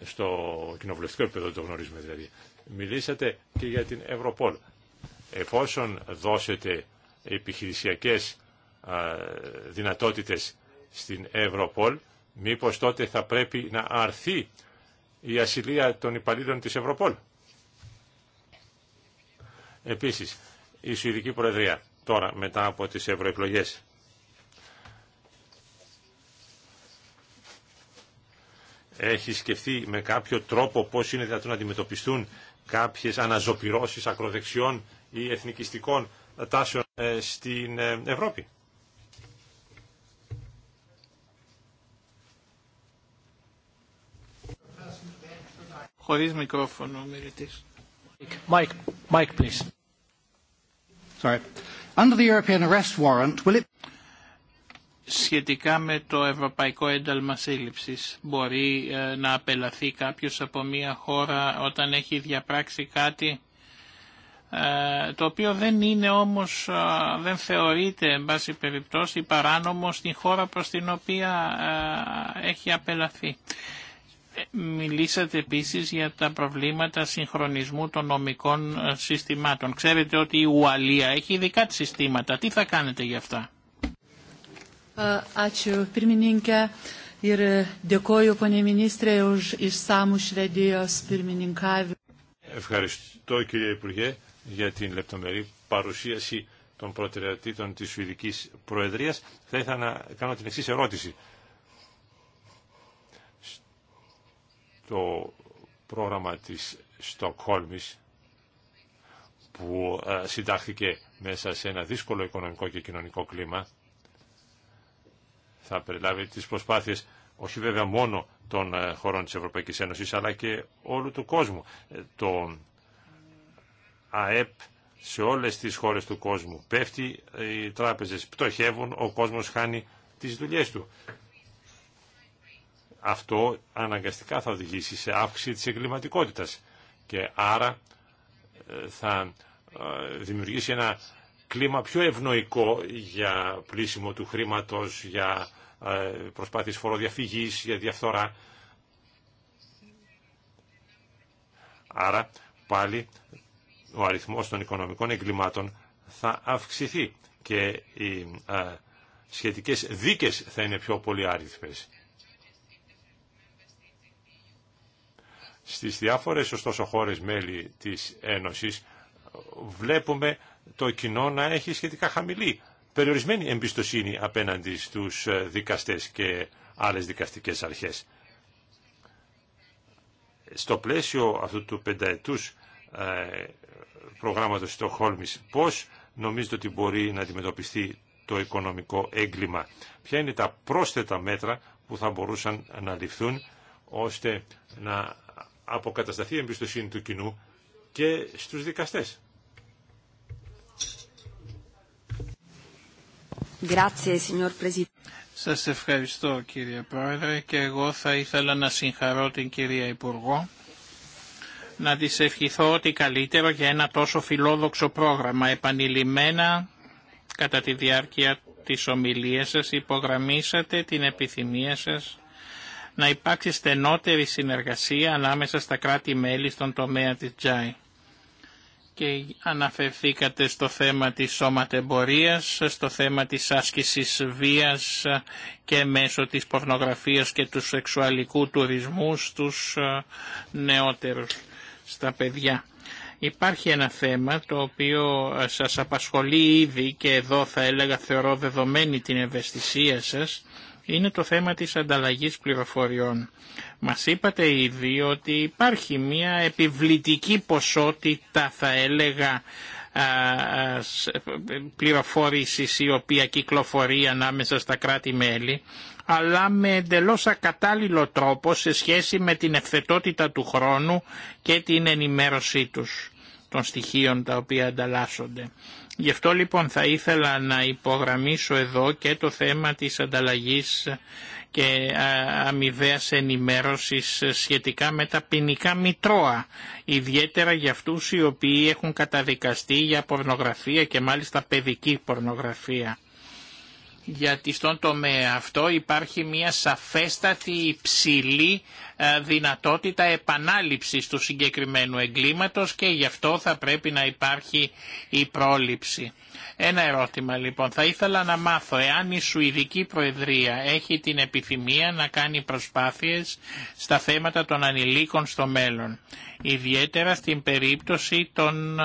Στο κοινοβουλευτικό επίπεδο το γνωρίζουμε δηλαδή. Μιλήσατε και για την Ευρωπόλ εφόσον δώσετε επιχειρησιακές δυνατότητες στην Ευρωπόλ, μήπως τότε θα πρέπει να αρθεί η ασυλία των υπαλλήλων της Ευρωπόλ. Επίσης, η Σουηδική Προεδρία, τώρα μετά από τις ευρωεκλογές, έχει σκεφτεί με κάποιο τρόπο πώς είναι δυνατόν να αντιμετωπιστούν κάποιες αναζωπυρώσεις ακροδεξιών ή εθνικιστικών τάσεων ε, στην ε, Ευρώπη. Χωρίς μικρόφωνο, μιλητής. Mike, Mike, please. Sorry. Under the European arrest warrant, will it... Σχετικά με το Ευρωπαϊκό Ένταλμα Σύλληψης, μπορεί ε, να απελαθεί κάποιος από μια χώρα όταν έχει διαπράξει κάτι ε, το οποίο δεν είναι όμως, ε, δεν θεωρείται εν πάση περιπτώσει παράνομο στην χώρα προς την οποία ε, έχει απελαθεί. Μιλήσατε επίσης για τα προβλήματα συγχρονισμού των νομικών συστημάτων. Ξέρετε ότι η Ουαλία έχει ειδικά συστήματα. Τι θα κάνετε γι' αυτά. Ευχαριστώ κύριε Υπουργέ για την λεπτομερή παρουσίαση των προτεραιοτήτων της Σουηδικής Προεδρίας. Θα ήθελα να κάνω την εξής ερώτηση. Το πρόγραμμα της Στοκχόλμης που ε, συντάχθηκε μέσα σε ένα δύσκολο οικονομικό και κοινωνικό κλίμα θα περιλάβει τις προσπάθειες όχι βέβαια μόνο των ε, χωρών της Ευρωπαϊκής Ένωσης αλλά και όλου του κόσμου. Ε, Το ΑΕΠ σε όλες τις χώρες του κόσμου. Πέφτει, οι τράπεζες πτωχεύουν, ο κόσμος χάνει τις δουλειές του. Αυτό αναγκαστικά θα οδηγήσει σε αύξηση της εγκληματικότητας και άρα ε, θα ε, δημιουργήσει ένα κλίμα πιο ευνοϊκό για πλήσιμο του χρήματος, για ε, προσπάθειες φοροδιαφυγής, για διαφθορά. Άρα πάλι ο αριθμός των οικονομικών εγκλημάτων θα αυξηθεί και οι σχετικές δίκες θα είναι πιο πολύ άριθμες. Στις διάφορες ωστόσο χώρες μέλη της Ένωσης βλέπουμε το κοινό να έχει σχετικά χαμηλή, περιορισμένη εμπιστοσύνη απέναντι στους ε, δικαστές και άλλες δικαστικές αρχές. Στο πλαίσιο αυτού του πενταετούς ε, προγράμματος Στοχόλμης. Πώς νομίζετε ότι μπορεί να αντιμετωπιστεί το οικονομικό έγκλημα. Ποια είναι τα πρόσθετα μέτρα που θα μπορούσαν να ληφθούν ώστε να αποκατασταθεί η εμπιστοσύνη του κοινού και στους δικαστές. Σας ευχαριστώ κύριε Πρόεδρε και εγώ θα ήθελα να συγχαρώ την κυρία Υπουργό να της ευχηθώ ότι καλύτερο για ένα τόσο φιλόδοξο πρόγραμμα. Επανειλημμένα κατά τη διάρκεια της ομιλίας σας υπογραμμίσατε την επιθυμία σας να υπάρξει στενότερη συνεργασία ανάμεσα στα κράτη-μέλη στον τομέα της Τζάι. Και αναφερθήκατε στο θέμα της σώματεμπορίας, στο θέμα της άσκησης βίας και μέσω της πορνογραφίας και του σεξουαλικού τουρισμού στους ε, νεότερους στα παιδιά. Υπάρχει ένα θέμα το οποίο ε, σας απασχολεί ήδη και εδώ θα έλεγα θεωρώ δεδομένη την ευαισθησία σας, είναι το θέμα της ανταλλαγής πληροφοριών. Μας είπατε ήδη ότι υπάρχει μια επιβλητική ποσότητα θα έλεγα πληροφόρησης η οποία κυκλοφορεί ανάμεσα στα κράτη-μέλη αλλά με εντελώς ακατάλληλο τρόπο σε σχέση με την ευθετότητα του χρόνου και την ενημέρωσή τους των στοιχείων τα οποία ανταλλάσσονται. Γι' αυτό λοιπόν θα ήθελα να υπογραμμίσω εδώ και το θέμα της ανταλλαγής και αμοιβαίας ενημέρωσης σχετικά με τα ποινικά μητρώα, ιδιαίτερα για αυτούς οι οποίοι έχουν καταδικαστεί για πορνογραφία και μάλιστα παιδική πορνογραφία γιατί στον τομέα αυτό υπάρχει μια σαφέστατη υψηλή ε, δυνατότητα επανάληψης του συγκεκριμένου εγκλήματος και γι' αυτό θα πρέπει να υπάρχει η πρόληψη. Ένα ερώτημα λοιπόν. Θα ήθελα να μάθω εάν η Σουηδική Προεδρία έχει την επιθυμία να κάνει προσπάθειες στα θέματα των ανηλίκων στο μέλλον. Ιδιαίτερα στην περίπτωση των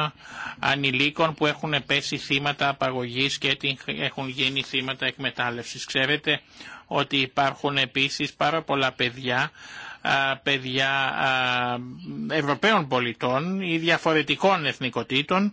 ανηλίκων που έχουν πέσει θύματα απαγωγής και έχουν γίνει θύματα εκμετάλλευσης. Ξέρετε ότι υπάρχουν επίσης πάρα πολλά παιδιά παιδιά Ευρωπαίων πολιτών ή διαφορετικών εθνικοτήτων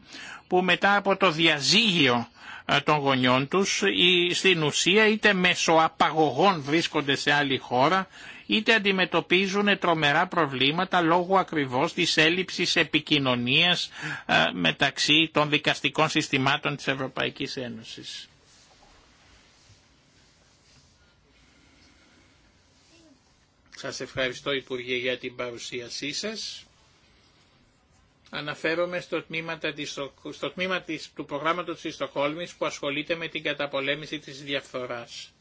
που μετά από το διαζύγιο ε, των γονιών τους ή στην ουσία είτε μέσω απαγωγών βρίσκονται σε άλλη χώρα είτε αντιμετωπίζουν τρομερά προβλήματα λόγω ακριβώς της έλλειψης επικοινωνίας ε, μεταξύ των δικαστικών συστημάτων της Ευρωπαϊκής Ένωσης. Σας ευχαριστώ Υπουργέ για την παρουσίασή σας. Αναφέρομαι στο τμήμα, στο του προγράμματος της Στοκόλμης που ασχολείται με την καταπολέμηση της διαφθοράς.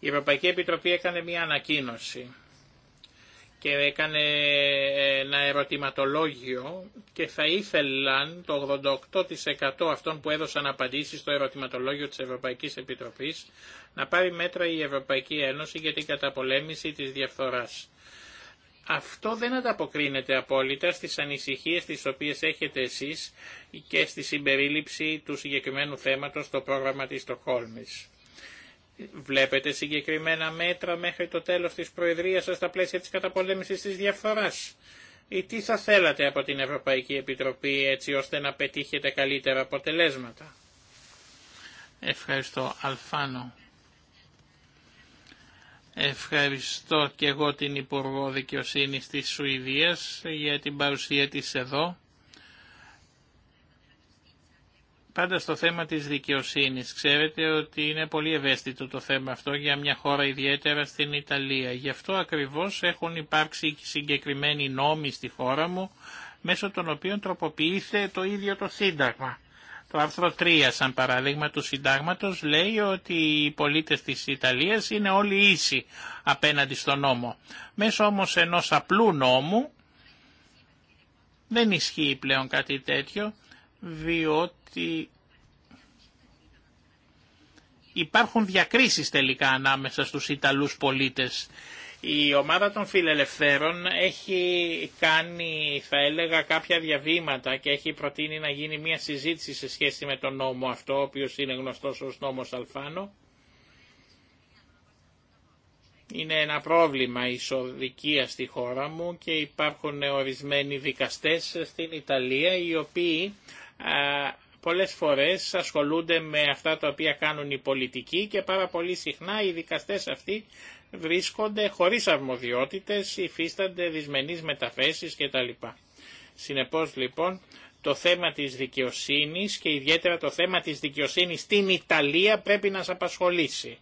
Η Ευρωπαϊκή Επιτροπή έκανε μια ανακοίνωση και έκανε ένα ερωτηματολόγιο και θα ήθελαν το 88% αυτών που έδωσαν απαντήσει στο ερωτηματολόγιο της Ευρωπαϊκής Επιτροπής να πάρει μέτρα η Ευρωπαϊκή Ένωση για την καταπολέμηση της διαφθοράς αυτό δεν ανταποκρίνεται απόλυτα στις ανησυχίες τις οποίες έχετε εσείς και στη συμπερίληψη του συγκεκριμένου θέματος στο πρόγραμμα της Στοχόλμης. Βλέπετε συγκεκριμένα μέτρα μέχρι το τέλος της Προεδρίας σας στα πλαίσια της καταπολέμησης της διαφθοράς. Ή τι θα θέλατε από την Ευρωπαϊκή Επιτροπή έτσι ώστε να πετύχετε καλύτερα αποτελέσματα. Ευχαριστώ Αλφάνο. Ευχαριστώ και εγώ την Υπουργό Δικαιοσύνη της Σουηδίας για την παρουσία της εδώ. Πάντα στο θέμα της δικαιοσύνης. Ξέρετε ότι είναι πολύ ευαίσθητο το θέμα αυτό για μια χώρα ιδιαίτερα στην Ιταλία. Γι' αυτό ακριβώς έχουν υπάρξει συγκεκριμένοι νόμοι στη χώρα μου μέσω των οποίων τροποποιήθηκε το ίδιο το Σύνταγμα. Το άρθρο 3, σαν παράδειγμα του συντάγματος, λέει ότι οι πολίτες της Ιταλίας είναι όλοι ίσοι απέναντι στον νόμο. Μέσω όμως ενός απλού νόμου δεν ισχύει πλέον κάτι τέτοιο, διότι υπάρχουν διακρίσεις τελικά ανάμεσα στους Ιταλούς πολίτες. Η ομάδα των φιλελευθέρων έχει κάνει, θα έλεγα, κάποια διαβήματα και έχει προτείνει να γίνει μια συζήτηση σε σχέση με τον νόμο αυτό, ο οποίος είναι γνωστός ως νόμος Αλφάνο. Είναι ένα πρόβλημα η στη χώρα μου και υπάρχουν ορισμένοι δικαστές στην Ιταλία οι οποίοι πολλές φορές ασχολούνται με αυτά τα οποία κάνουν οι πολιτικοί και πάρα πολύ συχνά οι δικαστές αυτοί βρίσκονται χωρίς αρμοδιότητες, υφίστανται δυσμενείς μεταφέσεις κτλ. Συνεπώς λοιπόν το θέμα της δικαιοσύνης και ιδιαίτερα το θέμα της δικαιοσύνης στην Ιταλία πρέπει να σας απασχολήσει.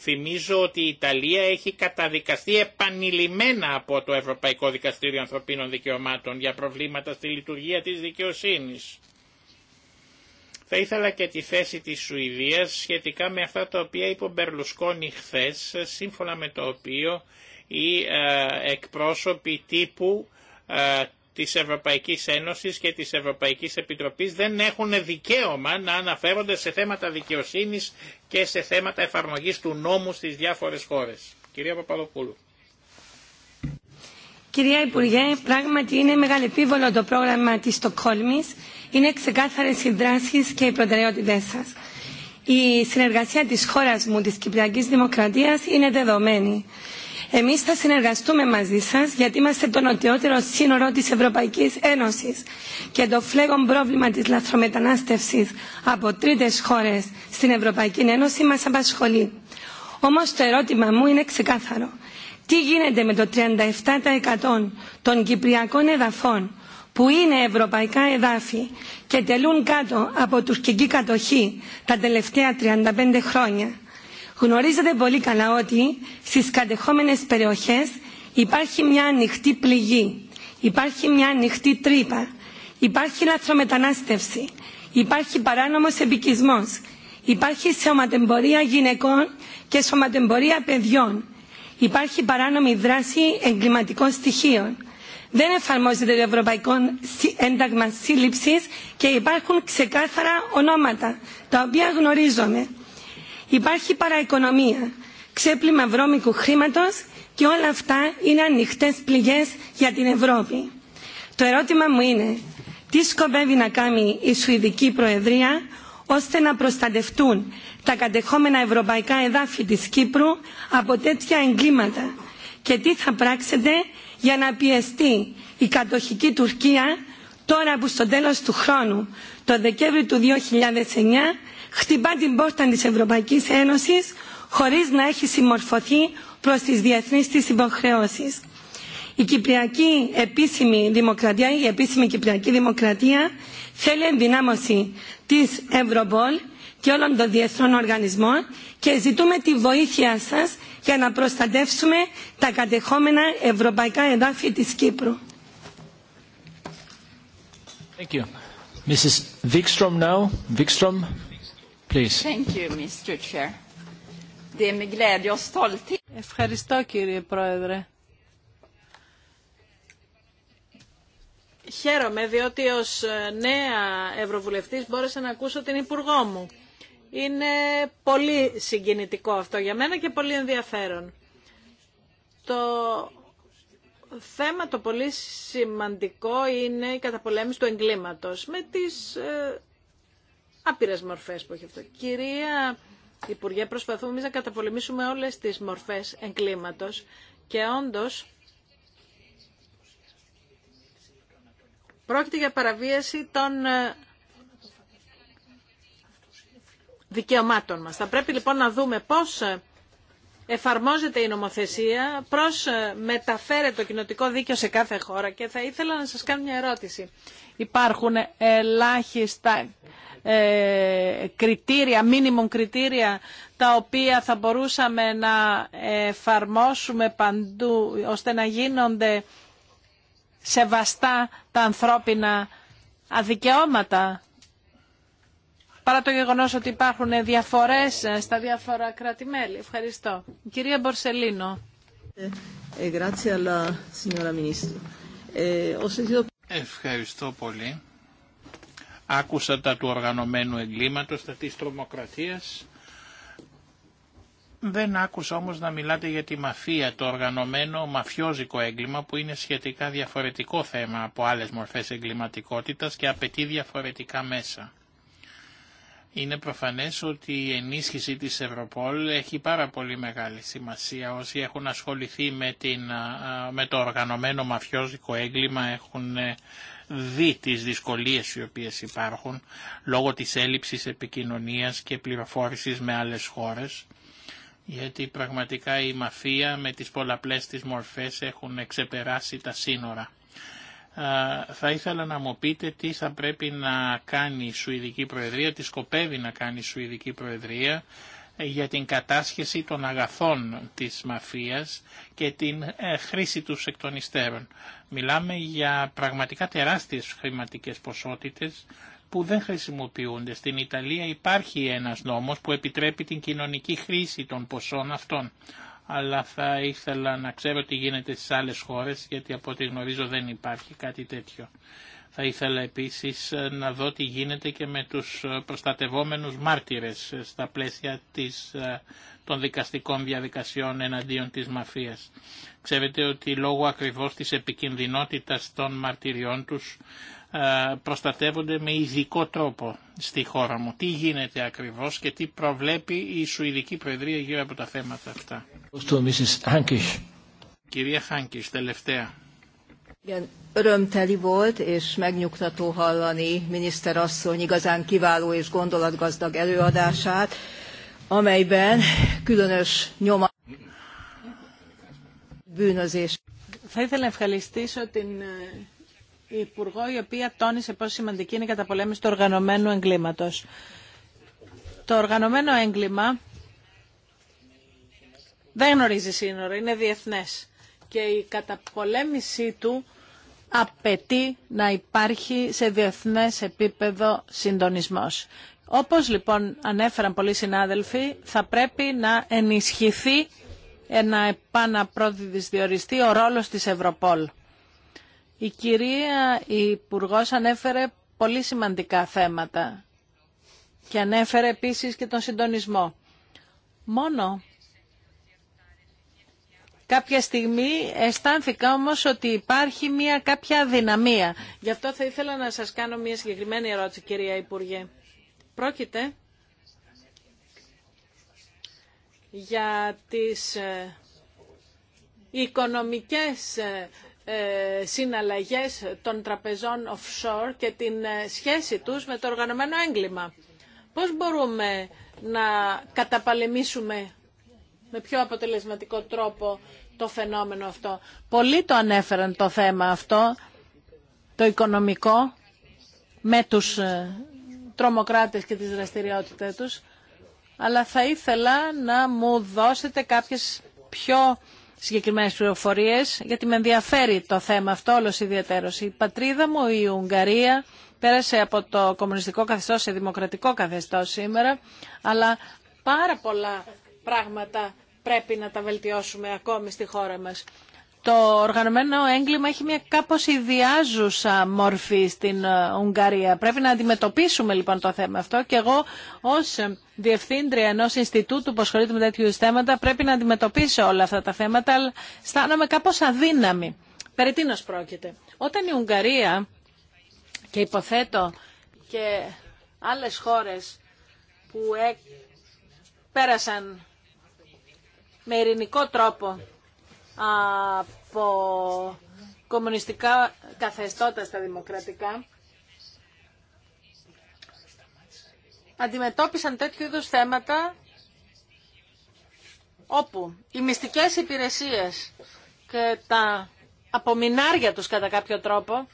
Θυμίζω ότι η Ιταλία έχει καταδικαστεί επανειλημμένα από το Ευρωπαϊκό Δικαστήριο Ανθρωπίνων Δικαιωμάτων για προβλήματα στη λειτουργία της δικαιοσύνης. Θα ήθελα και τη θέση της Σουηδίας σχετικά με αυτά τα οποία είπε ο Μπερλουσκόνη χθε, σύμφωνα με το οποίο οι ε, εκπρόσωποι τύπου ε, της Ευρωπαϊκής Ένωσης και της Ευρωπαϊκής Επιτροπής δεν έχουν δικαίωμα να αναφέρονται σε θέματα δικαιοσύνης και σε θέματα εφαρμογής του νόμου στις διάφορες χώρες. Κυρία Παπαδοπούλου. Κυρία Υπουργέ, πράγματι είναι μεγάλο επίβολο το πρόγραμμα της Στοκχόλμης είναι ξεκάθαρε οι δράσει και οι προτεραιότητε σα. Η συνεργασία τη χώρα μου, τη Κυπριακή Δημοκρατία είναι δεδομένη. Εμεί θα συνεργαστούμε μαζί σα γιατί είμαστε το νοτιότερο σύνορο τη Ευρωπαϊκή Ένωση και το φλέγον πρόβλημα τη λαθρομετανάστευση από τρίτε χώρε στην Ευρωπαϊκή Ένωση μα απασχολεί. Όμω το ερώτημα μου είναι ξεκάθαρο. Τι γίνεται με το 37% των κυπριακών εδαφών που είναι ευρωπαϊκά εδάφη και τελούν κάτω από τουρκική κατοχή τα τελευταία 35 χρόνια. Γνωρίζετε πολύ καλά ότι στις κατεχόμενες περιοχές υπάρχει μια ανοιχτή πληγή, υπάρχει μια ανοιχτή τρύπα, υπάρχει λαθρομετανάστευση, υπάρχει παράνομος επικισμός, υπάρχει σωματεμπορία γυναικών και σωματεμπορία παιδιών, υπάρχει παράνομη δράση εγκληματικών στοιχείων δεν εφαρμόζεται το Ευρωπαϊκό Ένταγμα Σύλληψης και υπάρχουν ξεκάθαρα ονόματα, τα οποία γνωρίζομαι. Υπάρχει παραοικονομία, ξέπλυμα βρώμικου χρήματο και όλα αυτά είναι ανοιχτέ πληγές για την Ευρώπη. Το ερώτημα μου είναι, τι σκοπεύει να κάνει η Σουηδική Προεδρία ώστε να προστατευτούν τα κατεχόμενα ευρωπαϊκά εδάφη της Κύπρου από τέτοια εγκλήματα και τι θα πράξετε για να πιεστεί η κατοχική Τουρκία τώρα που στο τέλος του χρόνου, το Δεκέμβριο του 2009, χτυπά την πόρτα της Ευρωπαϊκής Ένωσης χωρίς να έχει συμμορφωθεί προς τις διεθνείς της υποχρεώσεις. Η Κυπριακή επίσημη δημοκρατία, η επίσημη Κυπριακή Δημοκρατία θέλει ενδυνάμωση της Ευρωπόλ και όλων των διεθνών οργανισμών και ζητούμε τη βοήθειά σας για να προστατεύσουμε τα κατεχόμενα ευρωπαϊκά εδάφη της Κύπρου. Ευχαριστώ κύριε Πρόεδρε. Χαίρομαι διότι ως ε, νέα Ευρωβουλευτής μπόρεσα να ακούσω την Υπουργό μου είναι πολύ συγκινητικό αυτό για μένα και πολύ ενδιαφέρον. Το θέμα το πολύ σημαντικό είναι η καταπολέμηση του εγκλήματος με τις ε, άπειρες μορφές που έχει αυτό. Κυρία Υπουργέ, προσπαθούμε να καταπολεμήσουμε όλες τις μορφές εγκλήματος και όντως πρόκειται για παραβίαση των ε, δικαιωμάτων μας. Θα πρέπει λοιπόν να δούμε πώς ε, εφαρμόζεται η νομοθεσία, προς ε, μεταφέρεται το κοινοτικό δίκαιο σε κάθε χώρα και θα ήθελα να σας κάνω μια ερώτηση. Υπάρχουν ελάχιστα ε, κριτήρια, μινιμουμ κριτήρια, τα οποία θα μπορούσαμε να εφαρμόσουμε παντού, ώστε να γίνονται σεβαστά τα ανθρώπινα αδικαιώματα παρά το γεγονό ότι υπάρχουν διαφορέ ε, στα διάφορα κράτη-μέλη. Ευχαριστώ. Κυρία Μπορσελίνο. Ε, ε, Ευχαριστώ πολύ. Άκουσα τα του οργανωμένου εγκλήματος, τα της τρομοκρατίας. Δεν άκουσα όμως να μιλάτε για τη μαφία, το οργανωμένο μαφιόζικο έγκλημα που είναι σχετικά διαφορετικό θέμα από άλλες μορφές εγκληματικότητας και απαιτεί διαφορετικά μέσα. Είναι προφανές ότι η ενίσχυση της Ευρωπόλ έχει πάρα πολύ μεγάλη σημασία. Όσοι έχουν ασχοληθεί με, την, με το οργανωμένο μαφιόζικο έγκλημα έχουν ε, δει τις δυσκολίες οι οποίες υπάρχουν λόγω της έλλειψης επικοινωνίας και πληροφόρησης με άλλες χώρες γιατί πραγματικά η μαφία με τις πολλαπλές της μορφές έχουν ξεπεράσει τα σύνορα. Ε, θα ήθελα να μου πείτε τι θα πρέπει να κάνει η Σουηδική Προεδρία, τι σκοπεύει να κάνει η Σουηδική Προεδρία για την κατάσχεση των αγαθών της μαφίας και την ε, χρήση τους εκ των υστέρων. Μιλάμε για πραγματικά τεράστιες χρηματικές ποσότητες που δεν χρησιμοποιούνται. Στην Ιταλία υπάρχει ένας νόμος που επιτρέπει την κοινωνική χρήση των ποσών αυτών αλλά θα ήθελα να ξέρω τι γίνεται στις άλλες χώρες, γιατί από ό,τι γνωρίζω δεν υπάρχει κάτι τέτοιο. Θα ήθελα επίσης ε, να δω τι γίνεται και με τους ε, προστατευόμενους μάρτυρες ε, στα πλαίσια της, των δικαστικών διαδικασιών εναντίον της μαφίας. Ξέρετε ότι λόγω ακριβώς της επικινδυνότητας των μαρτυριών τους ε, προστατεύονται με ειδικό τρόπο στη χώρα μου. Τι γίνεται ακριβώς και τι προβλέπει η Σουηδική Προεδρία γύρω από τα θέματα αυτά. Κυρία Χάνκης, τελευταία. Igen, örömteli volt és megnyugtató hallani miniszter asszony igazán kiváló és gondolatgazdag Θα ήθελα να ευχαριστήσω την ε, Υπουργό η οποία τόνισε πόσο σημαντική είναι η καταπολέμηση του οργανωμένου εγκλήματος. Το οργανωμένο έγκλημα δεν γνωρίζει σύνορα, είναι διεθνές και η καταπολέμησή του απαιτεί να υπάρχει σε διεθνές επίπεδο συντονισμός. Όπως λοιπόν ανέφεραν πολλοί συνάδελφοι, θα πρέπει να ενισχυθεί να διοριστή ο ρόλος της Ευρωπόλ. Η κυρία υπουργό ανέφερε πολύ σημαντικά θέματα και ανέφερε επίσης και τον συντονισμό. Μόνο κάποια στιγμή αισθάνθηκα όμως ότι υπάρχει μια κάποια αδυναμία. Γι' αυτό θα ήθελα να σας κάνω μια συγκεκριμένη ερώτηση, κυρία Υπουργέ. Πρόκειται για τις ε, οικονομικές ε, ε, συναλλαγές των τραπεζών offshore και την ε, σχέση τους με το οργανωμένο έγκλημα. Πώς μπορούμε να καταπαλεμήσουμε με πιο αποτελεσματικό τρόπο το φαινόμενο αυτό. Πολλοί το ανέφεραν το θέμα αυτό, το οικονομικό, με τους ε, τρομοκράτες και τις δραστηριότητες τους, αλλά θα ήθελα να μου δώσετε κάποιες πιο συγκεκριμένες πληροφορίες, γιατί με ενδιαφέρει το θέμα αυτό όλος ιδιαίτερος. Η πατρίδα μου, η Ουγγαρία, πέρασε από το κομμουνιστικό καθεστώς σε δημοκρατικό καθεστώς σήμερα, αλλά πάρα πολλά πράγματα πρέπει να τα βελτιώσουμε ακόμη στη χώρα μας το οργανωμένο έγκλημα έχει μια κάπως ιδιάζουσα μορφή στην ε, Ουγγαρία. Πρέπει να αντιμετωπίσουμε λοιπόν το θέμα αυτό και εγώ ως ε, διευθύντρια ενός Ινστιτούτου που ασχολείται με τέτοιου θέματα πρέπει να αντιμετωπίσω όλα αυτά τα θέματα αλλά αισθάνομαι κάπως αδύναμη. Περί τίνος πρόκειται. Όταν η Ουγγαρία και υποθέτω και άλλες χώρες που πέρασαν με ειρηνικό τρόπο από κομμουνιστικά καθεστώτα στα δημοκρατικά αντιμετώπισαν τέτοιου είδους θέματα όπου οι μυστικές υπηρεσίες και τα απομεινάρια τους κατά κάποιο τρόπο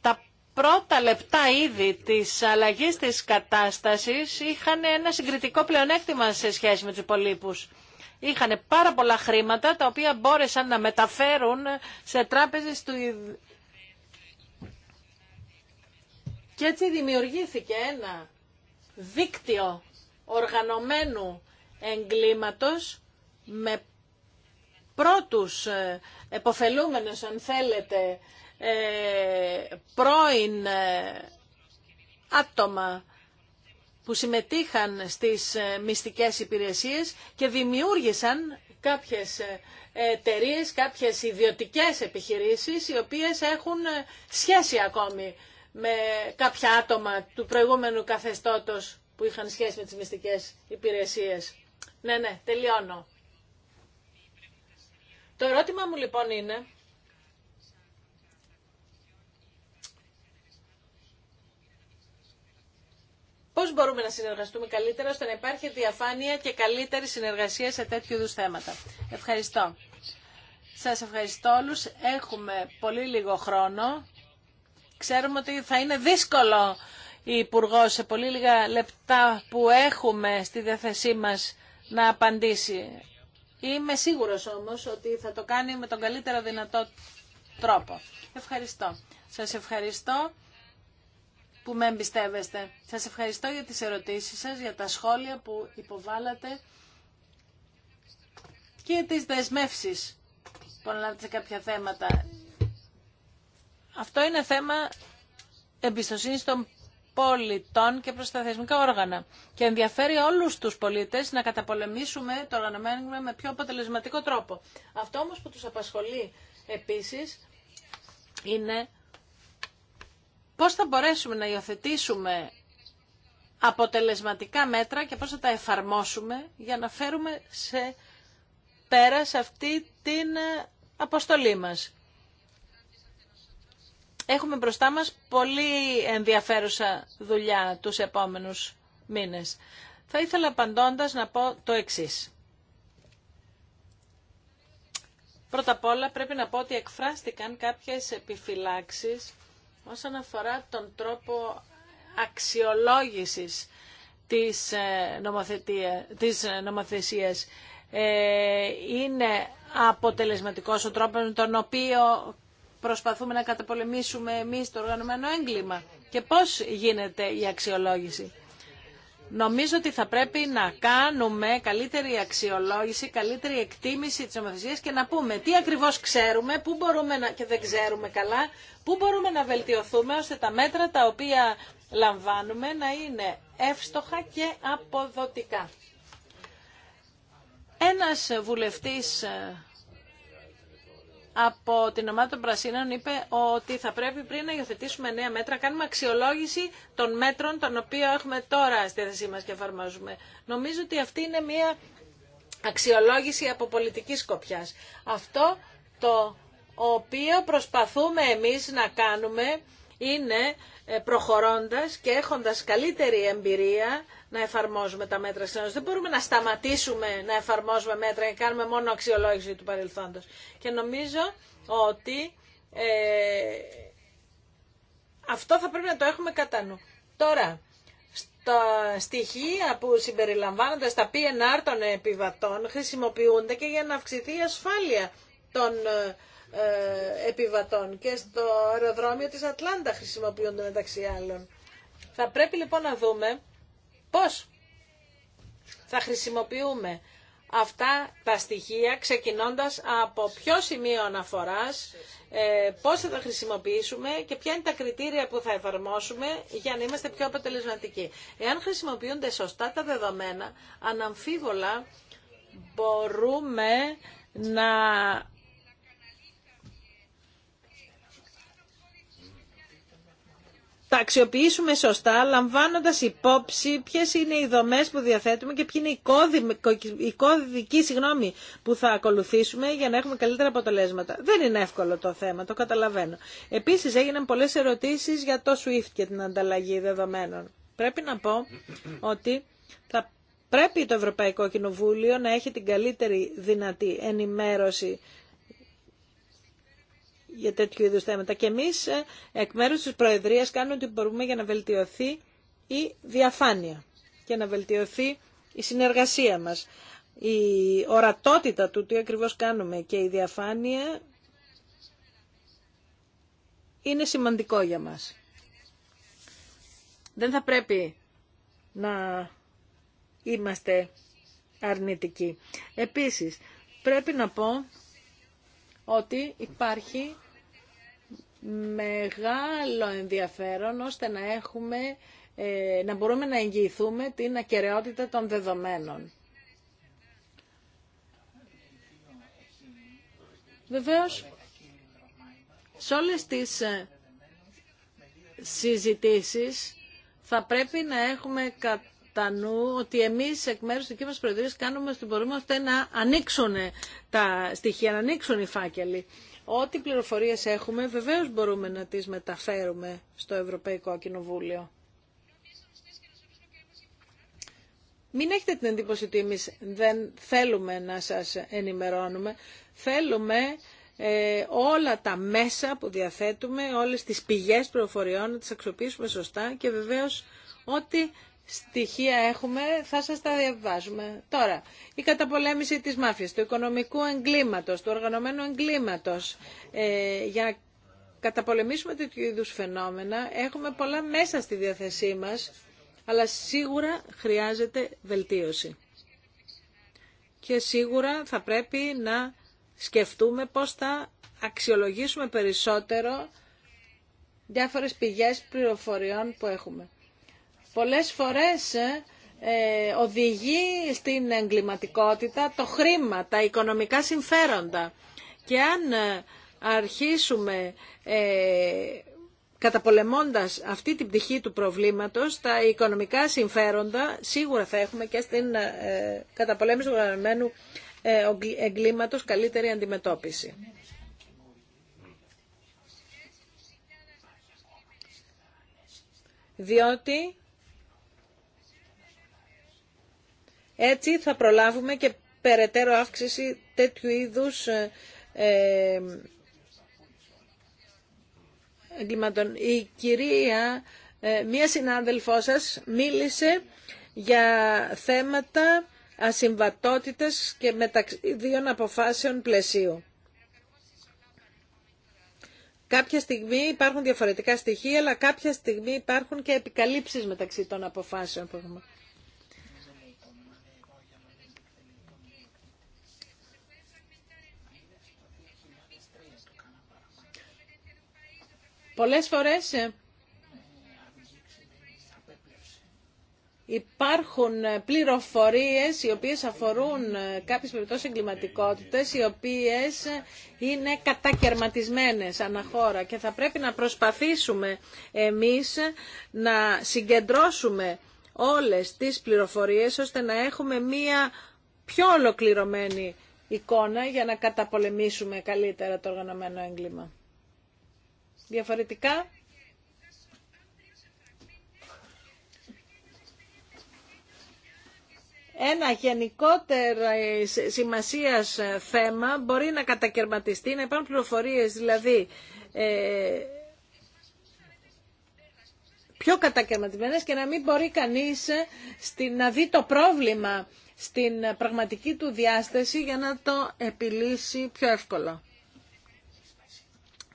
τα πρώτα λεπτά ήδη της αλλαγής της κατάστασης είχαν ένα συγκριτικό πλεονέκτημα σε σχέση με τους υπολείπους είχαν πάρα πολλά χρήματα τα οποία μπόρεσαν να μεταφέρουν σε τράπεζες του... Και έτσι δημιουργήθηκε ένα δίκτυο οργανωμένου εγκλήματος με πρώτους ε, εποφελούμενους, αν θέλετε, ε, πρώην ε, άτομα που συμμετείχαν στις ε, μυστικές υπηρεσίες και δημιούργησαν κάποιες ε, εταιρείε, κάποιες ιδιωτικές επιχειρήσεις οι οποίες έχουν ε, σχέση ακόμη με κάποια άτομα του προηγούμενου καθεστώτος που είχαν σχέση με τις μυστικές υπηρεσίες. Ναι, ναι, τελειώνω. Το ερώτημα μου λοιπόν είναι πώς μπορούμε να συνεργαστούμε καλύτερα ώστε να υπάρχει διαφάνεια και καλύτερη συνεργασία σε τέτοιου είδου θέματα. Ευχαριστώ. Σας ευχαριστώ όλους. Έχουμε πολύ λίγο χρόνο. Ξέρουμε ότι θα είναι δύσκολο η Υπουργό σε πολύ λίγα λεπτά που έχουμε στη διαθεσή μας να απαντήσει. Είμαι σίγουρος όμω ότι θα το κάνει με τον καλύτερο δυνατό τρόπο. Ευχαριστώ. Σα ευχαριστώ που με εμπιστεύεστε. Σας ευχαριστώ για τις ερωτήσεις σας, για τα σχόλια που υποβάλατε και τις δεσμεύσεις που αναλάβετε σε κάποια θέματα. Αυτό είναι θέμα εμπιστοσύνης των πολιτών και προς τα θεσμικά όργανα και ενδιαφέρει όλους τους πολίτες να καταπολεμήσουμε το οργανωμένο με πιο αποτελεσματικό τρόπο. Αυτό όμως που τους απασχολεί επίσης είναι πώς θα μπορέσουμε να υιοθετήσουμε αποτελεσματικά μέτρα και πώς θα τα εφαρμόσουμε για να φέρουμε σε πέρα σε αυτή την ε, αποστολή μας. Έχουμε μπροστά μας πολύ ενδιαφέρουσα δουλειά τους επόμενους μήνες. Θα ήθελα απαντώντας να πω το εξής. Πρώτα απ' όλα πρέπει να πω ότι εκφράστηκαν κάποιες επιφυλάξεις όσον αφορά τον τρόπο αξιολόγησης της, ε, της ε, νομοθεσίας ε, είναι αποτελεσματικός ο τρόπος με τον οποίο προσπαθούμε να καταπολεμήσουμε εμείς το οργανωμένο έγκλημα και πώς γίνεται η αξιολόγηση. Νομίζω ότι θα πρέπει να κάνουμε καλύτερη αξιολόγηση, καλύτερη εκτίμηση της νομοθεσίας και να πούμε τι ακριβώς ξέρουμε, πού μπορούμε να, και δεν ξέρουμε καλά, πού μπορούμε να βελτιωθούμε ώστε τα μέτρα τα οποία λαμβάνουμε να είναι εύστοχα και αποδοτικά. Ένας βουλευτής ε, από την ομάδα των Πρασίνων είπε ότι θα πρέπει πριν να υιοθετήσουμε νέα μέτρα, κάνουμε αξιολόγηση των μέτρων των οποίων έχουμε τώρα στη θέση μας και εφαρμόζουμε. Νομίζω ότι αυτή είναι μια αξιολόγηση από πολιτική σκοπιάς. Αυτό το οποίο προσπαθούμε εμείς να κάνουμε είναι ε, προχωρώντας και έχοντας καλύτερη εμπειρία να εφαρμόζουμε τα μέτρα Δεν μπορούμε να σταματήσουμε να εφαρμόζουμε μέτρα και κάνουμε μόνο αξιολόγηση του παρελθόντος. Και νομίζω ότι ε, αυτό θα πρέπει να το έχουμε κατά νου. Τώρα, στα στοιχεία που συμπεριλαμβάνονται στα PNR των επιβατών χρησιμοποιούνται και για να αυξηθεί η ασφάλεια των ε, ε, επιβατών και στο αεροδρόμιο της Ατλάντα χρησιμοποιούνται μεταξύ άλλων. Θα πρέπει λοιπόν να δούμε Πώς θα χρησιμοποιούμε αυτά τα στοιχεία ξεκινώντας από ποιο σημείο αναφοράς, ε, πώς θα τα χρησιμοποιήσουμε και ποια είναι τα κριτήρια που θα εφαρμόσουμε για να είμαστε πιο αποτελεσματικοί. Εάν χρησιμοποιούνται σωστά τα δεδομένα, αναμφίβολα μπορούμε να Θα αξιοποιήσουμε σωστά, λαμβάνοντας υπόψη ποιε είναι οι δομές που διαθέτουμε και ποιοι είναι οι κώδικοι, συγγνώμη, που θα ακολουθήσουμε για να έχουμε καλύτερα αποτελέσματα. Δεν είναι εύκολο το θέμα, το καταλαβαίνω. Επίσης έγιναν πολλές ερωτήσεις για το SWIFT και την ανταλλαγή δεδομένων. Πρέπει να πω ότι θα πρέπει το Ευρωπαϊκό Κοινοβούλιο να έχει την καλύτερη δυνατή ενημέρωση για τέτοιου είδους θέματα. Και εμείς ε, εκ μέρους της Προεδρίας κάνουμε ό,τι μπορούμε για να βελτιωθεί η διαφάνεια και να βελτιωθεί η συνεργασία μας. Η ορατότητα του τι ακριβώς κάνουμε και η διαφάνεια είναι σημαντικό για μας. Δεν θα πρέπει να είμαστε αρνητικοί. Επίσης, πρέπει να πω ότι υπάρχει μεγάλο ενδιαφέρον ώστε να, έχουμε, ε, να μπορούμε να εγγυηθούμε την ακαιρεότητα των δεδομένων. Βεβαίως, σε όλες τις ε, συζητήσεις θα πρέπει να έχουμε κατά νου ότι εμείς εκ μέρους του μας Προεδρίας κάνουμε ό,τι μπορούμε ώστε να ανοίξουν τα στοιχεία, να ανοίξουν οι φάκελοι. Ό,τι πληροφορίες έχουμε βεβαίως μπορούμε να τις μεταφέρουμε στο Ευρωπαϊκό Κοινοβούλιο. Μην έχετε την εντύπωση ότι εμείς δεν θέλουμε να σας ενημερώνουμε. Θέλουμε ε, όλα τα μέσα που διαθέτουμε, όλες τις πηγές πληροφοριών να τις αξιοποιήσουμε σωστά και βεβαίως ό,τι στοιχεία έχουμε, θα σας τα διαβάζουμε. Τώρα, η καταπολέμηση της μάφιας, του οικονομικού εγκλήματος, του οργανωμένου εγκλήματος, ε, για να καταπολεμήσουμε τέτοιου είδους φαινόμενα, έχουμε πολλά μέσα στη διαθεσή μας, αλλά σίγουρα χρειάζεται βελτίωση. Και σίγουρα θα πρέπει να σκεφτούμε πώς θα αξιολογήσουμε περισσότερο διάφορες πηγές πληροφοριών που έχουμε πολλές φορές ε, ε, οδηγεί στην εγκληματικότητα το χρήμα, τα οικονομικά συμφέροντα. Και αν ε, αρχίσουμε καταπολεμώντας αυτή την πτυχή του προβλήματος, τα οικονομικά συμφέροντα σίγουρα θα έχουμε και στην καταπολέμηση του γραμμένου εγκλήματος καλύτερη αντιμετώπιση. Διότι Έτσι θα προλάβουμε και περαιτέρω αύξηση τέτοιου είδους ε, ε, εγκληματών. Η κυρία, ε, μία συνάδελφό σας, μίλησε για θέματα ασυμβατότητας και μεταξύ δύο αποφάσεων πλαισίου. Κάποια στιγμή υπάρχουν διαφορετικά στοιχεία, αλλά κάποια στιγμή υπάρχουν και επικαλύψεις μεταξύ των αποφάσεων που έχουμε. Πολλές φορές ε, υπάρχουν ε, πληροφορίες οι οποίες αφορούν ε, κάποιες περιπτώσεις εγκληματικότητες οι οποίες είναι κατακαιρματισμένες αναχώρα και θα πρέπει να προσπαθήσουμε εμείς να συγκεντρώσουμε όλες τις πληροφορίες ώστε να έχουμε μία πιο ολοκληρωμένη εικόνα για να καταπολεμήσουμε καλύτερα το οργανωμένο έγκλημα. Διαφορετικά, ένα γενικότερα ε, σημασίας ε, θέμα μπορεί να κατακαιρματιστεί, να υπάρχουν πληροφορίες δηλαδή ε, πιο κατακαιρματισμένες και να μην μπορεί κανείς στη να δει το πρόβλημα στην πραγματική του διάσταση για να το επιλύσει πιο εύκολα.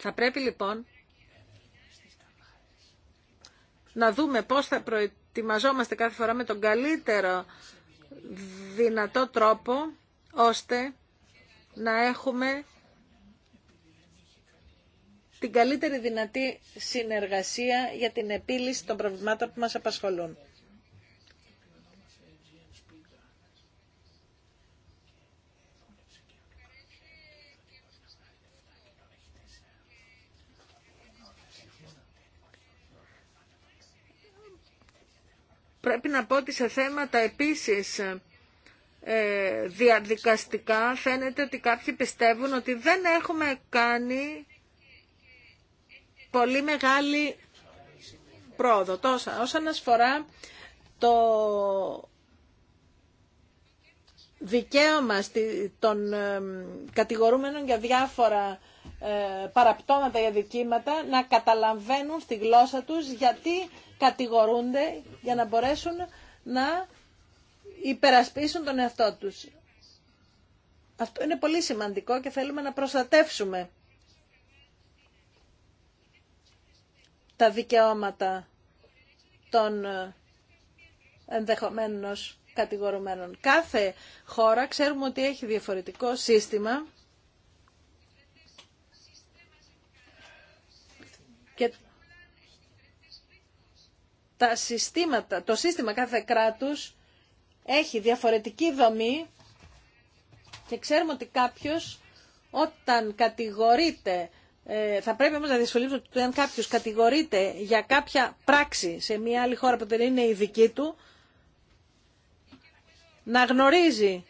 Θα πρέπει λοιπόν να δούμε πώς θα προετοιμαζόμαστε κάθε φορά με τον καλύτερο δυνατό τρόπο, ώστε να έχουμε την καλύτερη δυνατή συνεργασία για την επίλυση των προβλημάτων που μας απασχολούν. Πρέπει να πω ότι σε θέματα επίσης ε, διαδικαστικά φαίνεται ότι κάποιοι πιστεύουν ότι δεν έχουμε κάνει πολύ μεγάλη πρόοδο. Τόσα, όσον αφορά το δικαίωμα των ε, κατηγορούμενων για διάφορα ε, παραπτώματα για δικήματα να καταλαβαίνουν στη γλώσσα τους γιατί κατηγορούνται για να μπορέσουν να υπερασπίσουν τον εαυτό τους. Αυτό είναι πολύ σημαντικό και θέλουμε να προστατεύσουμε τα δικαιώματα των ε, ενδεχομένως κατηγορουμένων. Κάθε χώρα ξέρουμε ότι έχει διαφορετικό σύστημα και τα συστήματα, το σύστημα κάθε κράτους έχει διαφορετική δομή και ξέρουμε ότι κάποιος όταν κατηγορείται, ε, θα πρέπει όμως να δυσκολεύσουμε ότι αν κάποιος κατηγορείται για κάποια πράξη σε μια άλλη χώρα που δεν είναι η δική του, να γνωρίζει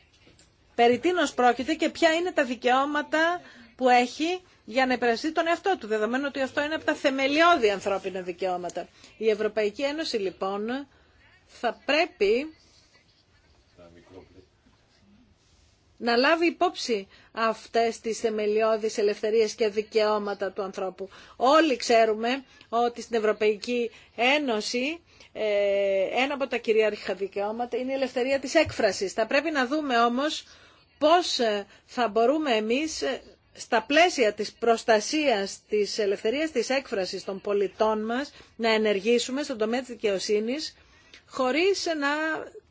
περί τίνος πρόκειται και ποια είναι τα δικαιώματα που έχει για να υπερασπιστεί τον εαυτό του, δεδομένου ότι αυτό είναι από τα θεμελιώδη ανθρώπινα δικαιώματα. Η Ευρωπαϊκή Ένωση λοιπόν θα πρέπει να λάβει υπόψη αυτές τις θεμελιώδεις ελευθερίες και δικαιώματα του ανθρώπου. Όλοι ξέρουμε ότι στην Ευρωπαϊκή Ένωση ε, ένα από τα κυρίαρχα δικαιώματα είναι η ελευθερία της έκφρασης. Θα πρέπει να δούμε όμως πώς θα μπορούμε εμείς στα πλαίσια της προστασίας της ελευθερίας της έκφρασης των πολιτών μας να ενεργήσουμε στον τομέα της δικαιοσύνη χωρίς να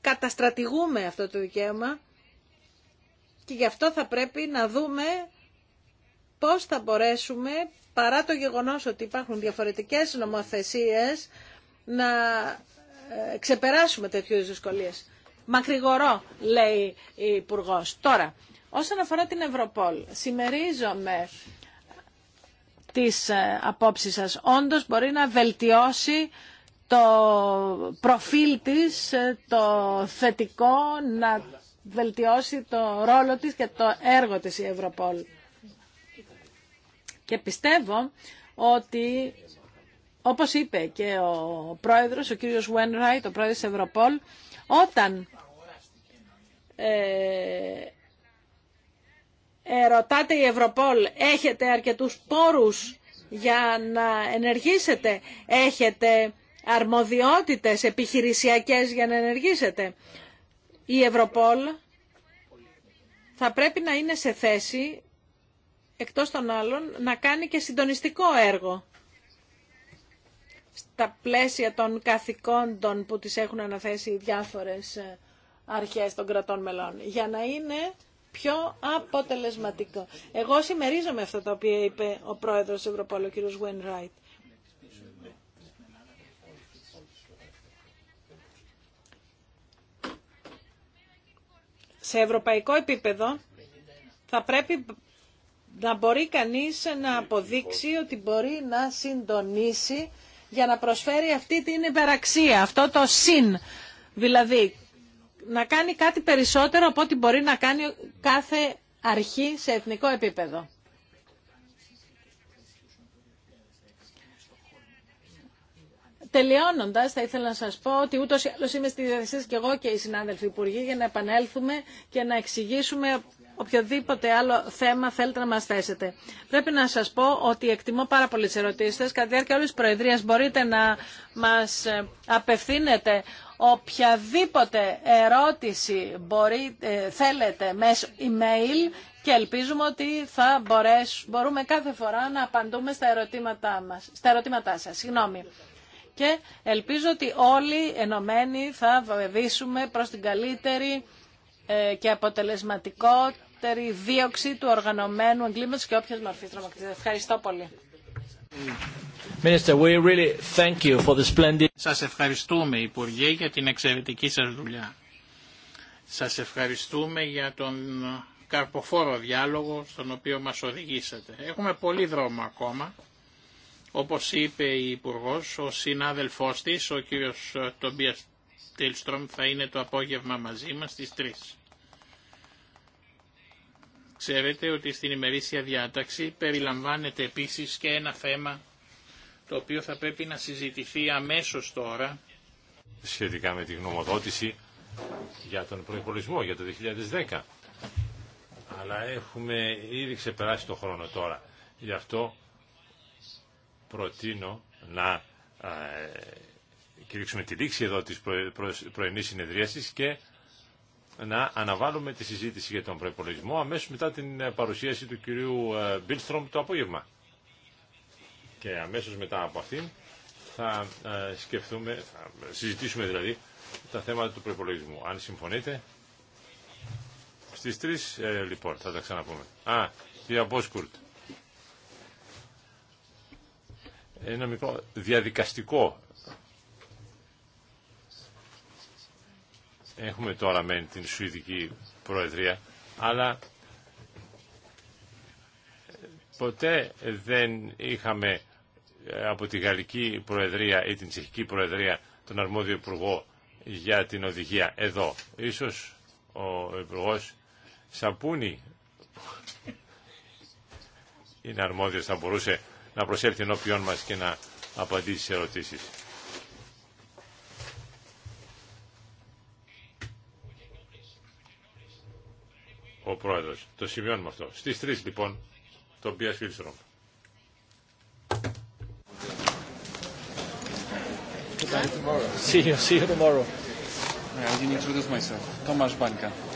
καταστρατηγούμε αυτό το δικαίωμα και γι' αυτό θα πρέπει να δούμε πώς θα μπορέσουμε παρά το γεγονός ότι υπάρχουν διαφορετικές νομοθεσίες να ε, ξεπεράσουμε τέτοιες δυσκολίες. Μακρηγορώ, λέει η Υπουργό. Τώρα, Όσον αφορά την Ευρωπόλ, συμμερίζομαι τις ε, απόψεις σας. Όντως μπορεί να βελτιώσει το προφίλ της, ε, το θετικό, να βελτιώσει το ρόλο της και το έργο της η Ευρωπόλ. Και πιστεύω ότι, όπως είπε και ο πρόεδρος, ο κύριος Βένράιτ, ο πρόεδρος της Ευρωπόλ, όταν ε, ε, ρωτάτε η Ευρωπόλ, έχετε αρκετούς πόρους για να ενεργήσετε, έχετε αρμοδιότητες επιχειρησιακές για να ενεργήσετε. Η Ευρωπόλ θα πρέπει να είναι σε θέση, εκτός των άλλων, να κάνει και συντονιστικό έργο στα πλαίσια των καθηκόντων που τις έχουν αναθέσει οι διάφορες ε, αρχές των κρατών μελών, για να είναι πιο αποτελεσματικό. Εγώ συμμερίζομαι αυτά τα οποία είπε ο πρόεδρος του Ευρωπόλου, ο κ. Ράιτ. Σε ευρωπαϊκό επίπεδο θα πρέπει να μπορεί κανείς να αποδείξει ότι μπορεί να συντονίσει για να προσφέρει αυτή την υπεραξία, αυτό το συν. Δηλαδή, να κάνει κάτι περισσότερο από ό,τι μπορεί να κάνει κάθε αρχή σε εθνικό επίπεδο. Τελειώνοντα, θα ήθελα να σα πω ότι ούτω ή άλλω είμαι στη διαδικασία και εγώ και οι συνάδελφοι υπουργοί για να επανέλθουμε και να εξηγήσουμε οποιοδήποτε άλλο θέμα θέλετε να μα θέσετε. Πρέπει να σα πω ότι εκτιμώ πάρα πολύ τι ερωτήσει σα. Κατά τη διάρκεια όλη τη Προεδρία μπορείτε να μα απευθύνετε Οποιαδήποτε ερώτηση μπορεί, ε, θέλετε μέσω email και ελπίζουμε ότι θα μπορέσουμε, μπορούμε κάθε φορά να απαντούμε στα ερωτήματά, μας, στα ερωτήματά σας. Συγγνώμη. Και ελπίζω ότι όλοι ενωμένοι θα βοηθήσουμε προς την καλύτερη ε, και αποτελεσματικότερη δίωξη του οργανωμένου εγκλήματος και όποιας μορφής τρομακτικής. Ευχαριστώ πολύ. Minister, Σας ευχαριστούμε, Υπουργέ, για την εξαιρετική σας δουλειά. Σας ευχαριστούμε για τον καρποφόρο διάλογο στον οποίο μας οδηγήσατε. Έχουμε πολύ δρόμο ακόμα. Όπως είπε η υπουργό, ο συνάδελφός της, ο κύριος Τομπίας Τίλστρομ, θα είναι το απόγευμα μαζί μας στις 3. Ξέρετε ότι στην ημερήσια διάταξη περιλαμβάνεται επίσης και ένα θέμα το οποίο θα πρέπει να συζητηθεί αμέσως τώρα σχετικά με τη γνωμοδότηση για τον προϋπολογισμό για το 2010. Αλλά έχουμε ήδη ξεπεράσει το χρόνο τώρα. Γι' αυτό προτείνω να ε, κηρύξουμε τη λήξη εδώ της πρωινής συνεδρίασης και να αναβάλουμε τη συζήτηση για τον προπολογισμό αμέσως μετά την ε, παρουσίαση του κυρίου ε, Μπίλστρομ το απόγευμα. Και αμέσως μετά από αυτήν θα ε, σκεφτούμε, θα συζητήσουμε δηλαδή τα θέματα του προπολογισμού. Αν συμφωνείτε, στις 3 λοιπόν θα τα ξαναπούμε. Α, κυρία Μπόσκουρτ. Ένα μικρό διαδικαστικό Έχουμε τώρα μεν την Σουηδική Προεδρία, αλλά ποτέ δεν είχαμε ε, από τη Γαλλική Προεδρία ή την Τσεχική Προεδρία τον αρμόδιο υπουργό για την οδηγία εδώ. Ίσως ο υπουργό Σαπούνη είναι αρμόδιος, θα μπορούσε να προσέλθει ενώπιόν μας και να απαντήσει σε ερωτήσεις. ο πρόεδρος. Το σημειώνουμε αυτό. Στις 3 λοιπόν, τον Πίας Φίλστρομ. See you, see you tomorrow. Yeah, I didn't introduce myself. Tomasz Bańka.